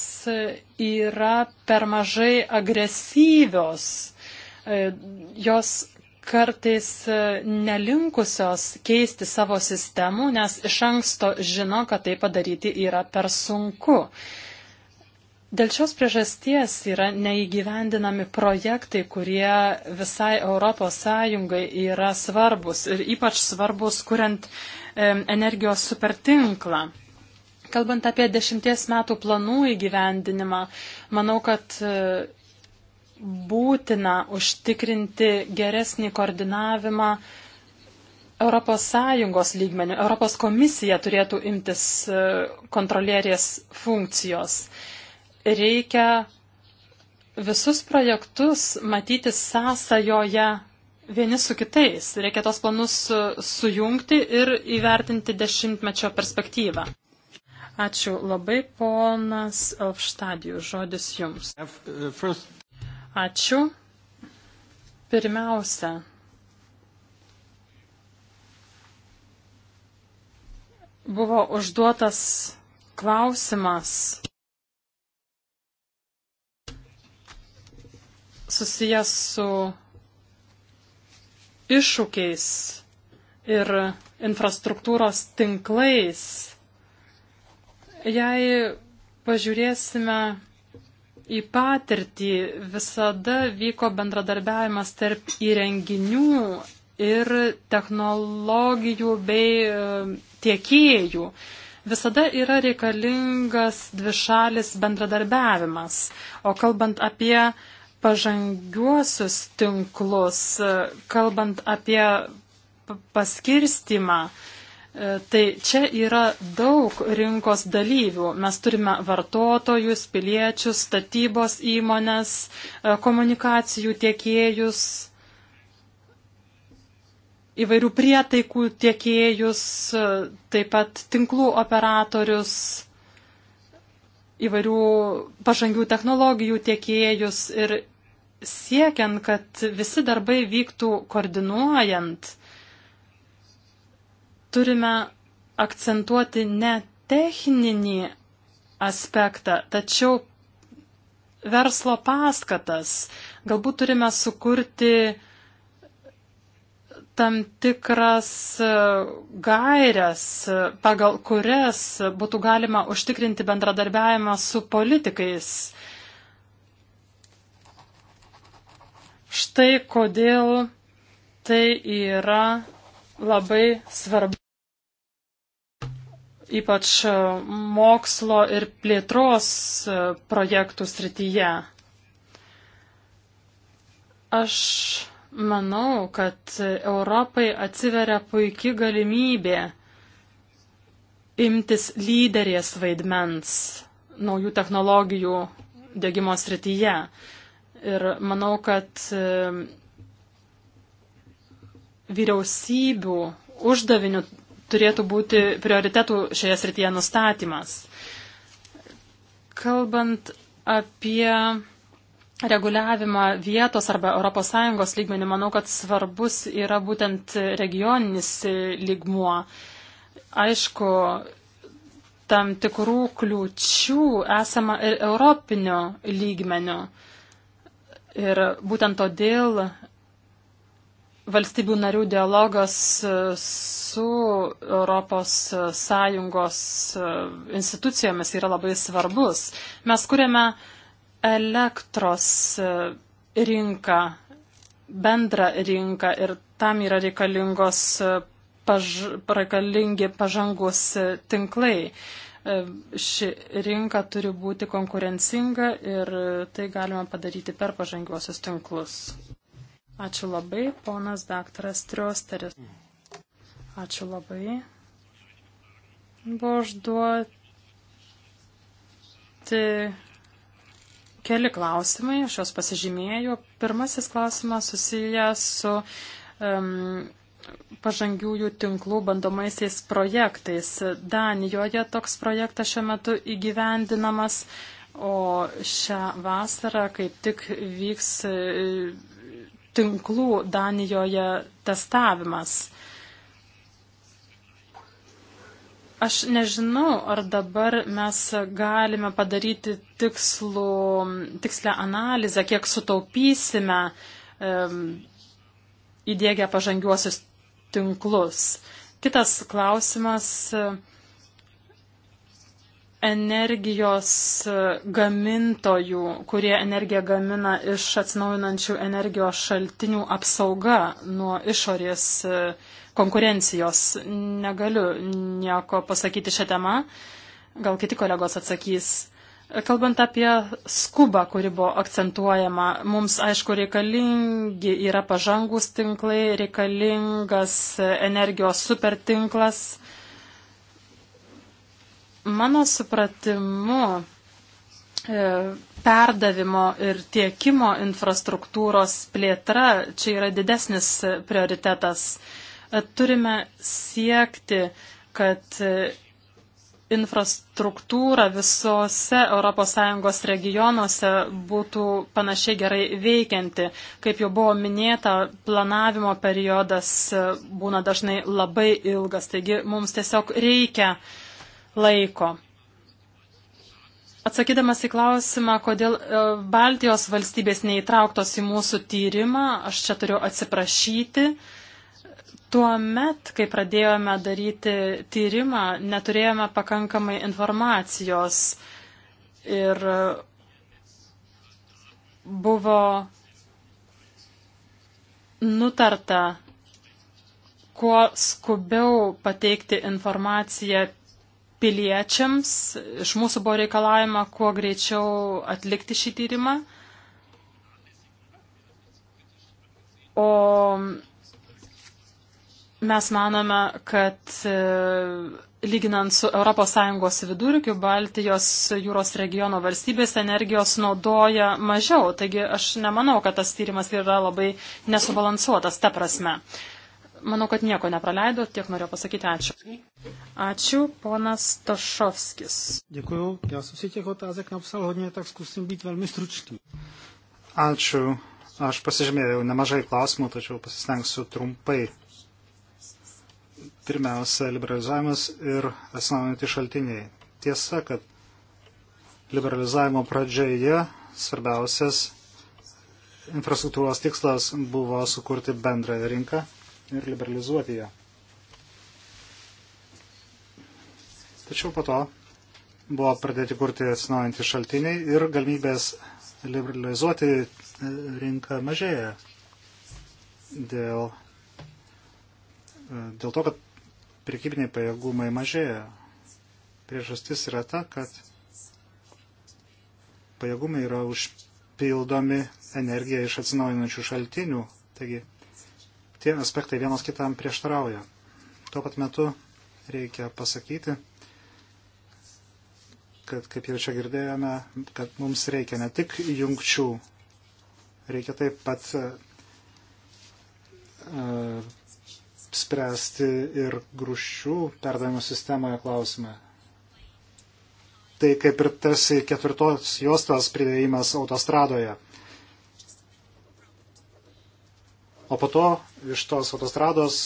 A: yra per mažai agresyvios. E, jos kartais e, nelinkusios keisti savo sistemų, nes iš anksto žino, kad tai padaryti yra per sunku. Dėl šios priežasties yra neįgyvendinami projektai, kurie visai ES yra svarbus ir ypač svarbus, kuriant energijos supertinklą. Kalbant apie dešimties metų planų įgyvendinimą, manau, kad e, būtina užtikrinti geresnį koordinavimą ES lygmenių. ES komisija turėtų imtis e, kontrolierės funkcijos reikia visus projektus matyti sąsajoje vieni su kitais. Reikia tos planus sujungti ir įvertinti dešimtmečio perspektyvą. Ačiū labai, ponas Elfštadijų, žodis jums. Uh, Ačiū. Pirmiausia, buvo užduotas klausimas, susijęs su iššūkiais ir infrastruktūros tinklais. Jei pažiūrėsime į patirtį, visada vyko bendradarbiavimas tarp įrenginių ir technologijų bei e, tiekėjų. Visada yra reikalingas dvišalis bendradarbiavimas. O kalbant apie uh, pažangiuosius tinklus, kalbant apie paskirstimą, e, tai čia yra daug rinkos dalyvių. Mes turime vartotojus, piliečius, statybos įmonės, e, komunikacijų tiekėjus, įvairių prietaikų tiekėjus, e, taip pat tinklų operatorius įvairių pažangių technologijų tiekėjus ir siekiant, kad visi darbai vyktų koordinuojant, turime akcentuoti ne techninį aspektą, tačiau verslo paskatas. Galbūt turime sukurti tam tikras e, gairias, pagal kurias būtų galima užtikrinti bendradarbiavimą su politikais Štai kodėl tai yra labai svarbu. Ypač mokslo ir plėtros projektų srityje. Aš manau, kad Europai atsiveria puikia galimybė imtis lyderės vaidmens naujų technologijų dėgymo srityje. Ir manau, kad vyriausybių uždavinių turėtų būti prioritetų šioje srityje nustatymas. Kalbant apie reguliavimą vietos arba ES lygmenį, manau, kad svarbus yra būtent regioninis lygmuo. Aišku, tam tikrų kliūčių esama ir europinio lygmenio. Uh, Ir būtent todėl valstybių narių dialogas e, su Europos Sąjungos e, institucijomis yra labai svarbus. Mes kuriame elektros e, rinką, bendrą rinką ir tam yra reikalingos paž, reikalingi pažangus tinklai ši rinka turi būti konkurencinga ir tai galima padaryti per pažangiuosius tinklus. Ačiū labai, ponas daktaras Triosteris. Ačiū labai. Buvo užduoti keli klausimai, aš juos pasižymėjau. Pirmasis klausimas susijęs su um, pažangiųjų tinklų bandomaisiais projektais. Danijoje toks projektas šiuo metu įgyvendinamas, o šią vasarą kaip tik vyks e, tinklų Danijoje testavimas. Aš nežinau, ar dabar mes galime padaryti tikslų, tikslę analizę, kiek sutaupysime um, įdėgę pažangiuosius tinklus. Kitas klausimas energijos gamintojų, kurie energiją gamina iš atsinaujinančių energijos šaltinių apsauga nuo išorės konkurencijos. Negaliu nieko pasakyti šią temą. Gal kiti kolegos atsakys. Kalbant apie skubą, kuri buvo akcentuojama, mums aišku reikalingi yra pažangus tinklai, reikalingas energijos supertinklas. Mano supratimu, e, perdavimo ir tiekimo infrastruktūros plėtra čia yra didesnis prioritetas. E, turime siekti, kad e, infrastruktūra visose ES regionuose būtų panašiai gerai veikianti. Kaip jau buvo minėta, planavimo periodas e, būna dažnai labai ilgas, taigi mums tiesiog reikia laiko. Atsakydamas į klausimą, kodėl e, Baltijos valstybės neįtrauktos į mūsų tyrimą, aš čia turiu atsiprašyti. Tuo met, kai pradėjome daryti tyrimą, neturėjome pakankamai informacijos ir e, buvo nutarta kuo skubiau pateikti informaciją piliečiams. Iš mūsų buvo reikalavima kuo greičiau atlikti šį tyrimą. O Mes manome, kad e, lyginant su ES vidurkiu, Baltijos jūros regiono valstybės energijos naudoja mažiau. Taigi aš nemanau, kad tas tyrimas yra labai nesubalansuotas, ta prasme. Manau, kad nieko nepraleido, tiek noriu pasakyti ačiū. Ačiū, ponas Tošovskis.
C: Dėkuoju, ja jsem si těch otázek napsal hodně, tak zkusím být velmi stručný. Ačiū, aš pasižymėjau nemažai klausimų, tačiau pasistengsiu trumpai pirmiausia liberalizavimas ir atsinaujinti šaltiniai. Tiesa, kad liberalizavimo pradžioje svarbiausias infrastruktūros tikslas buvo sukurti bendrą rinką ir liberalizuoti ją. Tačiau po to buvo pradėti kurti atsinaujantys šaltiniai ir galimybės liberalizuoti e, rinką mažėja dėl, e, dėl to, kad prekybiniai pajėgumai mažėja. Priežastis yra ta, kad pajėgumai yra užpildomi energija iš atsinaujinančių šaltinių, taigi tie aspektai vienas kitam prieštarauja. Tuo pat metu reikia pasakyti, kad, kaip jau čia girdėjome, kad mums reikia ne tik jungčių, reikia taip pat e, spręsti ir grūšių perdavimo sistemoje klausimą. Tai kaip ir tarsi ketvirtos juostos pridėjimas autostradoje. O po to iš tos autostrados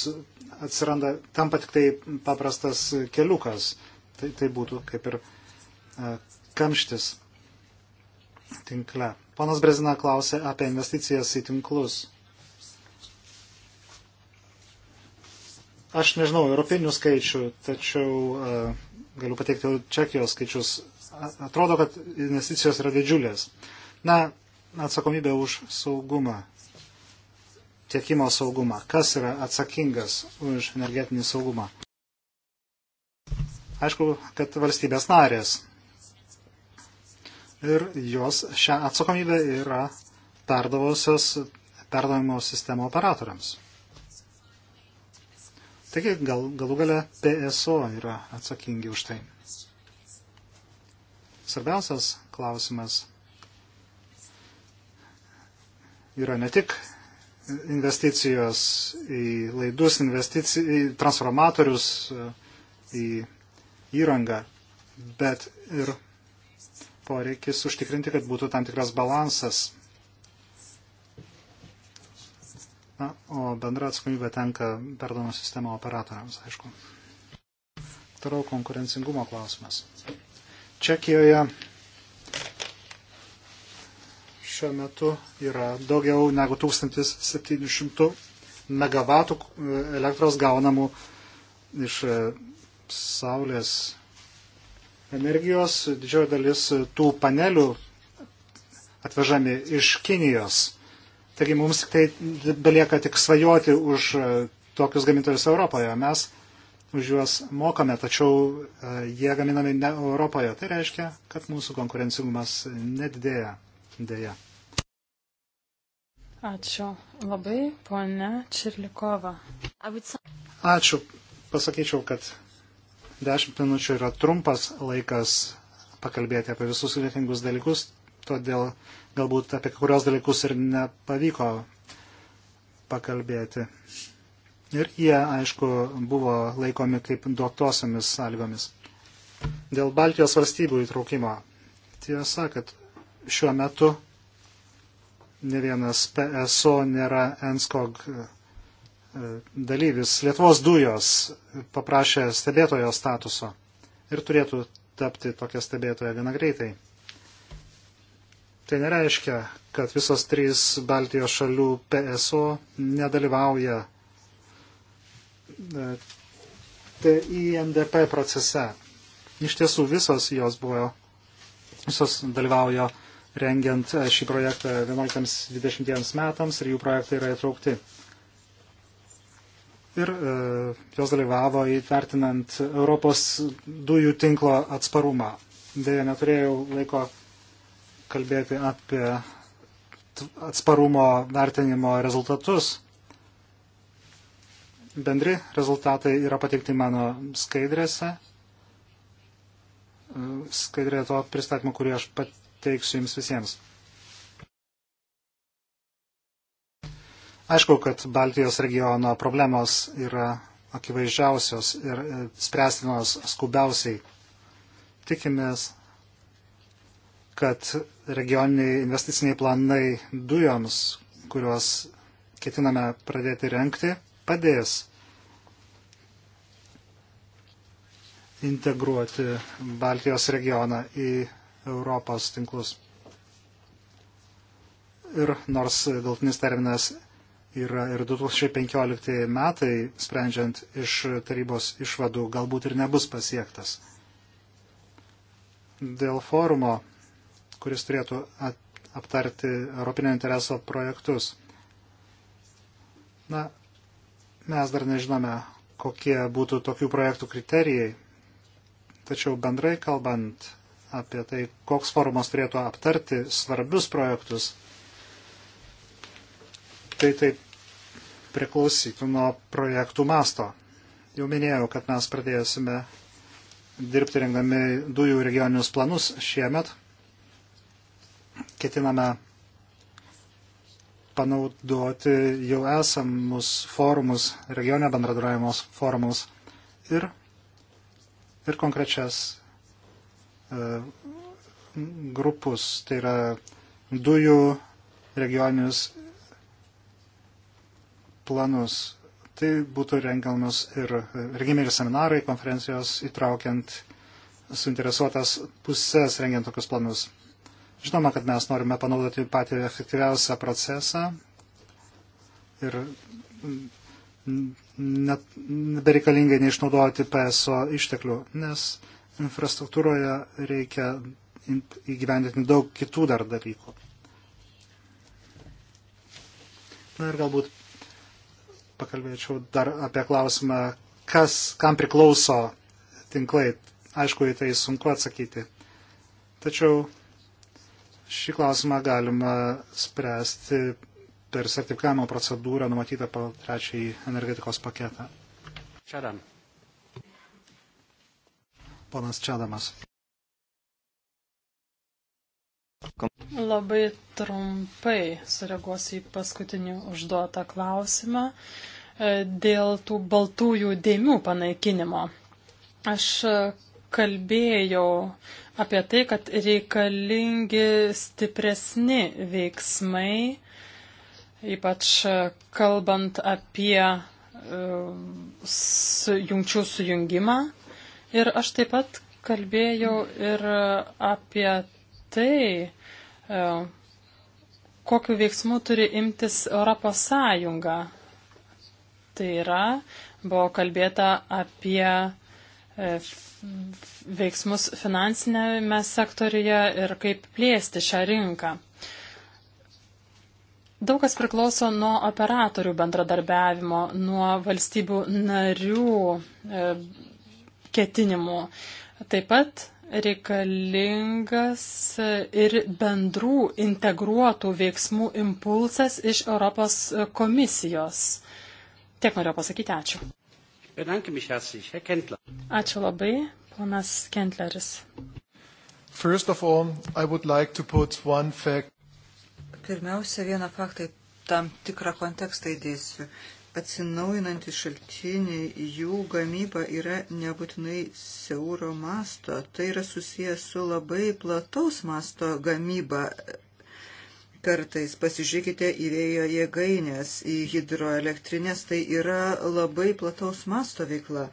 C: atsiranda, tampa tik tai paprastas keliukas. Tai, tai būtų kaip ir e, kamštis tinkle. Ponas Brezina klausė apie investicijas į tinklus. Aš nežinau europinių skaičių, tačiau e, galiu pateikti Čekijos skaičius. Atrodo, kad investicijos yra didžiulės. Na, atsakomybė už saugumą, tiekimo saugumą. Kas yra atsakingas už energetinį saugumą? Aišku, kad valstybės narės. Ir jos šią atsakomybę yra perdavusios perdavimo sistemo operatoriams. Taigi gal, galų gale PSO yra atsakingi už tai. Svarbiausias klausimas yra ne tik investicijos į laidus, investici... į transformatorius, į įrangą, bet ir poreikis užtikrinti, kad būtų tam tikras balansas Na, o bendra atsakomybė tenka perdamo sistemo operatoriams, aišku. Toliau konkurencingumo klausimas. Čekijoje šiuo metu yra daugiau negu 1700 megavatų elektros gaunamų iš e, saulės energijos. Didžioji dalis tų panelių atvežami iš Kinijos Taigi mums tai belieka tik svajoti už e, tokius gamintojus Europoje. Mes už juos mokame, tačiau e, jie gaminami ne Europoje. Tai reiškia, kad mūsų konkurencingumas nedidėja dėja.
A: Ačiū labai, ponia Čirlikova.
C: Ačiū. Pasakyčiau, kad 10 minučių yra trumpas laikas pakalbėti apie visus sudėtingus dalykus, todėl galbūt apie kurios dalykus ir nepavyko pakalbėti. Ir jie, aišku, buvo laikomi kaip duotosiamis sąlygomis. Dėl Baltijos valstybių įtraukimo. Tiesa, kad šiuo metu ne vienas PSO nėra NSCOG e, dalyvis. Lietuvos dujos paprašė stebėtojo statuso ir turėtų tapti tokią stebėtoją gana greitai. Tai nereiškia, kad visos trys Baltijos šalių PSO nedalyvauja e, TINDP procese. Iš tiesų visos jos buvo, visos dalyvaujo rengiant e, šį projektą 11-20 metams ir jų projektai yra įtraukti. Ir e, jos dalyvavo įvertinant Europos dujų tinklo atsparumą. Deja, neturėjau laiko kalbėti apie atsparumo vertinimo rezultatus. Bendri rezultatai yra pateikti mano skaidrėse. E, skaidrė to pristatymo, kurį aš pateiksiu jums visiems. Aišku, kad Baltijos regiono problemos yra akivaizdžiausios ir e, spręstinos skubiausiai. Tikimės, kad regioniniai investiciniai planai dujoms, kuriuos ketiname pradėti renkti, padės integruoti Baltijos regioną į Europos tinklus. Ir nors galtinis terminas yra ir 2015 metai, sprendžiant iš tarybos išvadų, galbūt ir nebus pasiektas. Dėl forumo kuris turėtų aptarti Europinio intereso projektus. Na, mes dar nežinome, kokie būtų tokių projektų kriterijai, tačiau bendrai kalbant apie tai, koks forumas turėtų aptarti svarbius projektus, tai taip priklausytų nuo projektų masto. Jau minėjau, kad mes pradėsime dirbti rengdami dujų regioninius planus šiemet ketiname panaudoti jau esamus forumus, regionio bendradarbiavimo forumus ir, ir konkrečias e, grupus, tai yra dujų regioninius planus. Tai būtų rengiamas ir rengimi ir seminarai, konferencijos įtraukiant suinteresuotas pusės rengiant tokius planus. Žinoma, kad mes norime panaudoti patį efektyviausią procesą ir net bereikalingai neišnaudoti PSO išteklių, nes infrastruktūroje reikia įgyvendinti daug kitų dar dalykų. Na ir galbūt pakalbėčiau dar apie klausimą, kas, kam priklauso tinklai. Aišku, į tai sunku atsakyti. Tačiau Šį klausimą galima spręsti per sertifikavimo procedūrą numatytą po trečiąjį energetikos paketą. Čadam. Ponas Čadamas.
A: Labai trumpai sureaguosiu į paskutinį užduotą klausimą e, dėl tų baltųjų dėmių panaikinimo. Aš kalbėjau apie tai, kad reikalingi stipresni veiksmai, ypač kalbant apie e, jungčių sujungimą. Ir aš taip pat kalbėjau ir apie tai, e, kokiu veiksmu turi imtis Europos Sąjunga. Tai yra, buvo kalbėta apie e, veiksmus finansinėme sektorija ir kaip plėsti šią rinką. Daug kas priklauso nuo operatorių bendradarbiavimo, nuo valstybių narių e, ketinimų. Taip pat reikalingas ir bendrų integruotų veiksmų impulsas iš Europos komisijos. Tiek noriu pasakyti, ačiū.
C: Ačiū
A: labai, ponas Kentleris.
C: All, like
A: Pirmiausia, vieną faktą
D: tam tikrą kontekstą įdėsiu. Atsinaujinantys šaltiniai, jų gamyba yra nebūtinai siauro masto. Tai yra susijęs su labai plataus masto gamyba Kartais pasižiūrėkite į vėjo jėgainės, į hidroelektrinės, tai yra labai plataus masto veikla.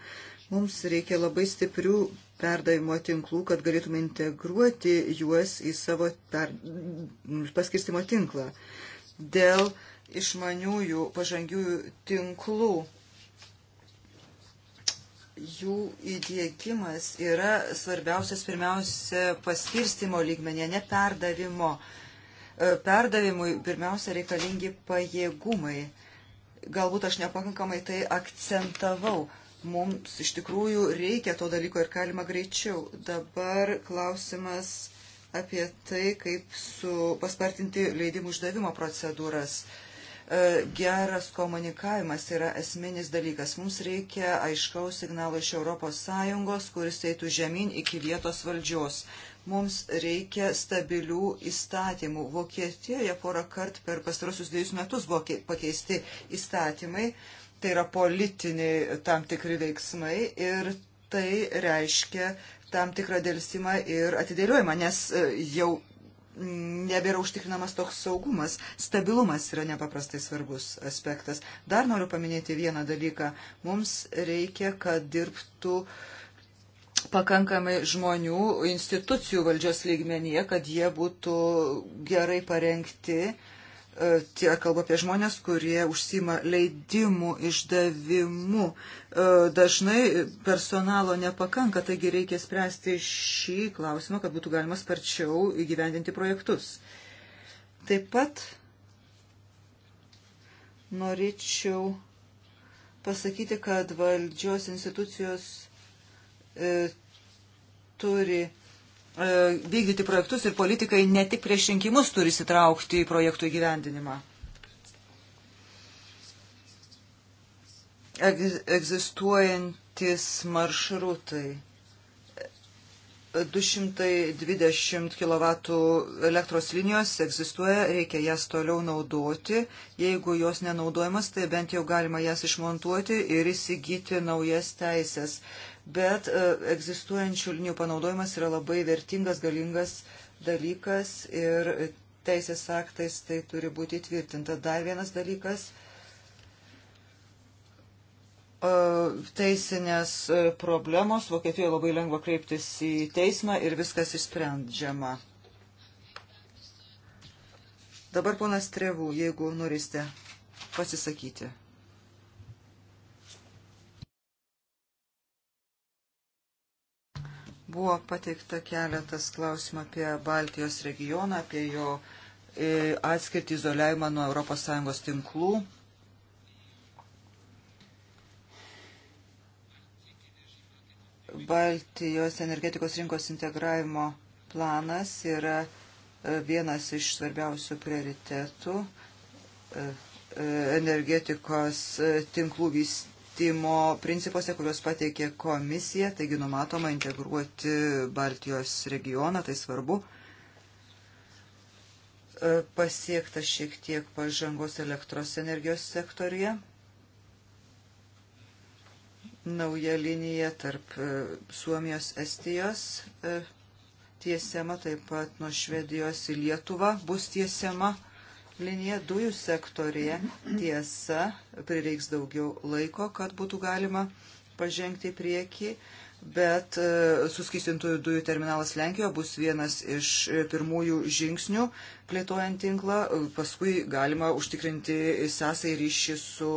D: Mums reikia labai stiprių perdavimo tinklų, kad galėtume integruoti juos į savo per... paskirstimo tinklą. Dėl išmaniųjų pažangių tinklų jų įdėkimas yra svarbiausias pirmiausia paskirstimo lygmenė, ne perdavimo lygmenė E, perdavimui pirmiausia reikalingi pajėgumai. Galbūt aš nepakankamai tai akcentavau. Mums iš tikrųjų reikia to dalyko ir galima greičiau. Dabar klausimas apie tai, kaip su, paspartinti leidimų išdavimo procedūras. E, geras komunikavimas yra esminis dalykas. Mums reikia aiškaus signalo iš ES, kuris eitų žemyn iki vietos valdžios mums reikia stabilių įstatymų. Vokietijoje porą kart per pastarosius dviejus metus buvo pakeisti įstatymai, tai yra politiniai tam tikri veiksmai ir tai reiškia tam tikrą dėlsimą ir atidėliojimą, nes e, jau nebėra užtikrinamas toks saugumas. Stabilumas yra nepaprastai svarbus aspektas. Dar noriu paminėti vieną dalyką. Mums reikia, kad dirbtų uh, pakankamai žmonių, institucijų valdžios lygmenyje, kad jie būtų gerai parengti. E, tie kalba apie žmonės, kurie užsima leidimų išdavimu. E, dažnai personalo nepakanka, taigi reikia spręsti šį klausimą, kad būtų galima sparčiau įgyvendinti projektus. Taip pat norėčiau pasakyti, kad valdžios institucijos E, turi e, vykdyti projektus ir politikai ne tik prieš rinkimus turi įsitraukti į projektų įgyvendinimą. Egzistuojantis maršrutai. 220 kW elektros linijos egzistuoja, reikia jas toliau naudoti. Jeigu jos nenaudojamas, tai bent jau galima jas išmontuoti ir įsigyti naujas teisės bet e, egzistuojančių linijų panaudojimas yra labai vertingas, galingas dalykas ir teisės aktais tai turi būti įtvirtinta. Dar vienas dalykas e, - teisinės e, problemos. Vokietijoje labai lengva kreiptis į teismą ir viskas išsprendžiama. Dabar ponas Trevų, jeigu norite pasisakyti. Buvo pateikta keletas klausimų apie Baltijos regioną, apie jo e, atskirti izoliavimą nuo ES tinklų. Baltijos energetikos rinkos integravimo planas yra e, vienas iš svarbiausių prioritetų e, energetikos tinklų vystymą pakeitimo principuose, kuriuos pateikė komisija, taigi numatoma integruoti Baltijos regioną, tai svarbu. E, pasiekta šiek tiek pažangos elektros energijos sektorija. Nauja linija tarp e, Suomijos Estijos e, tiesiama, taip pat nuo Švedijos į Lietuvą bus tiesiama liniją dujų sektorija. Tiesa, prireiks daugiau laiko, kad būtų galima pažengti į priekį, bet e, suskistintųjų dujų terminalas Lenkijoje bus vienas iš e, pirmųjų žingsnių plėtojant tinklą. Paskui galima užtikrinti sąsai ryšį su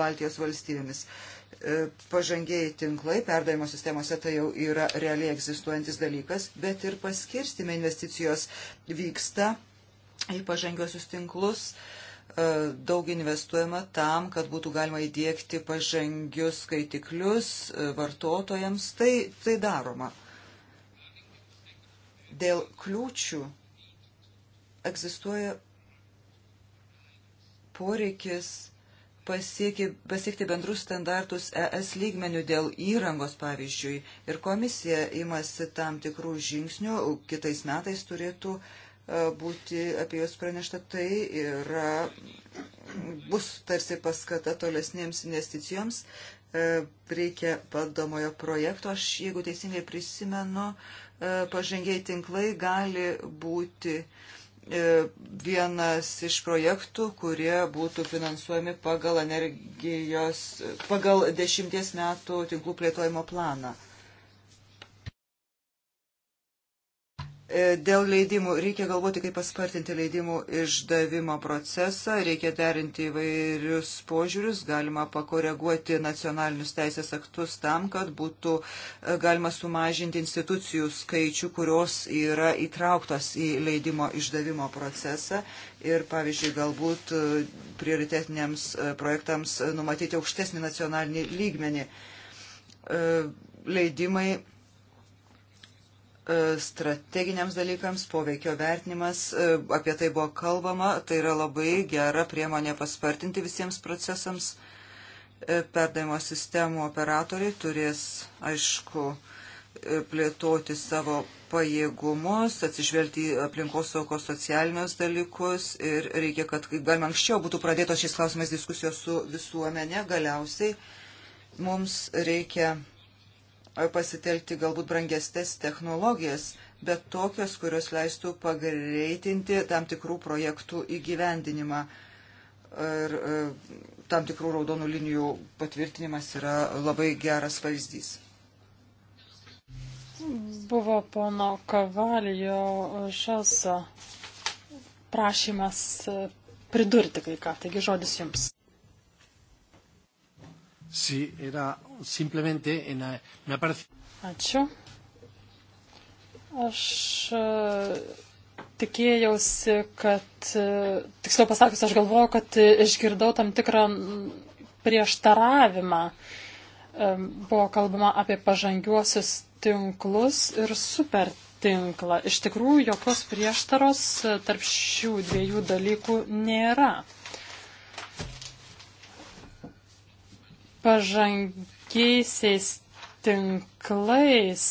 D: Baltijos valstybėmis e, pažangiai tinklai perdavimo sistemose tai jau yra realiai egzistuojantis dalykas, bet ir paskirstime investicijos vyksta į pažangiosius tinklus. E, daug investuojama tam, kad būtų galima įdėkti pažangius skaitiklius e, vartotojams. Tai, tai daroma. Dėl kliūčių egzistuoja poreikis pasiekti, pasiekti bendrus standartus ES lygmenių dėl įrangos, pavyzdžiui, ir komisija imasi tam tikrų žingsnių, kitais metais turėtų uh, E, būti apie juos pranešta, tai yra, bus tarsi paskata tolesnėms investicijoms, e, reikia bandomojo projekto. Aš, jeigu teisingai prisimenu, e, pažengiai tinklai gali būti vienas iš projektų, kurie būtų finansuojami pagal energijos, pagal dešimties metų tinklų plėtojimo planą. E, dėl leidimų reikia galvoti, kaip paspartinti leidimų išdavimo procesą, reikia derinti įvairius požiūrius, galima pakoreguoti nacionalinius teisės aktus tam, kad būtų e, galima sumažinti institucijų skaičių, kurios yra įtrauktos į leidimo išdavimo procesą ir, pavyzdžiui, galbūt e, prioritetiniams projektams numatyti aukštesnį nacionalinį lygmenį. Leidimai E, strateginiams dalykams, poveikio vertinimas, e, apie tai buvo kalbama, tai yra labai gera priemonė paspartinti visiems procesams. E, perdavimo sistemų operatoriai turės, aišku, plėtoti savo pajėgumus, atsižvelgti į aplinkos saugos socialinius dalykus ir reikia, kad galima anksčiau būtų pradėtos šiais klausimais diskusijos su visuomenė. Galiausiai mums reikia pasitelkti galbūt brangesnės technologijas, bet tokios, kurios leistų pagreitinti tam tikrų projektų įgyvendinimą. Ir e, tam tikrų raudonų linijų patvirtinimas yra labai geras pavyzdys.
A: Buvo pono Kavalijo Šelso prašymas pridurti kai ką, taigi žodis jums. Sì, si, era simplemente en la, me parece. Ačiū. Aš e, tikėjausi, kad, e, tiksliau pasakius, aš galvojau, kad išgirdau tam tikrą prieštaravimą. E, buvo kalbama apie pažangiuosius tinklus ir super tinklą. Iš tikrųjų, jokios prieštaros tarp šių dviejų dalykų nėra. Pažangiuosius kokiaisiais tinklais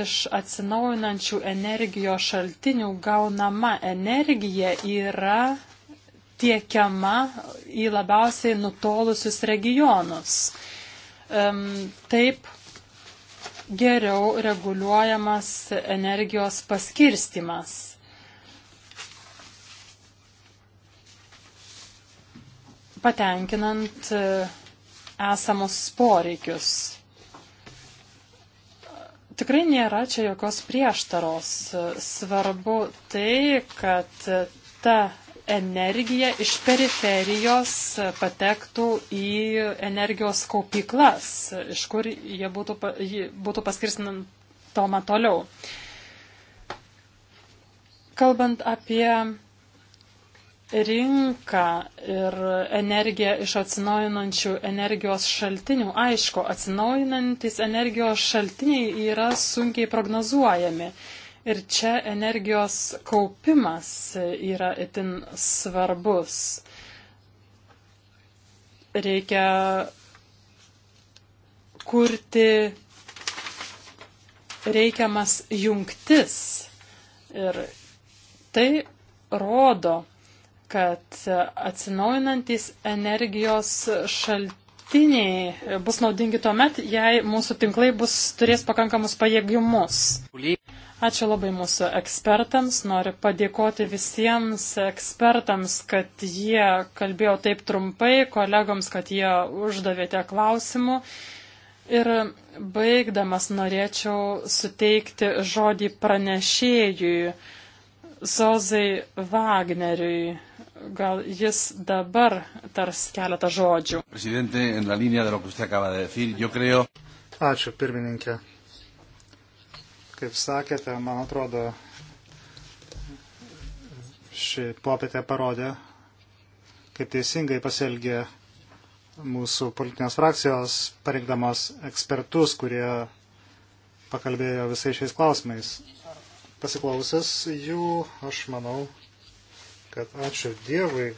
A: iš atsinaujinančių energijos šaltinių gaunama energija yra tiekiama į labiausiai nutolusius regionus. Taip geriau reguliuojamas energijos paskirstimas. Patenkinant esamus poreikius. Tikrai nėra čia jokios prieštaros. Svarbu tai, kad ta energija iš periferijos patektų į energijos kaupyklas, iš kur jie būtų, jie būtų paskirstinama toliau. Kalbant apie rinką ir energiją iš atsinaujinančių energijos šaltinių. Aišku, atsinaujinantis energijos šaltiniai yra sunkiai prognozuojami. Ir čia energijos kaupimas yra itin svarbus. Reikia kurti reikiamas jungtis. Ir tai rodo, kad atsinaujinantis energijos šaltiniai bus naudingi tuo met, jei mūsų tinklai bus, turės pakankamus pajėgimus. Ačiū labai mūsų ekspertams, noriu padėkoti visiems ekspertams, kad jie kalbėjo taip trumpai, kolegoms, kad jie uždavėte klausimų. Ir baigdamas norėčiau suteikti žodį pranešėjui Zozai Wagneriui. Gal jis dabar tars keletą žodžių.
C: Ačiū, pirmininkė. Kaip sakėte, man atrodo, ši popietė parodė, kaip teisingai pasielgė mūsų politinės frakcijos, parinkdamos ekspertus, kurie pakalbėjo visais šiais klausimais. Pasiklausęs jų, aš manau, kad ačiū Dievui,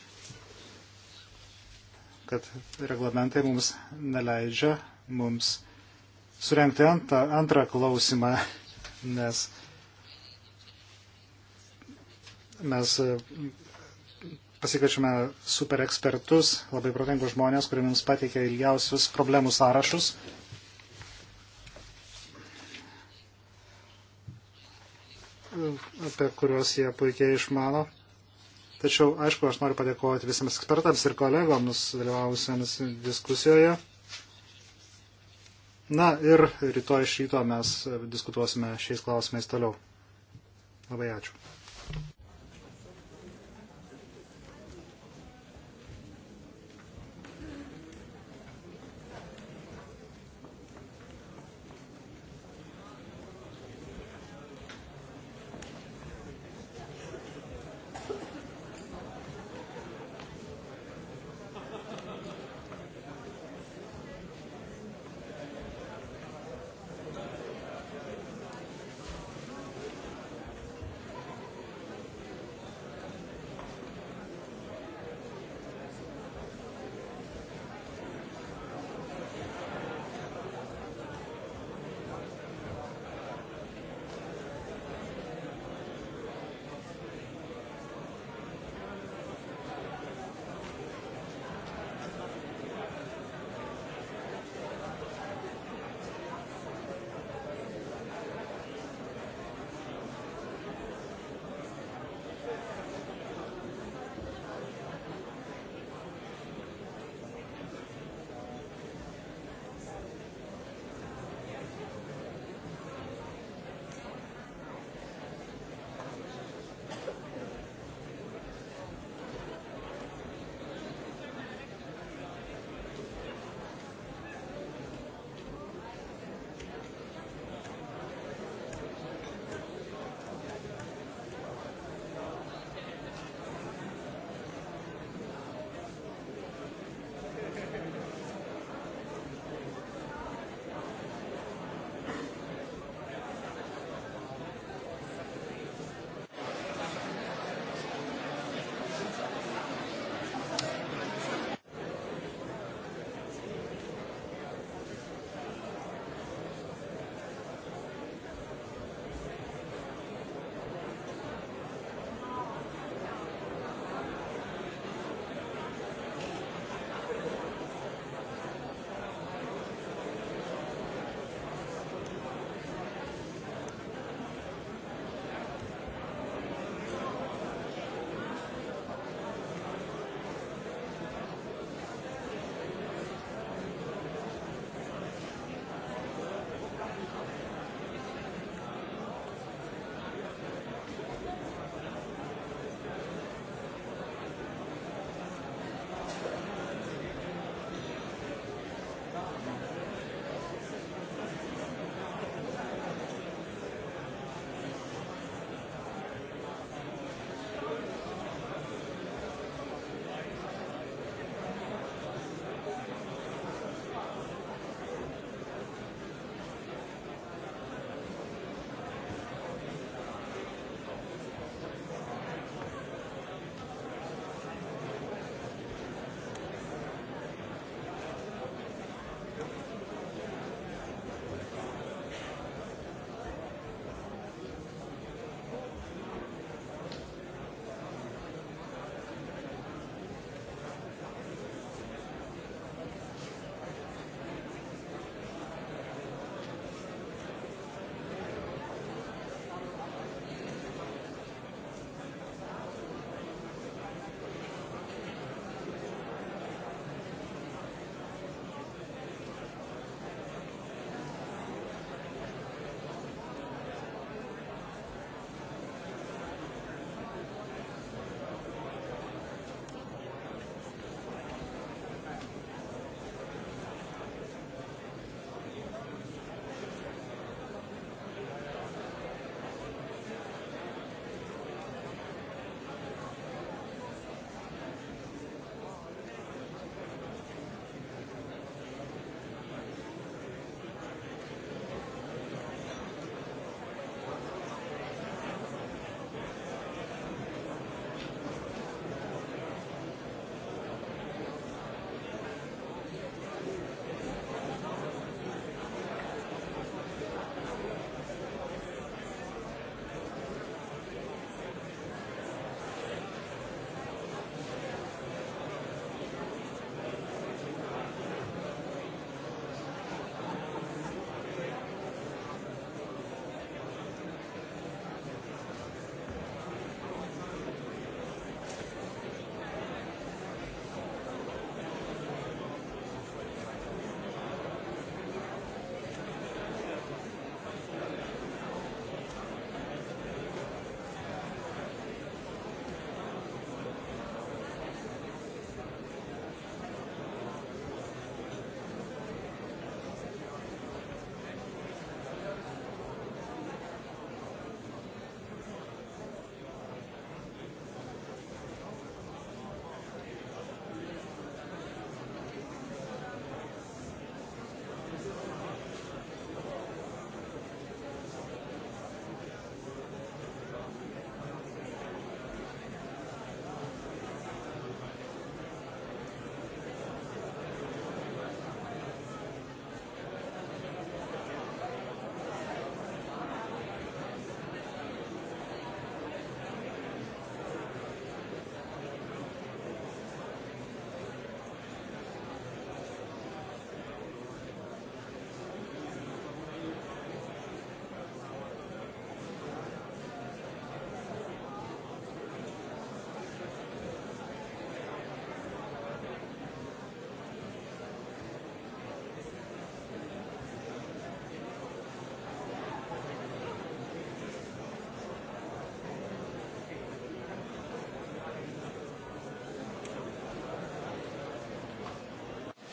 C: kad reglamentai mums neleidžia mums surenkti antrą, antrą klausimą, nes mes e, pasikviečiame super ekspertus, labai protingus žmonės, kurie mums pateikė ilgiausius problemų sąrašus. E, apie kuriuos jie puikiai išmano. Tačiau, aišku, aš noriu padėkoti visiems ekspertams ir kolegoms dalyvavusiems diskusijoje. Na ir rytoj iš ryto mes diskutuosime šiais klausimais toliau. Labai ačiū.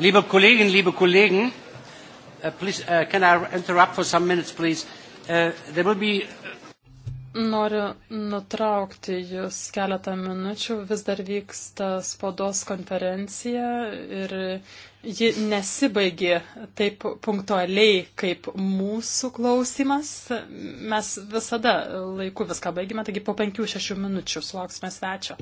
B: Liebe Kolleginnen, liebe Kollegen, uh, please, uh, can I interrupt for some minutes, please? Uh, there will be uh,
A: Noriu nutraukti jūs keletą minučių. Vis dar vyksta spaudos konferencija ir ji nesibaigė taip punktualiai kaip mūsų klausimas. Mes visada laiku viską baigime, taigi po penkių šešių minučių sulauksime svečio.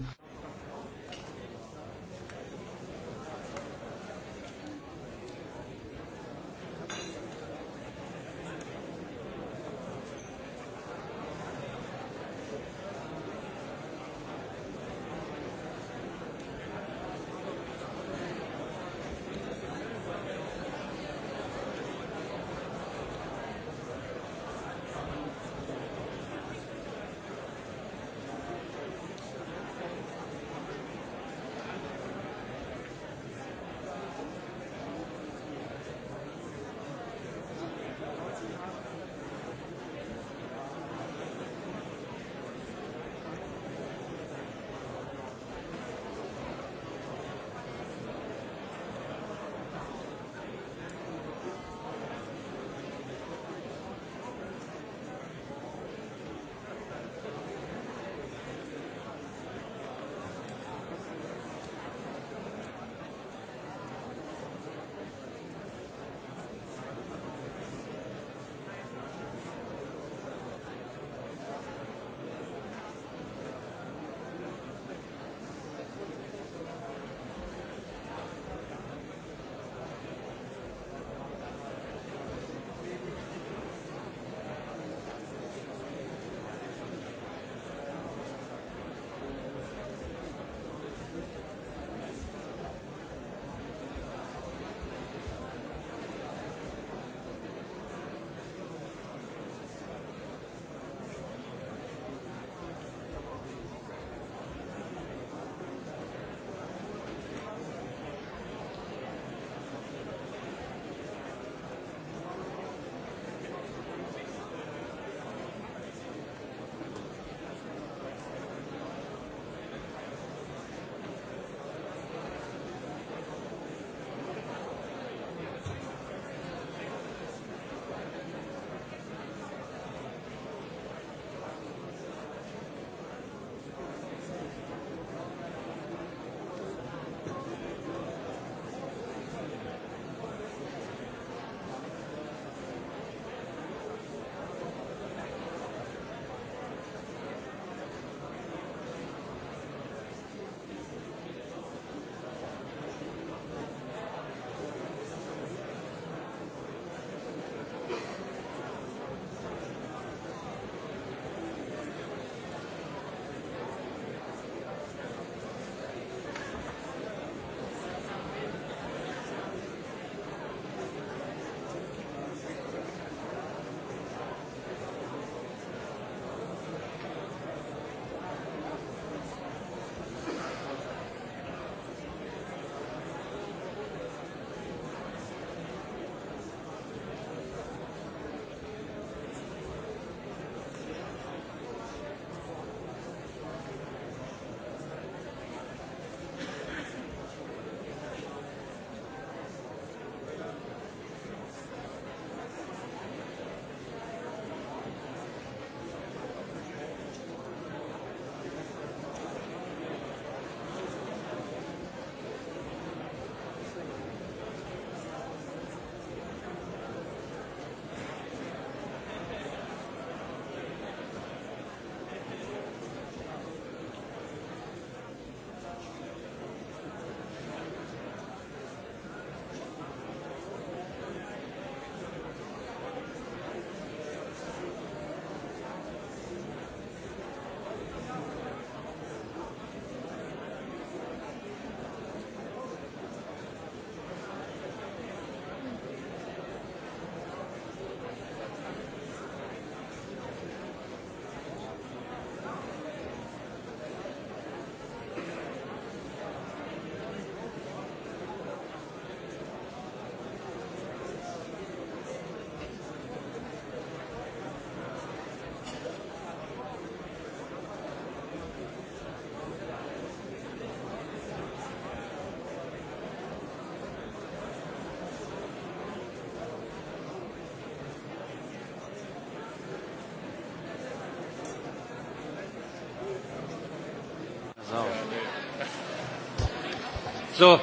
B: So,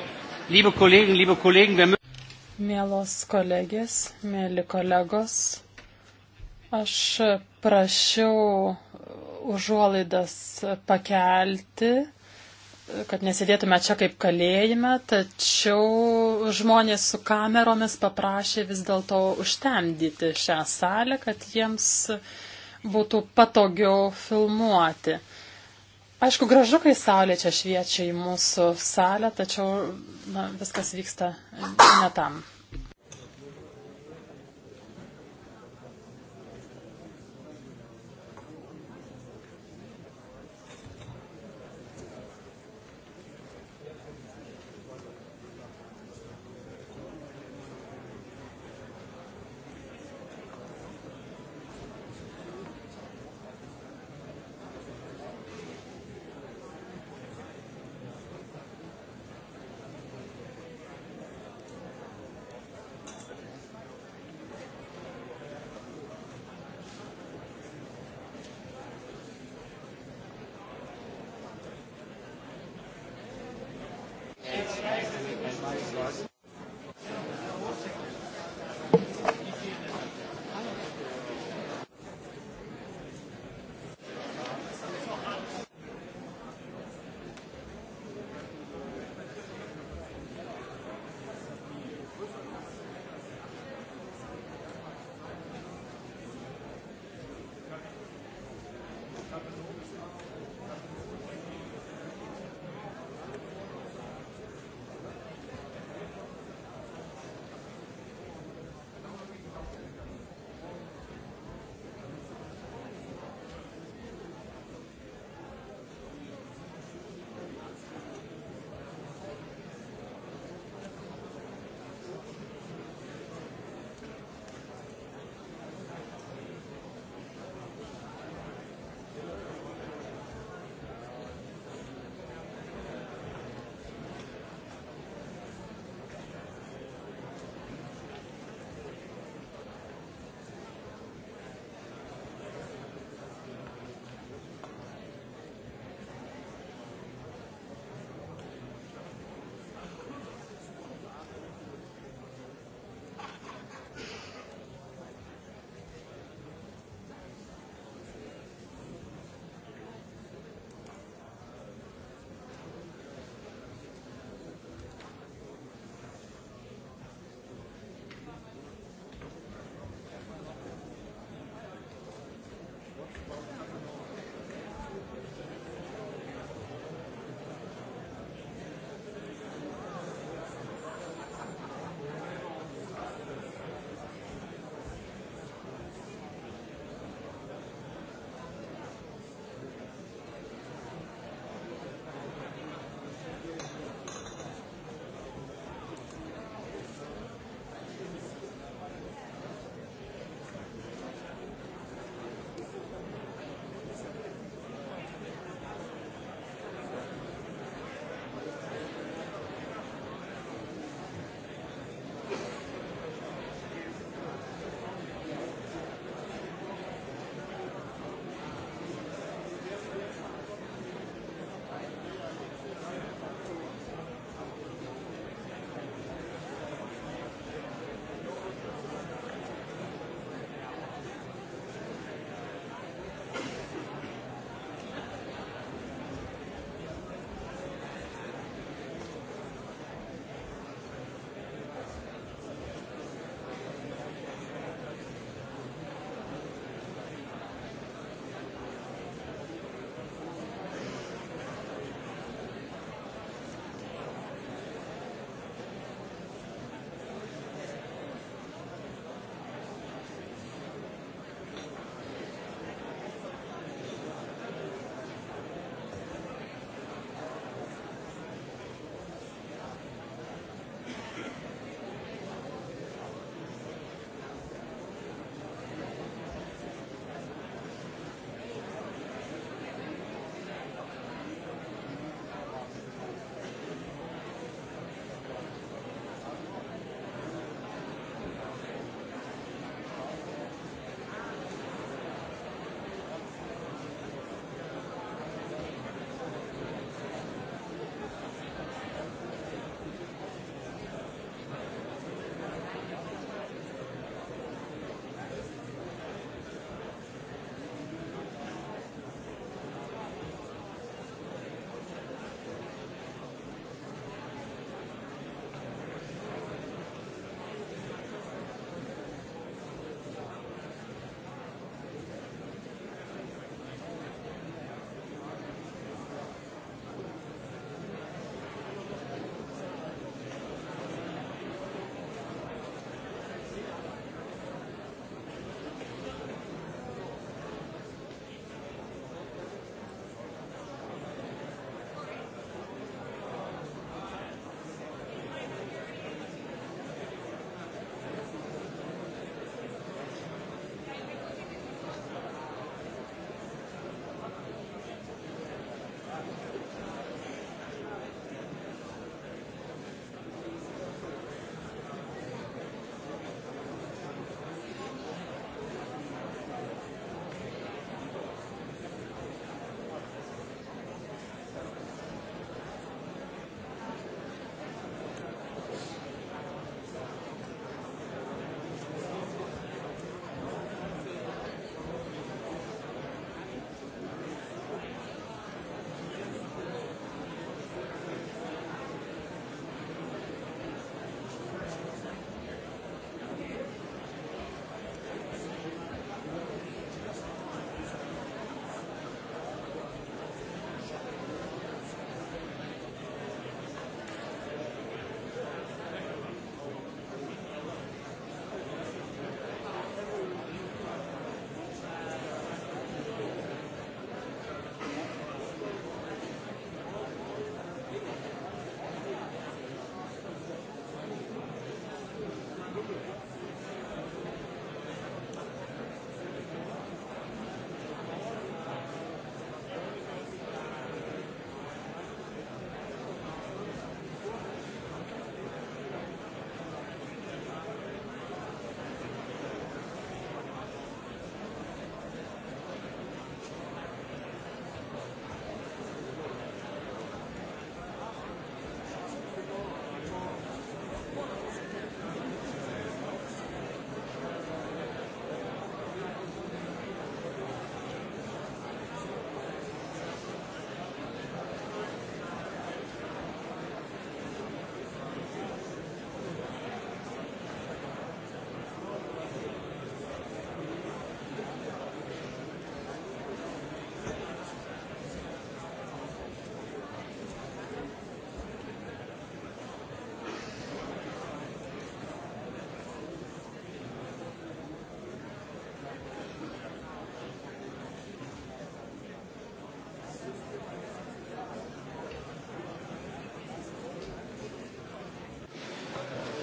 B: liebe Kollegen, liebe Kollegen, wir
A: Mielos kolegės, mėly kolegos, aš prašiau užuolaidas pakelti, kad nesėdėtume čia kaip kalėjime, tačiau žmonės su kameromis paprašė vis dėlto užtemdyti šią salę, kad jiems būtų patogiau filmuoti. Aišku, gražu, kai saulė čia šviečia į mūsų salę, tačiau na, viskas vyksta ne tam.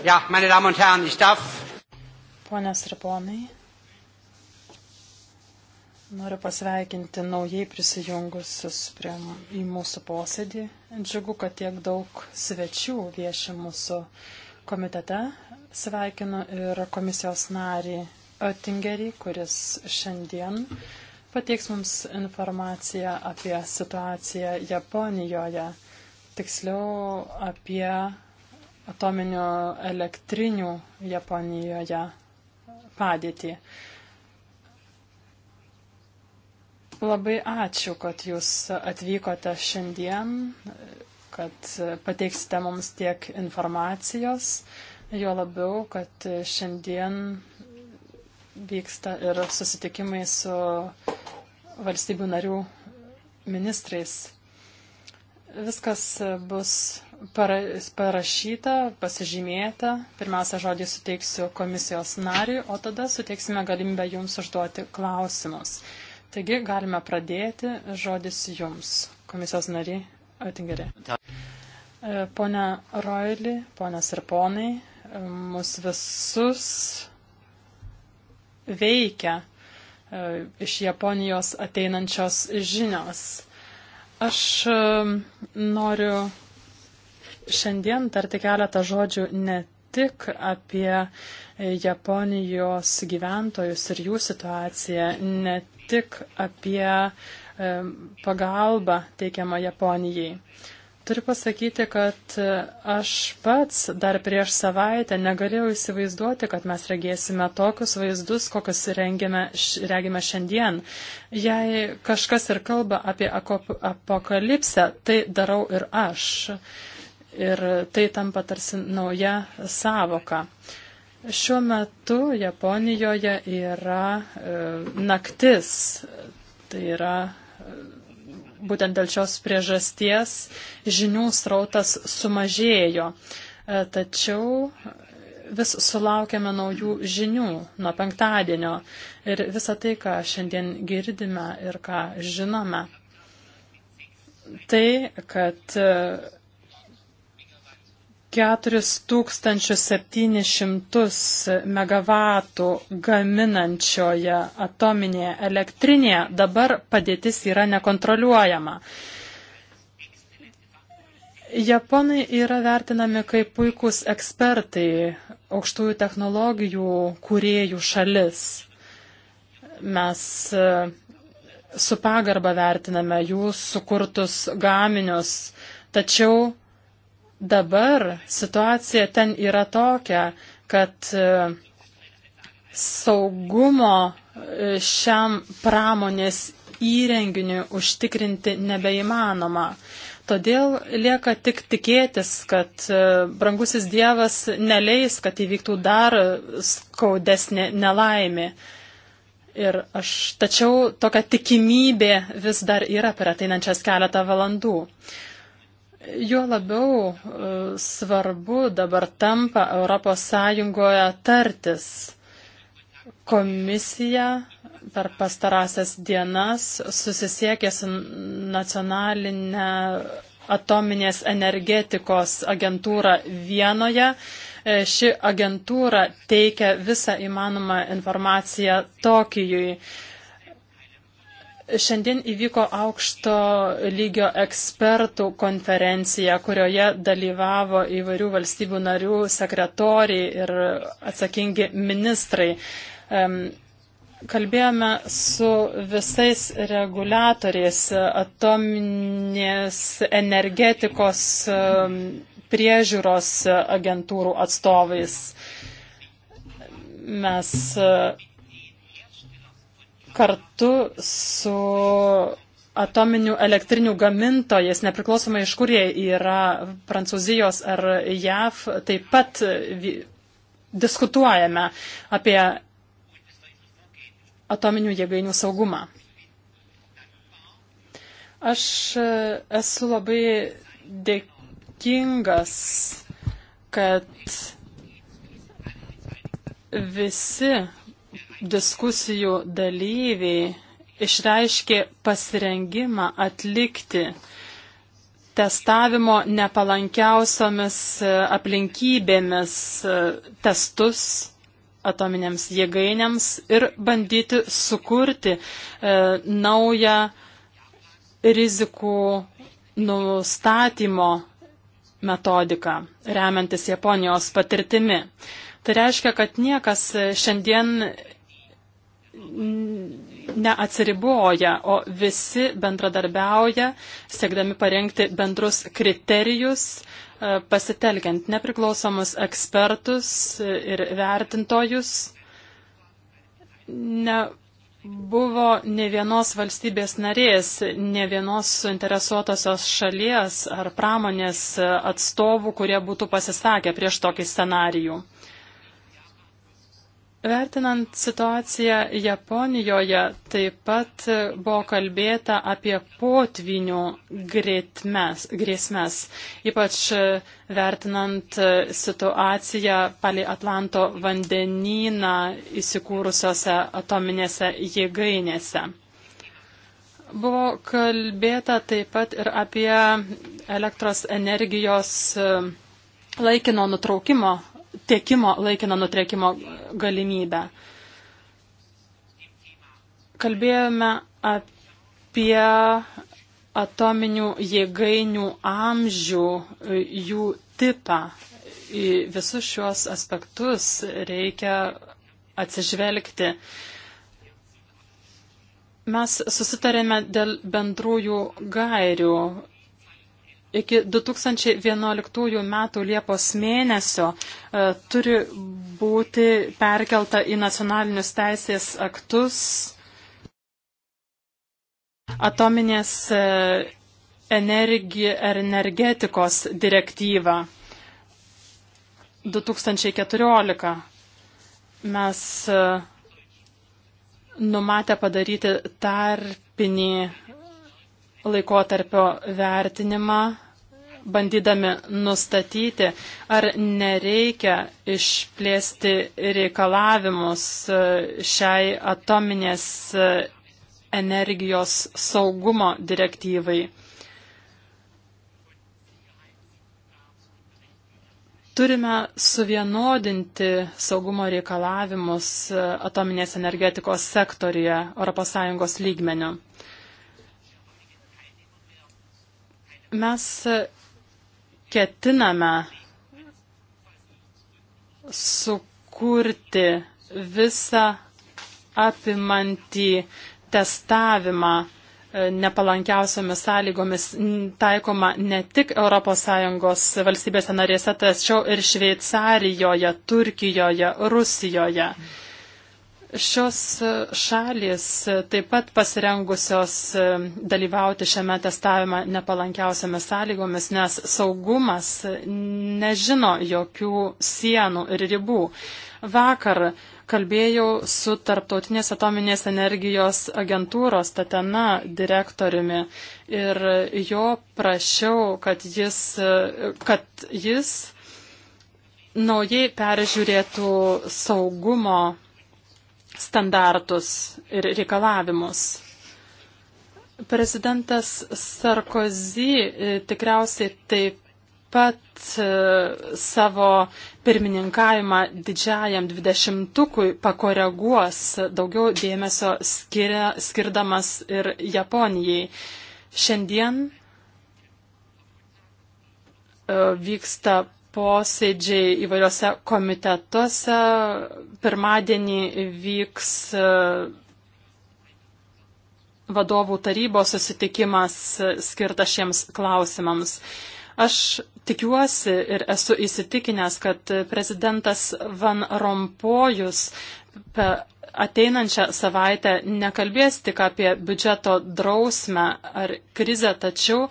A: Ja, meine Damen und Herren, ich darf. Ponios ir ponai, noriu pasveikinti naujai prisijungusius prie, į mūsų posėdį. Džiugu, kad tiek daug svečių vieši mūsų komitete. Sveikinu ir komisijos narį Oettingerį, kuris šiandien pateiks mums informaciją apie situaciją Japonijoje, tiksliau apie atominių elektrinių Japonijoje padėtį. Labai ačiū, kad jūs atvykote šiandien, kad pateiksite mums tiek informacijos, jo labiau, kad šiandien vyksta ir susitikimai su valstybių narių ministrais. Viskas bus para, parašyta, pasižymėta. Pirmiausia, žodį suteiksiu komisijos nariui, o tada suteiksime galimybę jums užduoti klausimus. Taigi galime pradėti. Žodis jums, komisijos nariai Oettingerė. E, Pone Roili, ponios ir ponai, e, mus visus veikia e, iš Japonijos ateinančios žinios. Aš noriu šiandien tarti keletą žodžių ne tik apie Japonijos gyventojus ir jų situaciją, ne tik apie e, pagalbą teikiamą Japonijai. Turiu pasakyti, kad e, aš pats dar prieš savaitę negalėjau įsivaizduoti, kad mes regėsime tokius vaizdus, kokius rengime, regime šiandien. Jei kažkas ir kalba apie apokalipsę, tai darau ir aš ir tai tampa tarsi nauja savoka. Šiuo metu Japonijoje yra e, naktis, tai yra e, būtent dėl šios priežasties žinių srautas sumažėjo. E, tačiau vis sulaukiame naujų žinių nuo penktadienio ir visą tai, ką šiandien girdime ir ką žinome. Tai, kad e, 4700 MW gaminančioje atominėje elektrinėje dabar padėtis yra nekontroliuojama. Japonai yra vertinami kaip puikūs ekspertai aukštųjų technologijų kuriejų šalis. Mes e, su pagarba vertiname jų sukurtus gaminius, tačiau Dabar situacija ten yra tokia, kad e, saugumo e, šiam pramonės įrenginiui užtikrinti nebeįmanoma. Todėl lieka tik tikėtis, kad e, brangusis Dievas neleis, kad įvyktų dar skaudesnė nelaimė. Ir aš, tačiau tokia tikimybė vis dar yra per ateinančias keletą valandų. Uh, Jo labiau e, svarbu dabar tampa Europos Sąjungoje tartis. Komisija per pastarąsias dienas susisiekė su nacionalinė atominės energetikos agentūra Vienoje. E, ši agentūra teikia visą įmanomą informaciją Tokijui. Šiandien įvyko aukšto lygio ekspertų konferencija, kurioje dalyvavo įvairių valstybių narių sekretoriai ir atsakingi ministrai. Kalbėjome su visais reguliatoriais atominės energetikos priežiūros agentūrų atstovais. Mes kartu su atominių elektrinių gamintojais, nepriklausomai iš kur jie yra, Prancūzijos ar JAV, taip pat diskutuojame apie atominių jėgainių saugumą. Aš esu labai dėkingas, kad visi diskusijų dalyviai išreiškė pasirengimą atlikti testavimo nepalankiausiamis e, aplinkybėmis e, testus atominėms jėgainėms ir bandyti sukurti e, naują rizikų nustatymo metodiką, remiantis Japonijos patirtimi. Tai reiškia, kad niekas šiandien Mm, neatsiriboja, o visi bendradarbiauja, siekdami parengti bendrus kriterijus, e, pasitelkiant nepriklausomus ekspertus ir vertintojus. Ne Buvo ne vienos valstybės narės, ne vienos suinteresuotosios šalies ar pramonės atstovų, kurie būtų pasisakę prieš tokį scenarijų. Vertinant situaciją Japonijoje, taip pat buvo kalbėta apie potvinių grėtmes, grėsmes, ypač vertinant situaciją palei Atlanto vandenyną įsikūrusiose atominėse jėgainėse. Buvo kalbėta taip pat ir apie elektros energijos laikino nutraukimo tiekimo laikino nutrekimo galimybę. Kalbėjome apie atominių jėgainių amžių, jų tipą. Į visus šiuos aspektus reikia atsižvelgti. Mes susitarėme dėl bendrųjų gairių iki 2011 metų Liepos mėnesio e, turi būti perkelta į nacionalinius teisės aktus atominės e, energi, er, energetikos direktyva 2014. Mes e, numatę padaryti tarpinį laikotarpio vertinimą, bandydami nustatyti, ar nereikia išplėsti reikalavimus e, šiai atominės e, energijos saugumo direktyvai. turime suvienodinti saugumo reikalavimus e, atominės energetikos sektorija ES lygmeniu. Mes ketiname sukurti visą apimantį testavimą e, nepalankiausiamis sąlygomis taikoma ne tik ES valstybėse narėse, tačiau ir Šveicarijoje, Turkijoje, Rusijoje. Mm. Šios šalis taip pat pasirengusios e, dalyvauti šiame testavime nepalankiausiamis sąlygomis, nes saugumas nežino jokių sienų ir ribų. Vakar kalbėjau su Tarptautinės atominės energijos agentūros Tatena direktoriumi ir jo prašiau, kad jis, e, kad jis naujai peržiūrėtų saugumo standartus ir reikalavimus. Prezidentas Sarkozy e, tikriausiai taip pat e, savo pirmininkavimą didžiajam dvidešimtukui pakoreguos daugiau dėmesio skiria, skirdamas ir Japonijai. Šiandien e, vyksta posėdžiai įvairiuose komitetuose. Pirmadienį vyks e, vadovų tarybos susitikimas e, skirtas šiems klausimams. Aš tikiuosi ir esu įsitikinęs, kad prezidentas Van Rompojus ateinančią savaitę nekalbės tik apie biudžeto drausmę ar krizę, tačiau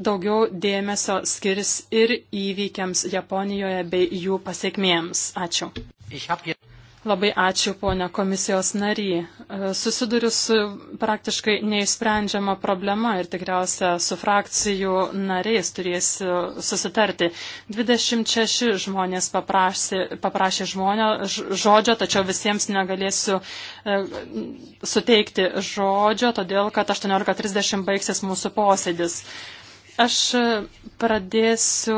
A: daugiau dėmesio skirs ir įvykiams Japonijoje bei jų pasiekmėms. Ačiū. Labai ačiū, ponia komisijos nary. E, susiduriu su praktiškai neįsprendžiama problema ir tikriausia su frakcijų nariais turėsiu susitarti. 26 žmonės paprašė, paprašė žmonio, žodžio, tačiau visiems negalėsiu e, suteikti žodžio, todėl kad 18.30 baigsis mūsų posėdis. Aš pradėsiu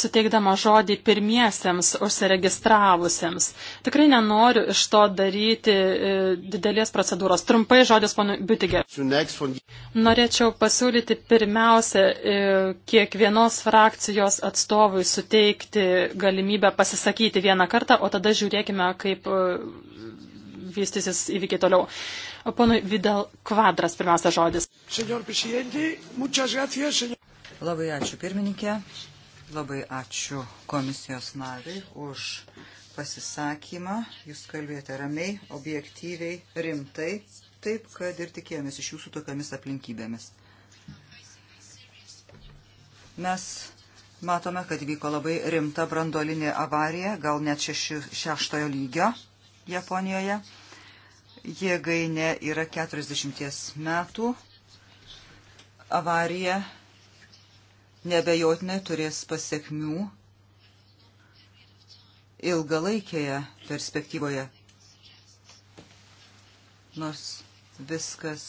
A: suteikdama žodį pirmiesiems užsiregistravusiems. Tikrai nenoriu iš to daryti e, didelės procedūros. Trumpai žodis ponui Bütiger. Norėčiau pasiūlyti pirmiausia e, kiekvienos frakcijos atstovui suteikti galimybę pasisakyti vieną kartą, o tada žiūrėkime, kaip e, vystysis įvykiai toliau. Ponui Vidal Kvadras pirmiausia žodis. Labai ačiū pirmininkė,
D: labai ačiū komisijos nariai už pasisakymą. Jūs kalbėjote ramiai, objektyviai, rimtai, taip, kad ir tikėjomės iš jūsų tokiamis aplinkybėmis. Mes matome, kad vyko labai rimta brandolinė avarija, gal net šeši, šeštojo lygio Japonijoje. Jėgainė yra 40 metų avarija nebejotinai turės pasiekmių ilgalaikėje perspektyvoje. Nors viskas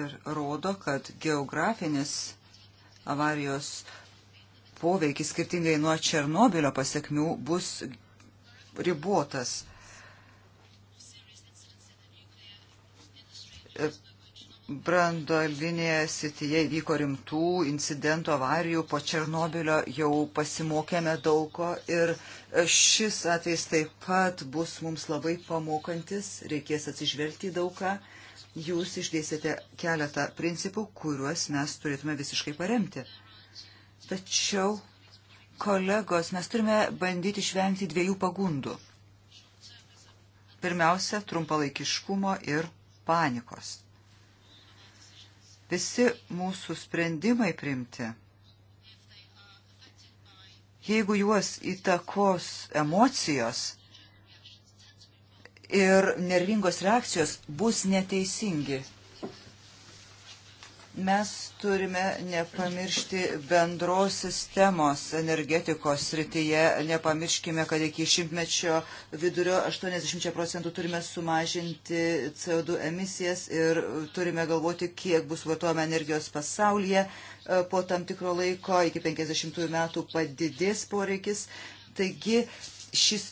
D: ir rodo, kad geografinis avarijos poveikis, skirtingai nuo Černobilio pasiekmių, bus ribotas brandolinėje sityje įvyko rimtų incidentų, avarijų, po Černobilio jau pasimokėme daug ko ir šis atvejs taip pat bus mums labai pamokantis, reikės atsižvelgti daug ką. Jūs išdėsite keletą principų, kuriuos mes turėtume visiškai paremti. Tačiau, kolegos, mes turime bandyti išvengti dviejų pagundų. Pirmiausia, trumpalaikiškumo ir panikos Visi mūsų sprendimai primti, jeigu juos įtakos emocijos ir nervingos reakcijos, bus neteisingi. Mes turime nepamiršti bendros sistemos energetikos srityje, nepamirškime, kad iki šimtmečio vidurio 80 procentų turime sumažinti CO2 emisijas ir turime galvoti, kiek bus vartojama energijos pasaulyje e, po tam tikro laiko, iki 50 metų padidės poreikis. Taigi šis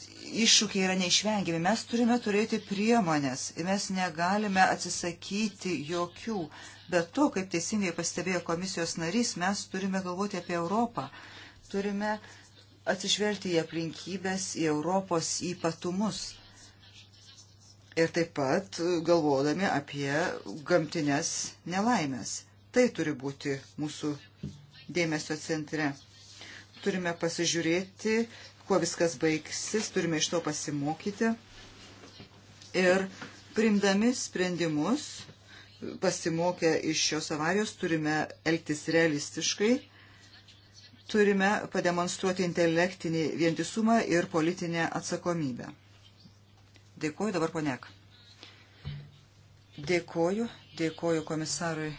D: iššūkiai yra neišvengiami. Mes turime turėti priemonės ir mes negalime atsisakyti jokių Bet to, kaip teisingai pastebėjo komisijos narys, mes turime galvoti apie Europą. Turime atsižvelgti į aplinkybės, į Europos ypatumus. Ir taip pat galvodami apie gamtinės nelaimės. Tai turi būti mūsų dėmesio centre. Turime pasižiūrėti, kuo viskas baigsis, turime iš to pasimokyti. Ir primdami sprendimus pasimokę iš šios avarijos turime elgtis realistiškai, turime pademonstruoti intelektinį vientisumą ir politinę atsakomybę. Dėkuoju dabar ponek. Dėkuoju, dėkuoju komisarui,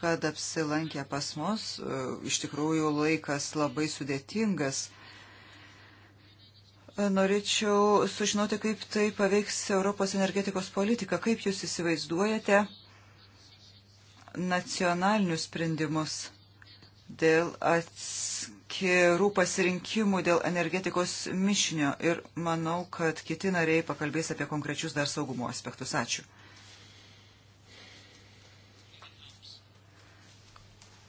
D: kad apsilankė pas mus. Iš tikrųjų laikas labai sudėtingas. Norėčiau sužinoti, kaip tai paveiks Europos energetikos politiką. Kaip jūs įsivaizduojate nacionalinius sprendimus dėl atskirų pasirinkimų dėl energetikos mišinio ir manau, kad kiti nariai pakalbės apie konkrečius dar saugumo aspektus. Ačiū.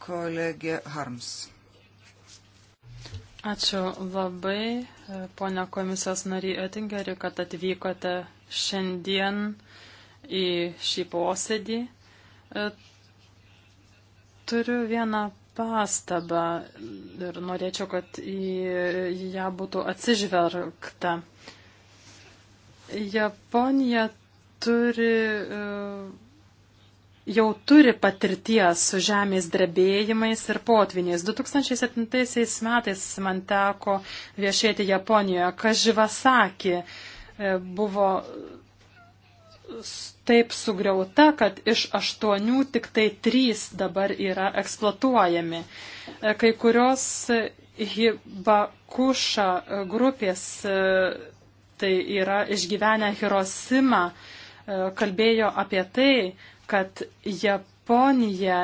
D: Kolegė Harms.
A: Ačiū labai, ponia komisijos nariai Oettingeri, kad atvykote šiandien į šį posėdį. Turiu vieną pastabą ir norėčiau, kad į ją būtų atsižvelgta. Japonija turi, e, jau turi patirties su žemės drebėjimais ir potviniais. 2007 metais man teko viešėti Japonijoje. Kaživasaki e, buvo taip sugriauta, kad iš aštuonių tik tai trys dabar yra eksploatuojami. E, kai kurios Hibakuša grupės, e, tai yra išgyvenę Hirosimą, e, kalbėjo apie tai, kad Japonija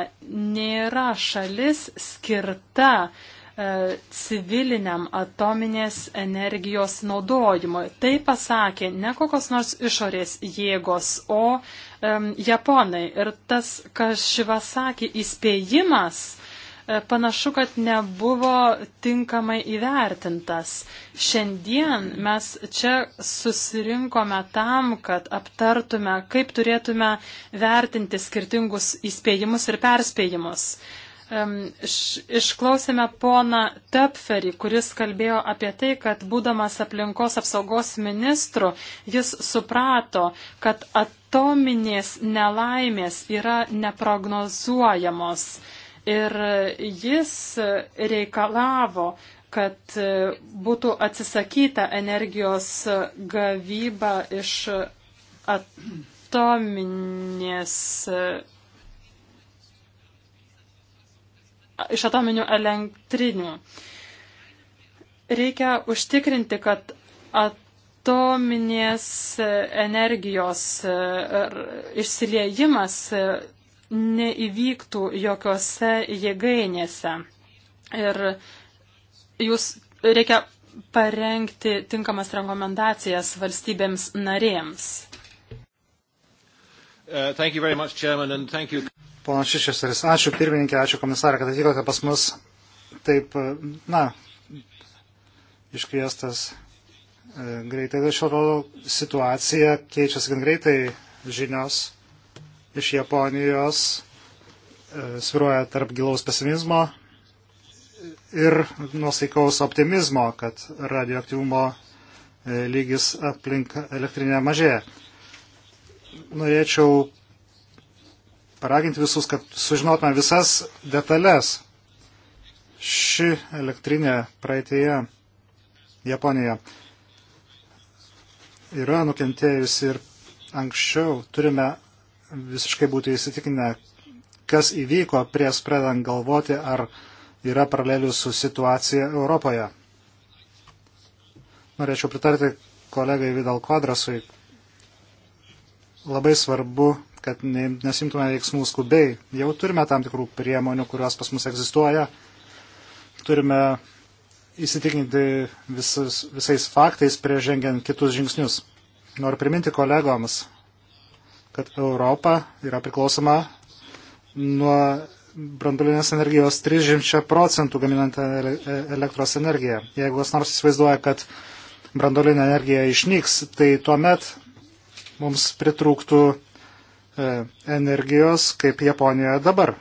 A: nėra šalis skirta uh, E, civiliniam atominės energijos naudojimui. Tai pasakė ne kokios nors išorės jėgos, o um, japonai. Ir tas, kas šiva sakė, įspėjimas e, panašu, kad nebuvo tinkamai įvertintas. Šiandien mes čia susirinkome tam, kad aptartume, kaip turėtume vertinti skirtingus įspėjimus ir perspėjimus. Išklausėme poną Tepferį, kuris kalbėjo apie tai, kad būdamas aplinkos apsaugos ministru, jis suprato, kad atominės nelaimės yra neprognozuojamos. Ir jis reikalavo, kad būtų atsisakyta energijos gavyba iš atominės iš atominių elektrinių. Reikia užtikrinti, kad atominės energijos e, išsiliejimas e, neįvyktų jokiose jėgainėse. Ir jūs reikia parengti tinkamas rekomendacijas valstybėms narėms.
B: Uh, much, Chairman,
C: Pono Čičesteris, ačiū pirmininkė, ačiū komisarė, kad atvykote pas mus taip, na, iškviestas e, greitai. Aš atrodo, situacija keičiasi gan greitai, žinios iš Japonijos e, sviruoja tarp gilaus pesimizmo ir nusaikaus optimizmo, kad radioaktyvumo e, lygis aplink elektrinę mažėja. Norėčiau paraginti visus, kad sužinotume visas detalės. Ši elektrinė praeitėje Japonijoje yra nukentėjusi ir anksčiau turime visiškai būti įsitikinę, kas įvyko prieš pradant galvoti, ar yra paralelių su situacija Europoje. Norėčiau pritarti kolegai Vidal Kvadrasui. Labai svarbu kad nesimtume veiksmų skubiai. Jau turime tam tikrų priemonių, kurios pas mus egzistuoja. Turime įsitikinti visus, visais faktais prieš žengiant kitus žingsnius. Noriu priminti kolegoms, kad Europa yra priklausoma nuo brandulinės energijos 30 procentų gaminant e, elektros energiją. Jeigu kas nors įsivaizduoja, kad brandulinė energija išnyks, tai tuomet mums pritrūktų E, energijos kaip Japonijoje dabar,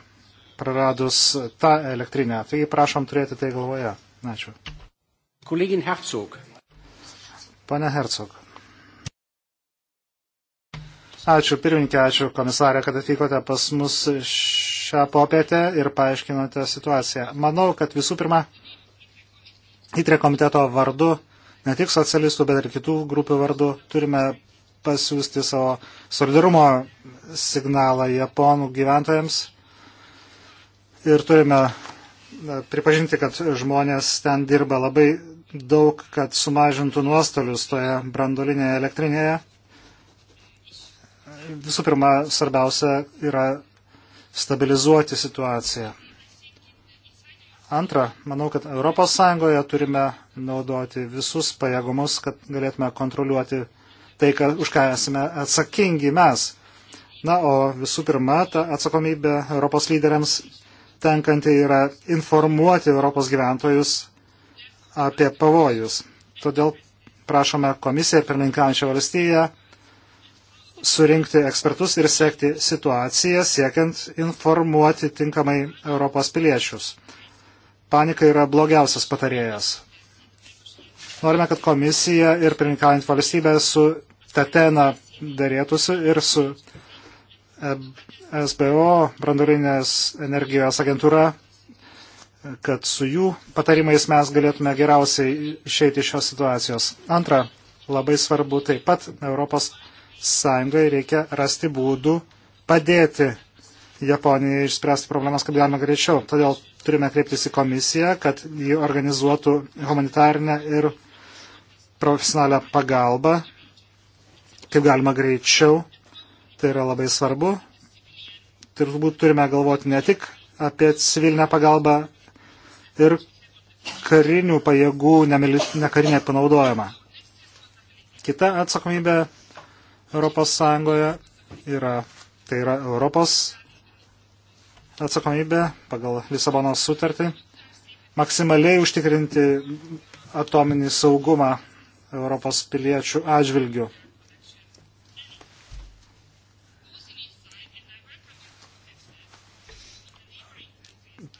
C: praradus tą elektrinę. Taigi prašom turėti tai galvoje. Ačiū. Kolegin Herzog. Pane Herzog. Ačiū pirmininkė, ačiū komisarė, kad atvykote pas mus šią popietę ir paaiškinote situaciją. Manau, kad visų pirma, įtrė komiteto vardu, ne tik socialistų, bet ir kitų grupių vardu, turime pasiūsti savo solidarumo signalą japonų gyventojams. Ir turime pripažinti, kad žmonės ten dirba labai daug, kad sumažintų nuostolius toje brandolinėje elektrinėje. Visų pirma, svarbiausia yra stabilizuoti situaciją. Antra, manau, kad ES turime naudoti visus pajėgumus, kad galėtume kontroliuoti tai, ką, už ką esame atsakingi mes. Na, o visų pirma, ta atsakomybė Europos lyderiams tenkanti yra informuoti Europos gyventojus apie pavojus. Todėl prašome komisiją pirmininkaujančią valstyje surinkti ekspertus ir sekti situaciją, siekiant informuoti tinkamai Europos piliečius. Panika yra blogiausias patarėjas. Norime, kad komisija ir pirmininkaujant valstybė su Tatena darėtųsi ir su SBO branduolinės energijos agentūra, kad su jų patarimais mes galėtume geriausiai išeiti iš šios situacijos. Antra, labai svarbu taip pat Europos Sąjungai reikia rasti būdų padėti Japonijai išspręsti problemas, kaip galima greičiau. Todėl turime kreiptis į komisiją, kad ji organizuotų humanitarinę ir profesionalią pagalbą kaip galima greičiau. Tai yra labai svarbu. Turbūt turime galvoti ne tik apie civilinę pagalbą ir karinių pajėgų nekarinę panaudojimą. Kita atsakomybė ES yra, tai yra Europos atsakomybė pagal Lisabonos sutartį maksimaliai užtikrinti atominį saugumą Europos piliečių atžvilgių.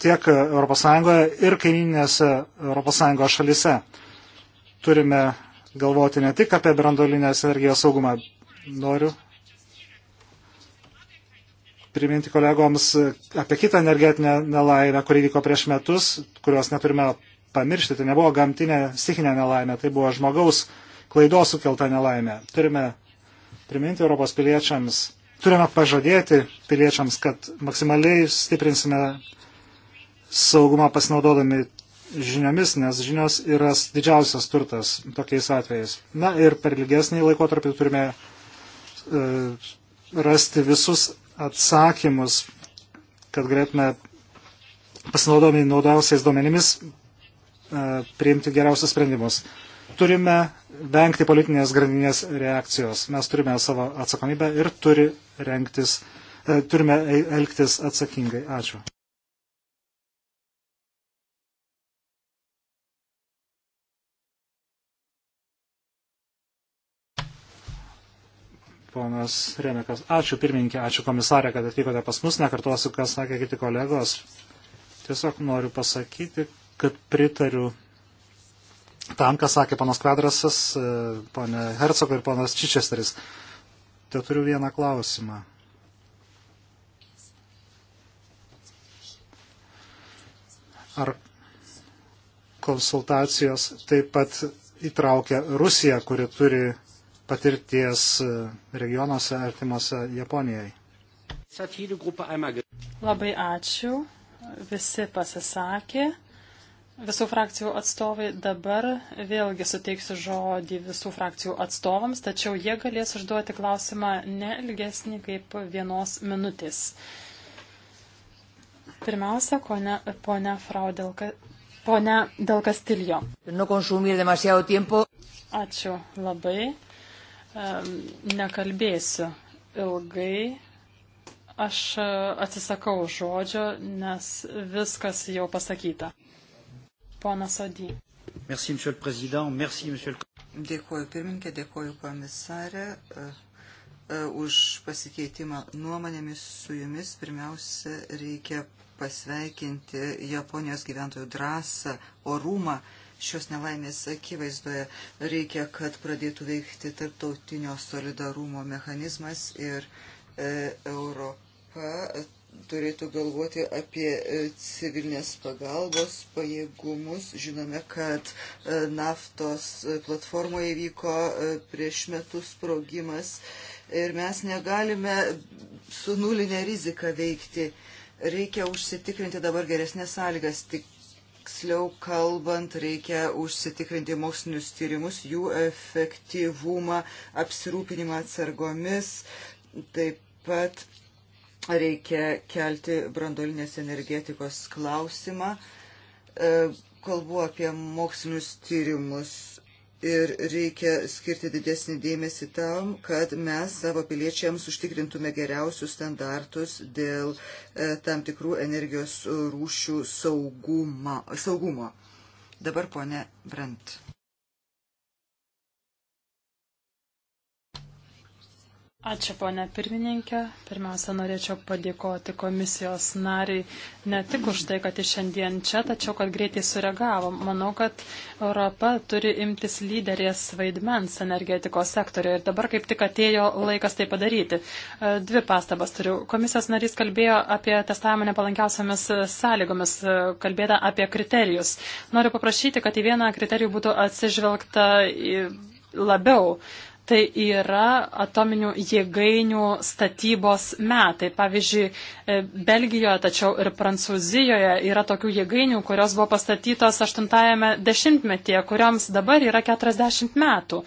C: tiek ES ir kaiminėse ES šalise. Turime galvoti ne tik apie brandolinės energijos saugumą. Noriu priminti kolegoms apie kitą energetinę nelaimę, kuri vyko prieš metus, kurios neturime pamiršti. Tai nebuvo gamtinė stichinė nelaimė, tai buvo žmogaus klaidos sukelta nelaimė. Turime priminti Europos piliečiams, turime pažadėti piliečiams, kad maksimaliai stiprinsime saugumą pasinaudodami žiniomis, nes žinios yra didžiausias turtas tokiais atvejais. Na ir per ilgesnį laikotarpį turime e, rasti visus atsakymus, kad galėtume pasinaudodami naudausiais duomenimis e, priimti geriausius sprendimus. Turime vengti politinės grandinės reakcijos. Mes turime savo atsakomybę ir turi rengtis, e, turime elgtis atsakingai. Ačiū. ponas Remekas. Ačiū pirmininkė, ačiū komisarė, kad atvykote pas mus. Nekartuosiu, ką sakė kiti kolegos. Tiesiog noriu pasakyti, kad pritariu tam, ką sakė ponas Kvadrasas, e, ponė Hercog ir ponas Čičesteris. Tai turiu vieną klausimą. Ar konsultacijos taip pat įtraukia Rusiją, kuri turi patirties e, regionuose artimuose Japonijai.
A: Labai ačiū. Visi pasisakė. Visų frakcijų atstovai dabar vėlgi suteiksiu žodį visų frakcijų atstovams, tačiau jie galės užduoti klausimą ne ilgesnį kaip vienos minutės. Pirmiausia, ponia, ponia Frau Delka, ponia Delkastiljo. Ačiū labai nekalbėsiu ilgai. Aš e, atsisakau žodžio, nes viskas jau pasakyta. Ponas Odį.
C: Merci, monsieur le président. Merci, monsieur le...
A: Dėkuoju pirminkė, dėkuoju komisarė e, e,
D: už pasikeitimą nuomonėmis su jumis. Pirmiausia, reikia pasveikinti Japonijos gyventojų drąsą, orumą. Uh, šios nelaimės akivaizdoje. Reikia, kad pradėtų veikti tarptautinio solidarumo mechanizmas ir e, Europa e, turėtų galvoti apie e, civilinės pagalbos pajėgumus. Žinome, kad e, naftos platformoje vyko prieš metus sprogimas ir mes negalime su nulinė rizika veikti. Reikia užsitikrinti dabar geresnės sąlygas tik tiksliau kalbant, reikia užsitikrinti mokslinius tyrimus, jų efektyvumą, apsirūpinimą atsargomis, taip pat reikia kelti brandolinės energetikos klausimą. E, kalbu apie mokslinius tyrimus ir reikia skirti didesnį dėmesį tam, kad mes savo piliečiams užtikrintume geriausius standartus dėl e, tam tikrų energijos rūšių saugumą, saugumo. Dabar ponė Brant.
A: Ačiū, ponė pirmininkė. Pirmiausia, norėčiau padėkoti komisijos nariai ne tik už tai, kad jis šiandien čia, tačiau kad greitai sureagavo. Manau, kad Europa turi imtis lyderės vaidmens energetikos sektoriuje ir dabar kaip tik atėjo laikas tai padaryti. E, dvi pastabas turiu. Komisijos narys kalbėjo apie testavimą nepalankiausiamis sąlygomis, e, kalbėta apie kriterijus. Noriu paprašyti, kad į vieną kriterijų būtų atsižvelgta labiau metai yra atominių jėgainių statybos metai. Pavyzdžiui, e, Belgijoje, tačiau ir Prancūzijoje yra tokių jėgainių, kurios buvo pastatytos 80-ame dešimtmetyje, kurioms dabar yra 40 metų.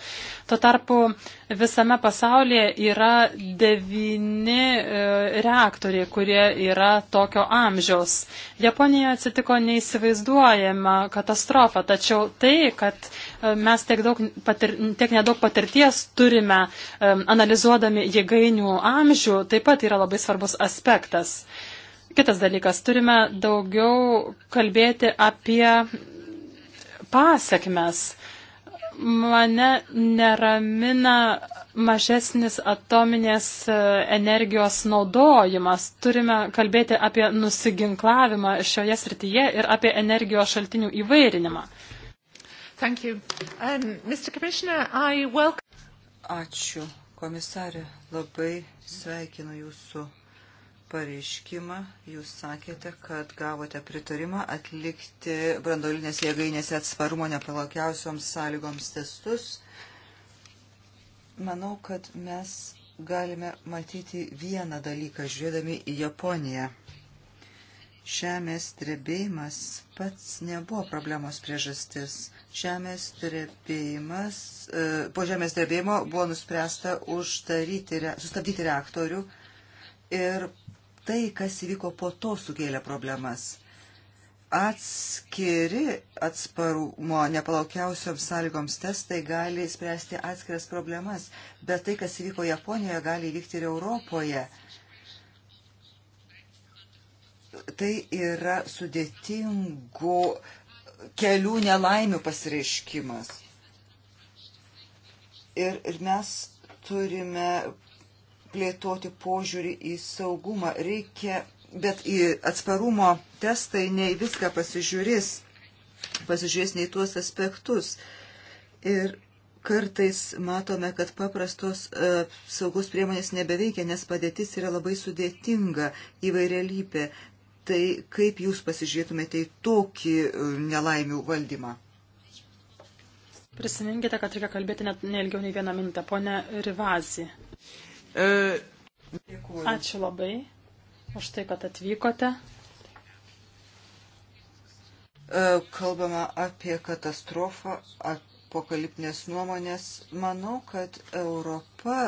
A: Tuo tarpu visame pasaulyje yra devini e, reaktoriai, kurie yra tokio amžiaus. Japonijoje atsitiko neįsivaizduojama katastrofa, tačiau tai, kad e, mes tiek, daug, patir, tiek nedaug patirties turime e, analizuodami jėgainių amžių, taip pat yra labai svarbus aspektas. Kitas dalykas, turime daugiau kalbėti apie pasiekmes mane neramina mažesnis atominės e, energijos naudojimas. Turime kalbėti apie nusiginklavimą šioje srityje ir apie energijos šaltinių įvairinimą. Thank you.
D: Um, Mr. Commissioner, I welcome. Ačiū, komisarė. Labai sveikinu jūsų pareiškimą jūs sakėte, kad gavote pritarimą atlikti brandolinės jėgainėse atsparumo nepalaukiausioms sąlygoms testus. Manau, kad mes galime matyti vieną dalyką, žiūrėdami į Japoniją. Žemės drebėjimas pats nebuvo problemos priežastis. Žemės drebėjimas, e, po žemės drebėjimo buvo nuspręsta uždaryti, sustabdyti reaktorių ir tai, kas įvyko po to, sukėlė problemas. Atskiri atsparumo nepalaukiausioms sąlygoms testai gali spręsti atskiras problemas, bet tai, kas įvyko Japonijoje, gali įvykti ir Europoje. Tai yra sudėtingų kelių nelaimių pasireiškimas. Ir, ir mes turime plėtoti požiūrį į saugumą. Reikia, bet į atsparumo testai ne į viską pasižiūrės, pasižiūrės ne į tuos aspektus. Ir kartais matome, kad paprastos e, saugos priemonės nebeveikia, nes padėtis yra labai sudėtinga, įvairialypė. Tai kaip jūs pasižiūrėtumėte į tokį e, nelaimių valdymą?
A: Prisiminkite, kad reikia kalbėti net neilgiau nei vieną minutę. Pone Rivazi. Dėkui. E, Ačiū labai už tai, kad atvykote.
D: E, kalbama apie katastrofą, apokaliptinės nuomonės. Manau, kad Europa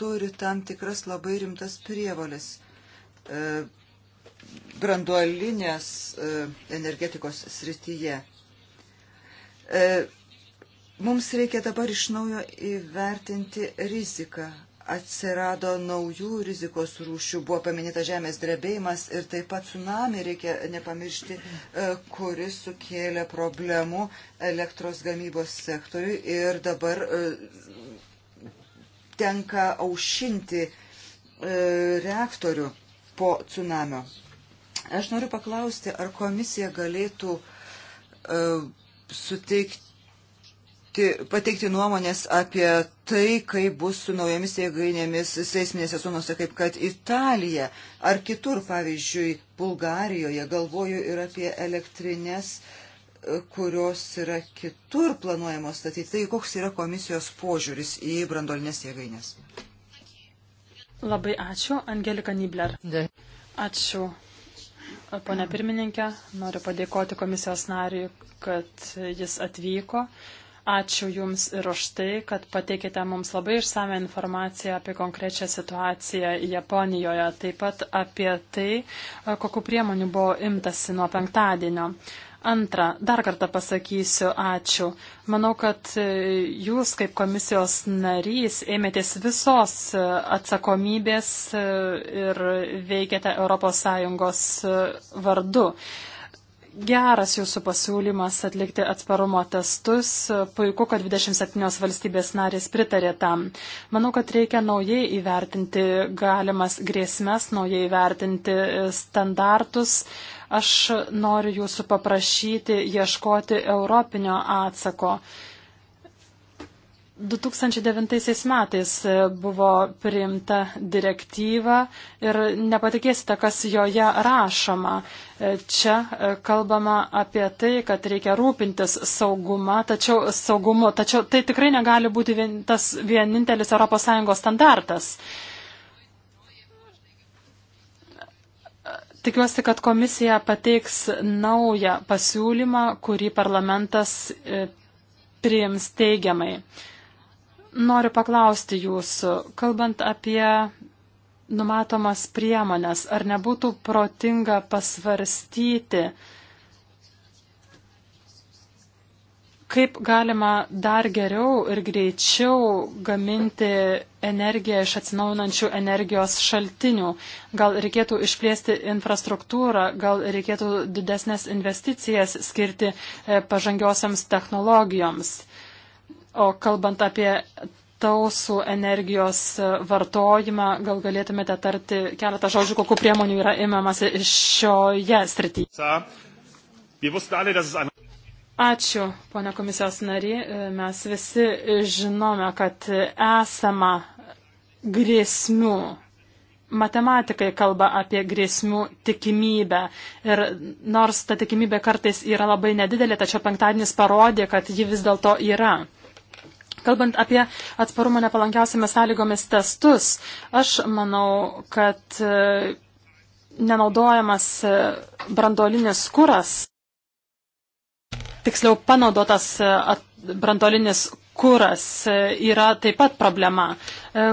D: turi tam tikras labai rimtas prievalės. E, branduolinės energetikos srityje. Mums reikia dabar iš naujo įvertinti riziką atsirado naujų rizikos rūšių, buvo paminėta žemės drebėjimas ir taip pat tsunami, reikia nepamiršti, e, kuris sukėlė problemų elektros gamybos sektoriui ir dabar e, tenka aušinti e, reaktorių po tsunamio. Aš noriu paklausti, ar komisija galėtų suteikti pateikti, pateikti nuomonės apie tai, kaip bus su naujomis jėgainėmis seisminėse zonose, kaip kad Italija ar kitur, pavyzdžiui, Bulgarijoje. Galvoju ir apie elektrinės, e, kurios yra kitur planuojamos statyti. Tai koks yra komisijos požiūris į brandolinės jėgainės?
A: Labai ačiū, Angelika Nibler. Ačiū. Pone pirmininkė, noriu padėkoti komisijos nariui, kad jis atvyko. Ačiū Jums ir už tai, kad pateikėte mums labai išsame informaciją apie konkrečią situaciją Japonijoje, taip pat apie tai, kokiu priemonių buvo imtasi nuo penktadienio. Antra, dar kartą pasakysiu ačiū. Manau, kad jūs kaip komisijos narys ėmėtės visos atsakomybės ir veikėte ES vardu geras jūsų pasiūlymas atlikti atsparumo testus. Puiku, kad 27 valstybės narės pritarė tam. Manau, kad reikia naujai įvertinti galimas grėsmes, naujai įvertinti e, standartus. Aš noriu jūsų paprašyti ieškoti europinio atsako. 2009 metais e, buvo priimta direktyva ir nepatikėsite, kas joje rašoma. E, čia e, kalbama apie tai, kad reikia rūpintis saugumą, tačiau, saugumu, tačiau tai tikrai negali būti vien, tas vienintelis ES standartas. Tikiuosi, kad komisija pateiks naują pasiūlymą, kurį parlamentas priims teigiamai. Noriu paklausti jūsų, kalbant apie numatomas priemonės, ar nebūtų protinga pasvarstyti, kaip galima dar geriau ir greičiau gaminti energiją iš atsinaujinančių energijos šaltinių. Gal reikėtų išplėsti infrastruktūrą, gal reikėtų didesnės investicijas skirti e, pažangiosiams technologijoms. O kalbant apie tausų energijos vartojimą, gal galėtumėte tarti keletą žodžių, kokiu priemonių yra imamasi šioje srityje. Ačiū, ponia komisijos nari. Mes visi žinome, kad esama grėsmių. Matematikai kalba apie grėsmių tikimybę. Ir nors ta tikimybė kartais yra labai nedidelė, tačiau penktadienis parodė, kad ji vis dėlto yra. Kalbant apie atsparumą nepalankiausiamis sąlygomis testus, aš manau, kad e, nenaudojamas e, brandolinis kuras, tiksliau panaudotas e, brandolinis kuras yra taip pat problema.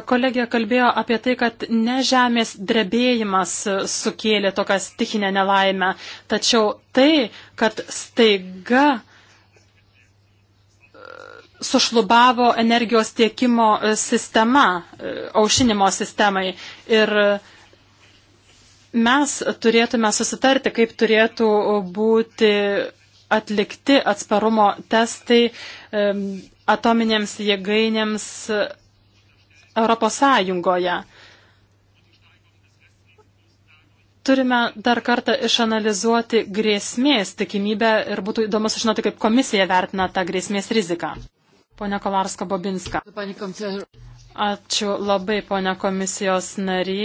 A: Kolegija kalbėjo apie tai, kad ne žemės drebėjimas sukėlė tokią stichinę nelaimę, tačiau tai, kad staiga sušlubavo energijos tiekimo e, sistema, e, aušinimo sistemai. Ir e, mes turėtume susitarti, kaip turėtų būti atlikti atsparumo testai atominėms jėgainėms Europos Sąjungoje. Turime dar kartą išanalizuoti grėsmės tikimybę ir būtų įdomu sužinoti, kaip komisija vertina tą grėsmės riziką. Pone Kolarska Bobinska. Ačiū labai, ponia komisijos nary.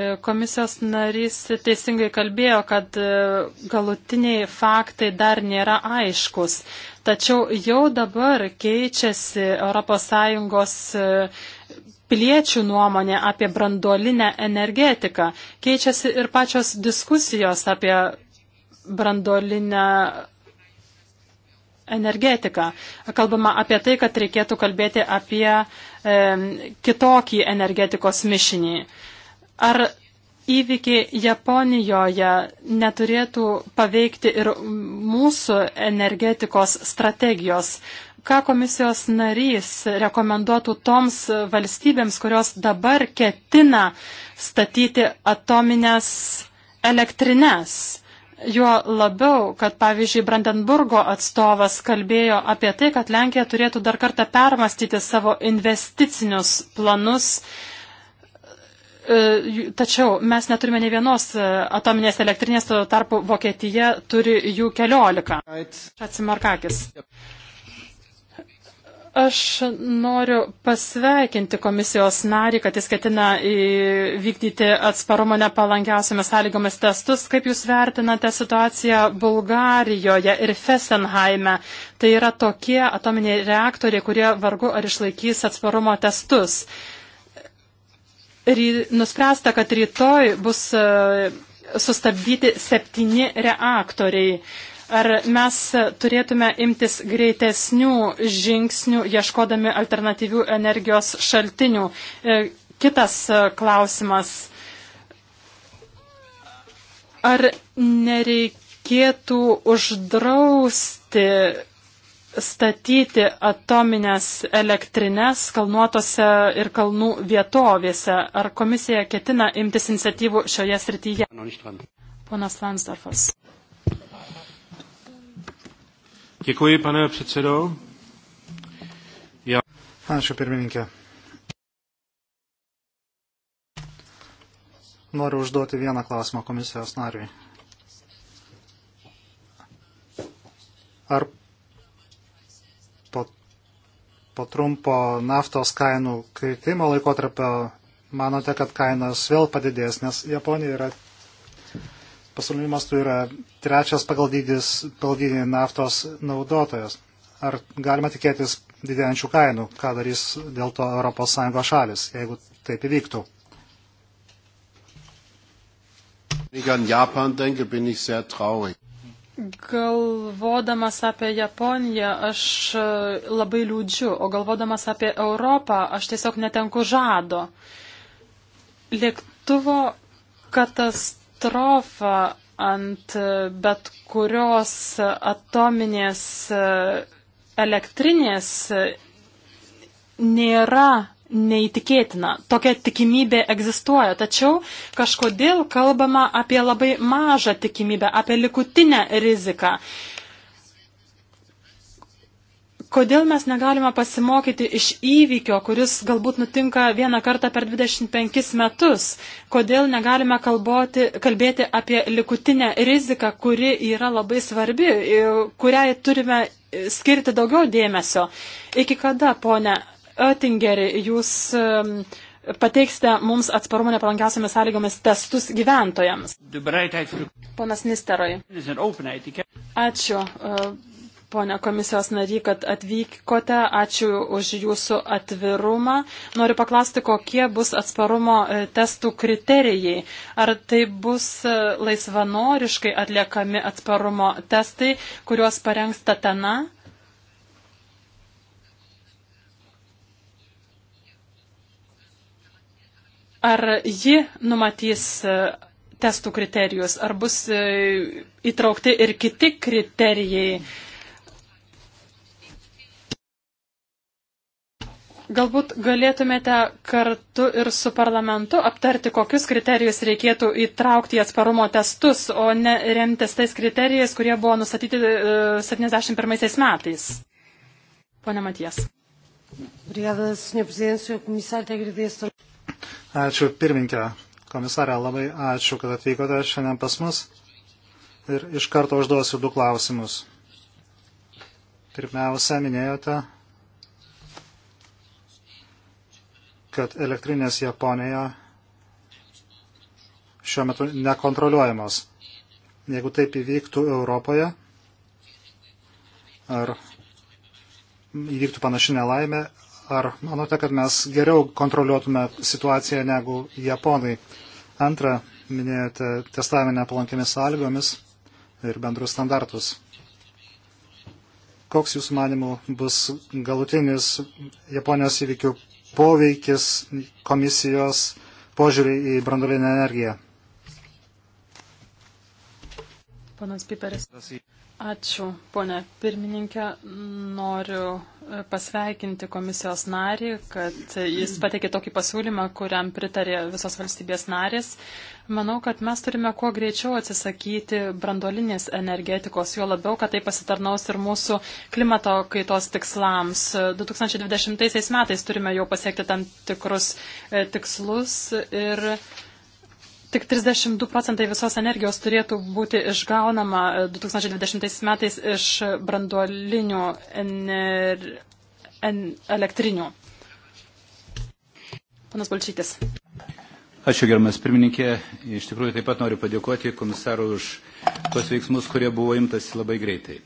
A: E, komisijos narys teisingai kalbėjo, kad e, galutiniai faktai dar nėra aiškus. Tačiau jau dabar keičiasi ES e, piliečių nuomonė apie branduolinę energetiką. Keičiasi ir pačios diskusijos apie branduolinę energetiką. Kalbama apie tai, kad reikėtų kalbėti apie e, kitokį energetikos mišinį. Ar įvykiai Japonijoje neturėtų paveikti ir mūsų energetikos strategijos? Ką komisijos narys rekomenduotų toms valstybėms, kurios dabar ketina statyti atominės elektrines? Juo labiau, kad pavyzdžiui Brandenburgo atstovas kalbėjo apie tai, kad Lenkija turėtų dar kartą permastyti savo investicinius planus. E, tačiau mes neturime ne vienos e, atominės elektrinės, tuo tarpu Vokietija turi jų keliolika. Atsimarkakis. Yep. Aš noriu pasveikinti komisijos narį, kad jis ketina vykdyti atsparumo nepalankiausiamis sąlygomis testus. Kaip Jūs vertinate situaciją Bulgarijoje ir Fessenheime? Tai yra tokie atominiai reaktoriai, kurie vargu ar išlaikys atsparumo testus. Ry, nuspręsta, kad rytoj bus e, sustabdyti septyni reaktoriai. Ar mes turėtume imtis greitesnių žingsnių, ieškodami alternatyvių energijos šaltinių? E, kitas e, klausimas. Ar nereikėtų uždrausti statyti atominės elektrinės kalnuotose ir kalnų vietovėse? Ar komisija ketina imtis iniciatyvų šioje srityje? Ponas Lansdorfas.
C: Děkuji, pane předsedo. Ja. Ačiū, pirmininkė. Noriu užduoti vieną klausimą komisijos nariui. Ar po, po trumpo naftos kainų kritimo laikotarpio manote, kad kainos vėl padidės, nes Japonija yra pasauliniu mastu yra trečias pagal, dydis, pagal dydį naftos naudotojas. Ar galima tikėtis didėjančių kainų, ką darys dėl to ES šalis, jeigu taip įvyktų?
A: Galvodamas apie Japoniją aš e, labai liūdžiu, o galvodamas apie Europą aš tiesiog netenku žado. Lėktuvo katastrofa katastrofa ant bet kurios atominės e, elektrinės e, nėra neįtikėtina. Tokia tikimybė egzistuoja, tačiau kažkodėl kalbama apie labai mažą tikimybę, apie likutinę riziką. Kodėl mes negalime pasimokyti iš įvykio, kuris galbūt nutinka vieną kartą per 25 metus? Kodėl negalime kalboti, kalbėti apie likutinę riziką, kuri yra labai svarbi, kuriai turime skirti daugiau dėmesio? Iki kada, ponė Oettingeri, jūs pateiksite mums atsparumo nepalankiausiamis sąlygomis testus gyventojams? Ponas Nisteroj. Ačiū Pone komisijos nary, kad atvykote, ačiū už jūsų atvirumą. Noriu paklausti, kokie bus atsparumo e, testų kriterijai. Ar tai bus e, laisvanoriškai atliekami atsparumo testai, kuriuos parengs Tatena? Ar ji numatys e, testų kriterijus, ar bus įtraukti ir kiti kriterijai? Galbūt galėtumėte kartu ir su parlamentu aptarti, kokius kriterijus reikėtų įtraukti į atsparumo testus, o ne remtis tais kriterijais, kurie buvo nustatyti 71 e, metais. Pone Matijas.
C: Ačiū pirmininkė. Komisarė, labai ačiū, kad atvykote šiandien pas mus. Ir iš karto užduosiu du klausimus. Pirmiausia, minėjote kad elektrinės Japonija šiuo metu nekontroliuojamos. Jeigu taip įvyktų Europoje, ar įvyktų panaši nelaimė, ar manote, kad mes geriau kontroliuotume situaciją negu Japonai? Antra, minėjote testavimą nepalankiamis sąlygomis ir bendrus standartus. Koks jūsų manimų bus galutinis Japonijos įvykių poveikis komisijos požiūrį į brandolinę energiją.
A: Ponas Piperis. Ačiū, ponė pirmininkė. Noriu e, pasveikinti komisijos narį, kad jis pateikė tokį pasiūlymą, kuriam pritarė visos valstybės narės. Manau, kad mes turime kuo greičiau atsisakyti brandolinės energetikos, jo labiau, kad tai pasitarnaus ir mūsų klimato kaitos tikslams. 2020 metais turime jau pasiekti tam tikrus e, tikslus ir Tik 32 procentai visos energijos turėtų būti išgaunama 2020 e, metais iš branduolinių ener... en... elektrinių. Panas Balčytis.
B: Ačiū, gerbiamas pirmininkė. Iš tikrųjų, taip pat noriu padėkoti komisarui už tos veiksmus, kurie buvo imtasi labai greitai.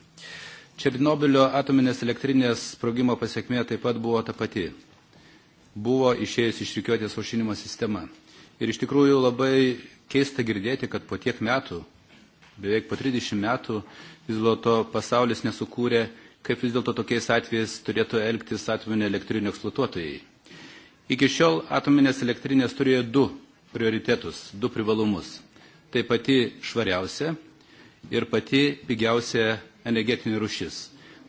B: Černobilio atominės elektrinės sprogimo pasiekmė taip pat buvo ta pati. Buvo išėjus iš rikiuotės aušinimo sistema. Ir iš tikrųjų labai keista girdėti, kad po tiek metų, beveik po 30 metų, vis dėlto pasaulis nesukūrė, kaip vis dėlto tokiais atvejais turėtų elgtis atominio elektrinio eksploatuotojai. Iki šiol atominės elektrinės turėjo du prioritetus, du privalumus. Tai pati švariausia ir pati pigiausia energetinė rušis.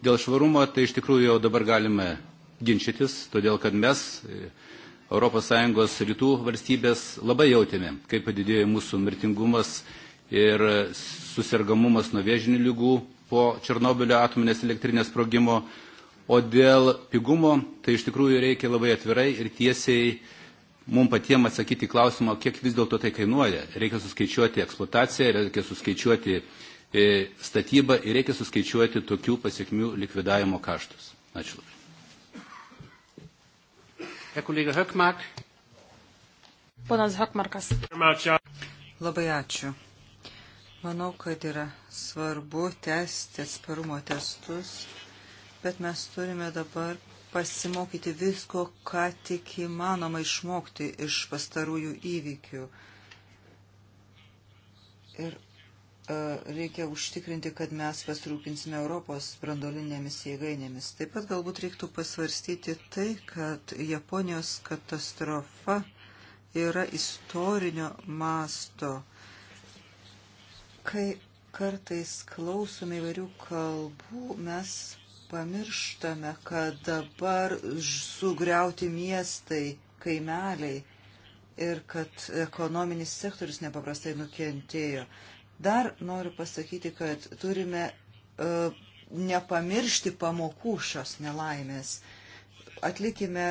B: Dėl švarumo tai iš tikrųjų jau dabar galime ginčytis, todėl kad mes ES rytų valstybės labai jautėme, kaip padidėjo mūsų mirtingumas ir susirgamumas nuo vėžinių lygų po Černobilio atominės elektrinės sprogimo. O dėl pigumo, tai iš tikrųjų reikia labai atvirai ir tiesiai mums patiems atsakyti klausimą, kiek vis dėlto tai kainuoja. Reikia suskaičiuoti eksploataciją, reikia suskaičiuoti e, statybą ir reikia suskaičiuoti tokių pasiekmių likvidavimo kaštus. Ačiū. Herr Kollege Höckmark.
D: Ponas Höckmarkas. Labai ačiū. Manau, kad yra svarbu tęsti atsparumo testus, bet mes turime dabar pasimokyti visko, ką tik įmanoma išmokti iš pastarųjų įvykių. Ir E, reikia užtikrinti, kad mes pasirūpinsime Europos brandolinėmis jėgainėmis. Taip pat galbūt reiktų pasvarstyti tai, kad Japonijos katastrofa yra istorinio masto. Kai kartais klausome įvairių kalbų, mes pamirštame, kad dabar sugriauti miestai, kaimeliai ir kad ekonominis sektorius nepaprastai nukentėjo. Dar noriu pasakyti, kad turime uh, nepamiršti pamokų šios nelaimės. Atlikime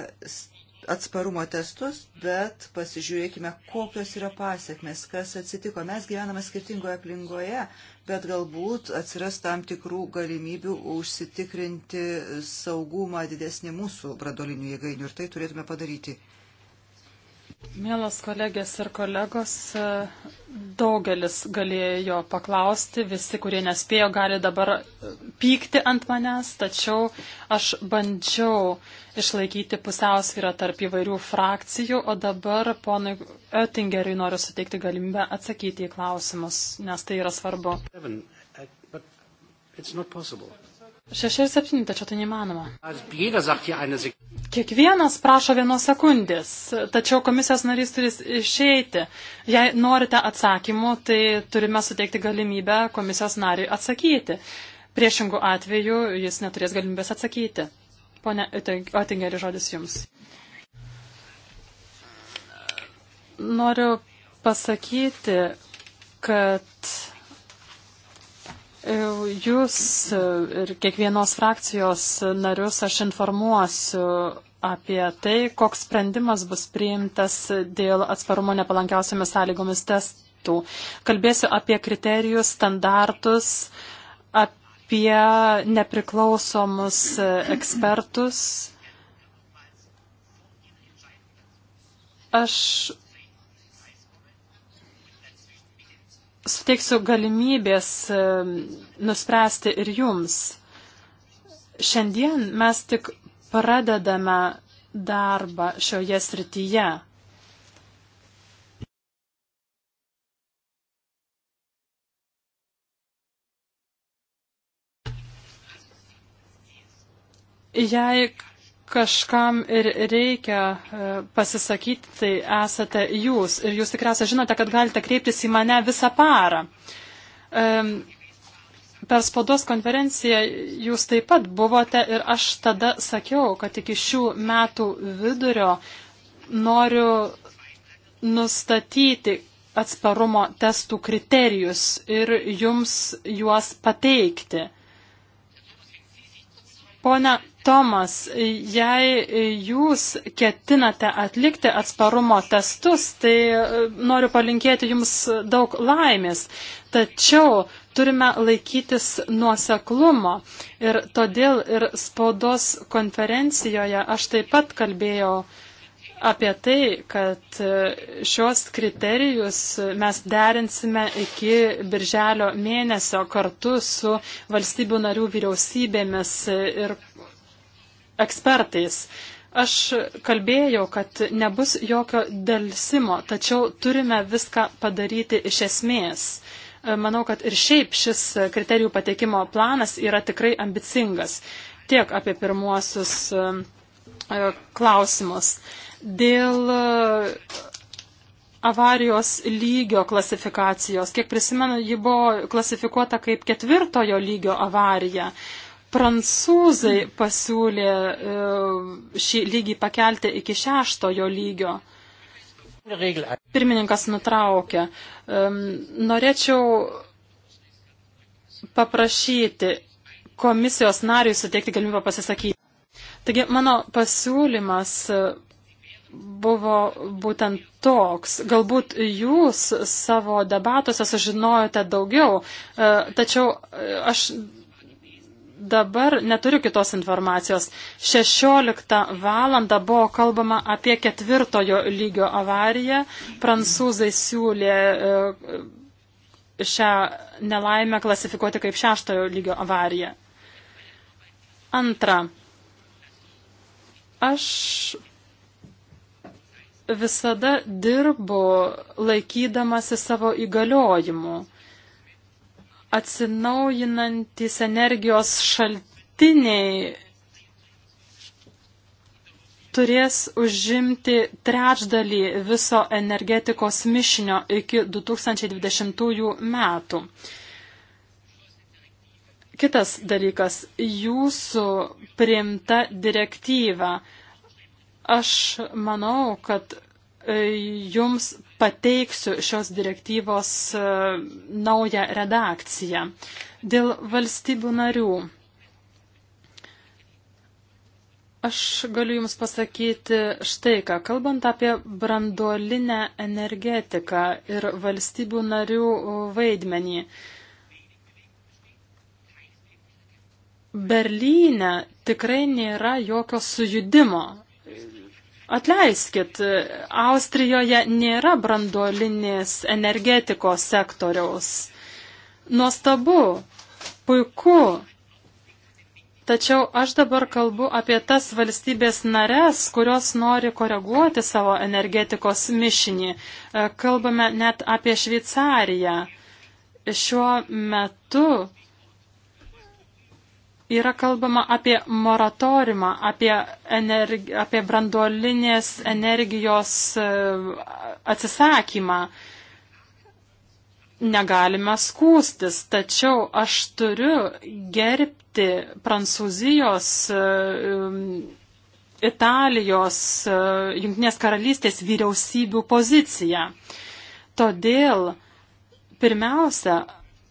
D: atsparumo testus, bet pasižiūrėkime, kokios yra pasiekmes, kas atsitiko. Mes gyvename skirtingoje aplinkoje, bet galbūt atsiras tam tikrų galimybių užsitikrinti saugumą didesnį mūsų bradolinių jėgainių ir tai turėtume padaryti.
A: Mielas kolegės ir kolegos, daugelis galėjo paklausti, visi, kurie nespėjo, gali dabar pykti ant manęs, tačiau aš bandžiau išlaikyti pusiausvyrą tarp įvairių frakcijų, o dabar ponui Oettingeriui noriu suteikti galimybę atsakyti į klausimus, nes tai yra svarbu. Seven, uh, but it's not possible. Šeši ir septyni, tačiau tai neįmanoma. Kiekvienas prašo vienos sekundės, tačiau komisijos narys turi išeiti. Jei norite atsakymų, tai turime suteikti galimybę komisijos nariui atsakyti. Priešingų atveju jis neturės galimybės atsakyti. Pone Otingeri, žodis jums. Noriu pasakyti, kad E, jūs ir kiekvienos frakcijos narius aš informuosiu apie tai, koks sprendimas bus priimtas dėl atsparumo nepalankiausiamis sąlygomis testų. Kalbėsiu apie kriterijus, standartus, apie nepriklausomus ekspertus. Aš suteiksiu galimybės e, nuspręsti ir jums. Šiandien mes tik pradedame darbą šioje srityje. Jei kažkam ir reikia e, pasisakyti, tai esate jūs. Ir jūs tikriausiai žinote, kad galite kreiptis į mane visą parą. Per spaudos konferenciją jūs taip pat buvote ir aš tada sakiau, kad iki šių metų vidurio noriu nustatyti atsparumo testų kriterijus ir jums juos pateikti. Pone Tomas, jei jūs ketinate atlikti atsparumo testus, tai e, noriu palinkėti jums daug laimės. Tačiau turime laikytis nuoseklumo. Ir todėl ir spaudos konferencijoje aš taip pat kalbėjau apie tai, kad e, šios kriterijus mes derinsime iki birželio mėnesio kartu su valstybių narių vyriausybėmis ir ekspertais. Aš kalbėjau, kad nebus jokio dėlsimo, tačiau turime viską padaryti iš esmės. E, manau, kad ir šiaip šis kriterijų pateikimo planas yra tikrai ambicingas. Tiek apie pirmuosius e, klausimus. Dėl e, avarijos lygio klasifikacijos, kiek prisimenu, ji buvo klasifikuota kaip ketvirtojo lygio avarija. Prancūzai pasiūlė e, šį lygį pakelti iki šeštojo lygio. Pirmininkas nutraukė. E, norėčiau paprašyti komisijos nariui suteikti galimybę pasisakyti. Taigi mano pasiūlymas buvo būtent toks. Galbūt jūs savo debatuose sužinojote daugiau, e, tačiau e, aš dabar neturiu kitos informacijos. 16 valandą buvo kalbama apie ketvirtojo lygio avariją. Prancūzai siūlė e, šią nelaimę klasifikuoti kaip šeštojo lygio avariją. Antra. Aš visada dirbu laikydamasi savo įgaliojimų. Atsinaujinantis energijos šaltiniai turės užimti trečdalį viso energetikos mišinio iki 2020 metų. Kitas dalykas - jūsų priimta direktyva Aš manau, kad e, jums pateiksiu šios direktyvos e, naują redakciją dėl valstybių narių. Aš galiu Jums pasakyti štai ką, kalbant apie branduolinę energetiką ir valstybių narių vaidmenį. Berlyne tikrai nėra jokio sujudimo Atleiskit, Austrijoje nėra branduolinės energetikos sektoriaus. Nuostabu, puiku. Tačiau aš dabar kalbu apie tas valstybės nares, kurios nori koreguoti savo energetikos mišinį. Kalbame net apie Šveicariją. Šiuo metu yra kalbama apie moratorimą, apie, energi, apie branduolinės energijos e, atsisakymą. Negalime skūstis, tačiau aš turiu gerbti Prancūzijos, e, Italijos, e, Junktinės karalystės vyriausybių poziciją. Todėl, pirmiausia,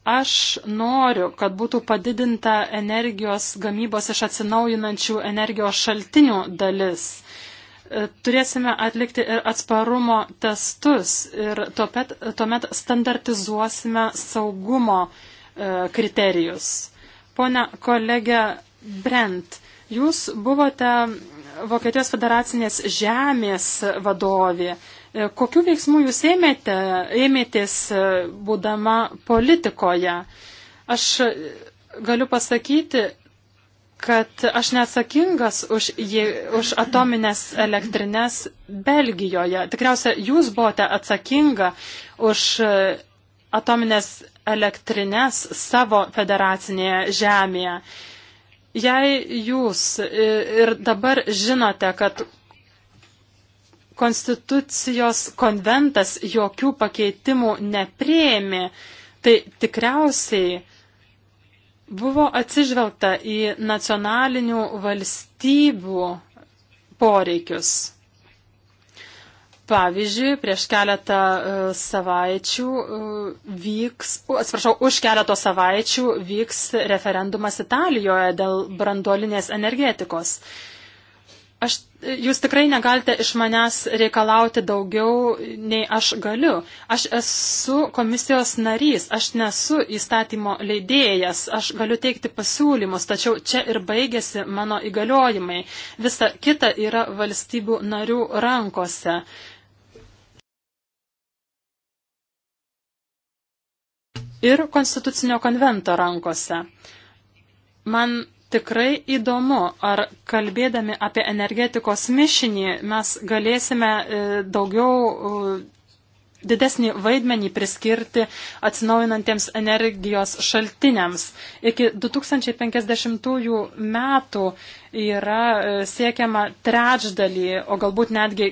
A: Aš noriu, kad būtų padidinta energijos gamybos iš atsinaujinančių energijos šaltinių dalis. E, turėsime atlikti ir atsparumo testus ir tuomet, tuomet standartizuosime saugumo e, kriterijus. Pone kolegė Brent, jūs buvote Vokietijos federacinės žemės vadovė. E, kokiu veiksmu jūs ėmėte, ėmėtės e, būdama politikoje? Aš e, galiu pasakyti, kad aš neatsakingas už, jį, už atominės elektrinės Belgijoje. Tikriausia, jūs buvote atsakinga už atominės elektrinės savo federacinėje žemėje. Jei jūs ir dabar žinote, kad Konstitucijos konventas jokių pakeitimų neprieimė, tai tikriausiai buvo atsižvelgta į nacionalinių valstybių poreikius. Pavyzdžiui, prieš keletą e, savaičių e, vyks, atsiprašau, už keleto savaičių vyks referendumas Italijoje dėl branduolinės energetikos. Aš, jūs tikrai negalite iš manęs reikalauti daugiau, nei aš galiu. Aš esu komisijos narys, aš nesu įstatymo leidėjas, aš galiu teikti pasiūlymus, tačiau čia ir baigėsi mano įgaliojimai. Visa kita yra valstybių narių rankose. Ir konstitucinio konvento rankose. Man Tikrai įdomu, ar kalbėdami apie energetikos mišinį mes galėsime e, daugiau e, didesnį vaidmenį priskirti atsinaujinantiems energijos šaltiniams. Iki 2050 metų yra e, siekiama trečdalį, o galbūt netgi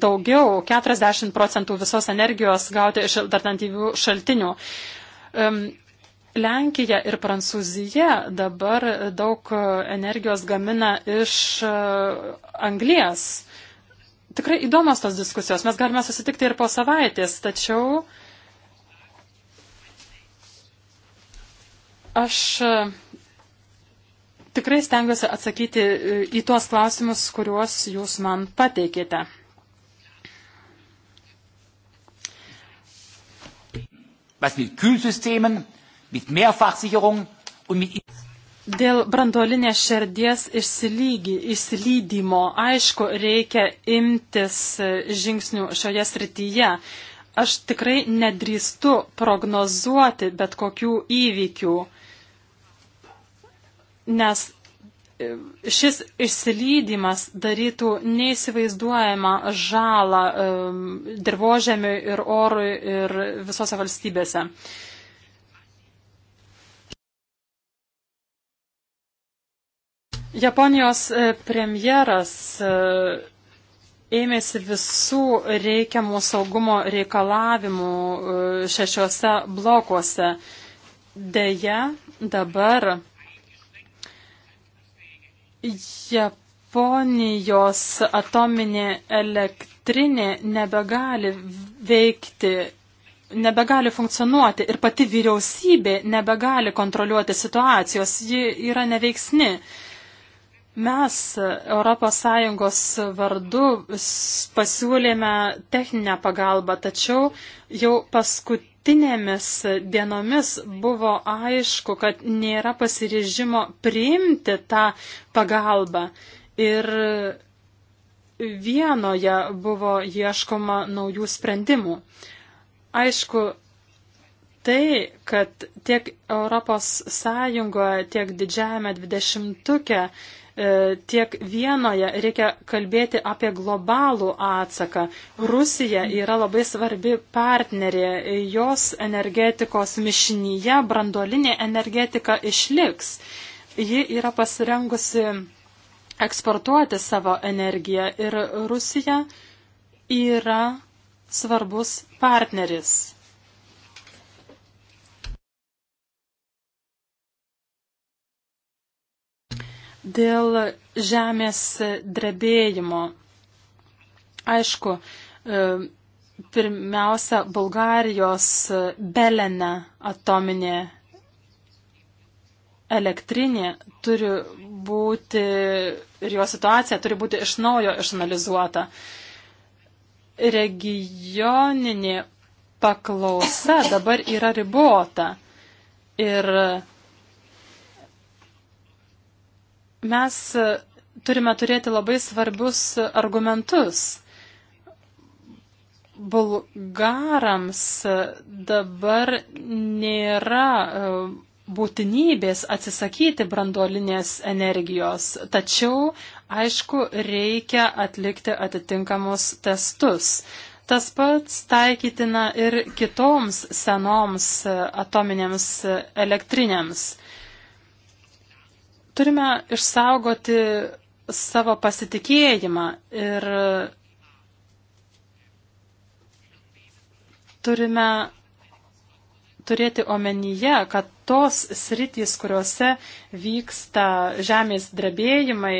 A: daugiau, 40 procentų visos energijos gauti iš alternatyvių šaltinių. Lenkija ir Prancūzija dabar daug energijos gamina iš e, anglies. Tikrai įdomios tos diskusijos. Mes galime susitikti ir po savaitės, tačiau aš e, tikrai stengiuosi atsakyti e, į tuos klausimus, kuriuos jūs man pateikėte.
B: Was mit Kühlsystemen? mit
A: Mehrfachsicherung und mit Dėl brandolinės širdies išsilygi, išsilydymo, aišku, reikia imtis e, žingsnių šioje srityje. Aš tikrai nedrįstu prognozuoti bet kokių įvykių, nes e, šis išsilydimas darytų neįsivaizduojamą žalą e, dirbožėmiui ir orui ir visose valstybėse. Um, Japonijos e, premjeras e, ėmėsi visų reikiamų saugumo reikalavimų e, šešiuose blokuose. Deja, dabar Japonijos atominė elektrinė nebegali veikti nebegali funkcionuoti ir pati vyriausybė nebegali kontroliuoti situacijos, ji yra neveiksni. Uh, Mes ES vardu pasiūlėme techninę pagalbą, tačiau jau paskutinėmis dienomis buvo aišku, kad nėra pasirežimo priimti tą pagalbą. Ir vienoje buvo ieškoma naujų sprendimų. Aišku, tai, kad tiek ES, tiek didžiajame dvidešimtuke 20 E, tiek vienoje reikia kalbėti apie globalų atsaką. Rusija yra labai svarbi partnerė, jos energetikos mišinyje brandolinė energetika išliks. Ji yra pasirengusi eksportuoti savo energiją ir Rusija yra svarbus partneris. Dėl žemės drebėjimo. Aišku, e, pirmiausia, Bulgarijos Belene atominė elektrinė turi būti ir jo situacija turi būti iš naujo išanalizuota. Regioninė paklausa dabar yra ribota ir mes e, turime turėti labai svarbius argumentus. Bulgarams e, dabar nėra e, būtinybės atsisakyti branduolinės energijos, tačiau, aišku, reikia atlikti atitinkamus testus. Tas pats taikytina ir kitoms senoms atominėms elektrinėms. Turime išsaugoti savo pasitikėjimą ir turime turėti omenyje, kad tos sritys, kuriuose vyksta žemės drebėjimai,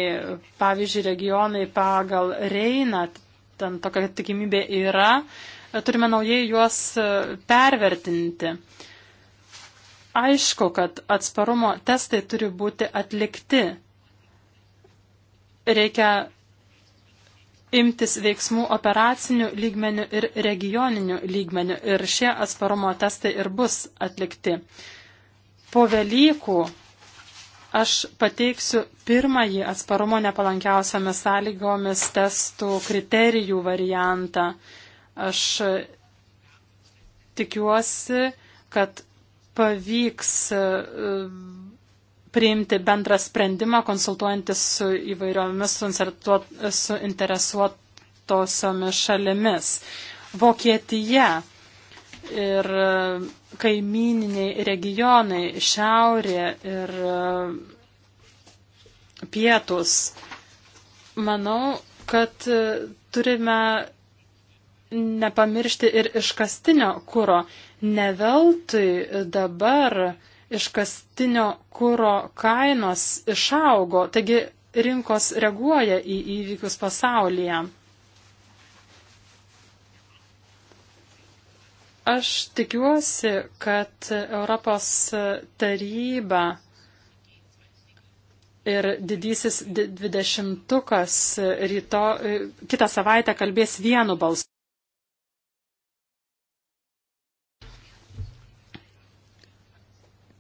A: pavyzdžiui, regionai pagal Reiną, ten tokia tikimybė yra, turime naujai juos pervertinti. Aišku, kad atsparumo testai turi būti atlikti. Reikia imtis veiksmų operacinių lygmenių ir regioninių lygmenių. Ir šie atsparumo testai ir bus atlikti. Po Velykų aš pateiksiu pirmąjį atsparumo nepalankiausiamis sąlygomis testų kriterijų variantą. Aš tikiuosi, kad pavyks e, priimti bendrą sprendimą, konsultuojantis su įvairiomis suinteresuotosiomis šalimis. Vokietija ir kaimininiai regionai, šiaurė ir e, pietus. Manau, kad e, turime nepamiršti ir iškastinio kūro. Neveltui dabar iškastinio kūro kainos išaugo, taigi rinkos reaguoja į įvykius pasaulyje. Aš tikiuosi, kad Europos taryba ir didysis dvidešimtukas ryto kitą savaitę kalbės vienu balsu.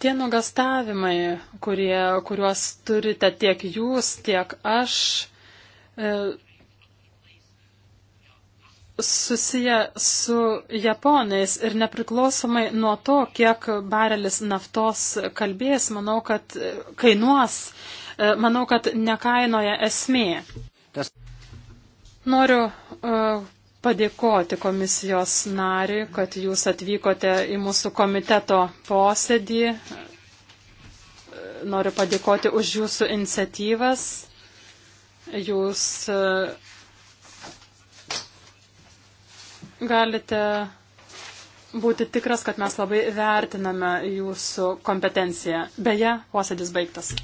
A: Tie nugastavimai, kurie, kuriuos turite tiek jūs, tiek aš, e, susiję su japonais ir nepriklausomai nuo to, kiek barelis naftos kalbės, manau, kad e, kainuos, e, manau, kad nekainoja esmė. Noriu e, padėkoti komisijos nariui, kad jūs atvykote į mūsų komiteto posėdį. Noriu padėkoti už jūsų iniciatyvas. Jūs e, galite būti tikras, kad mes labai vertiname jūsų kompetenciją. Beje, posėdis baigtas.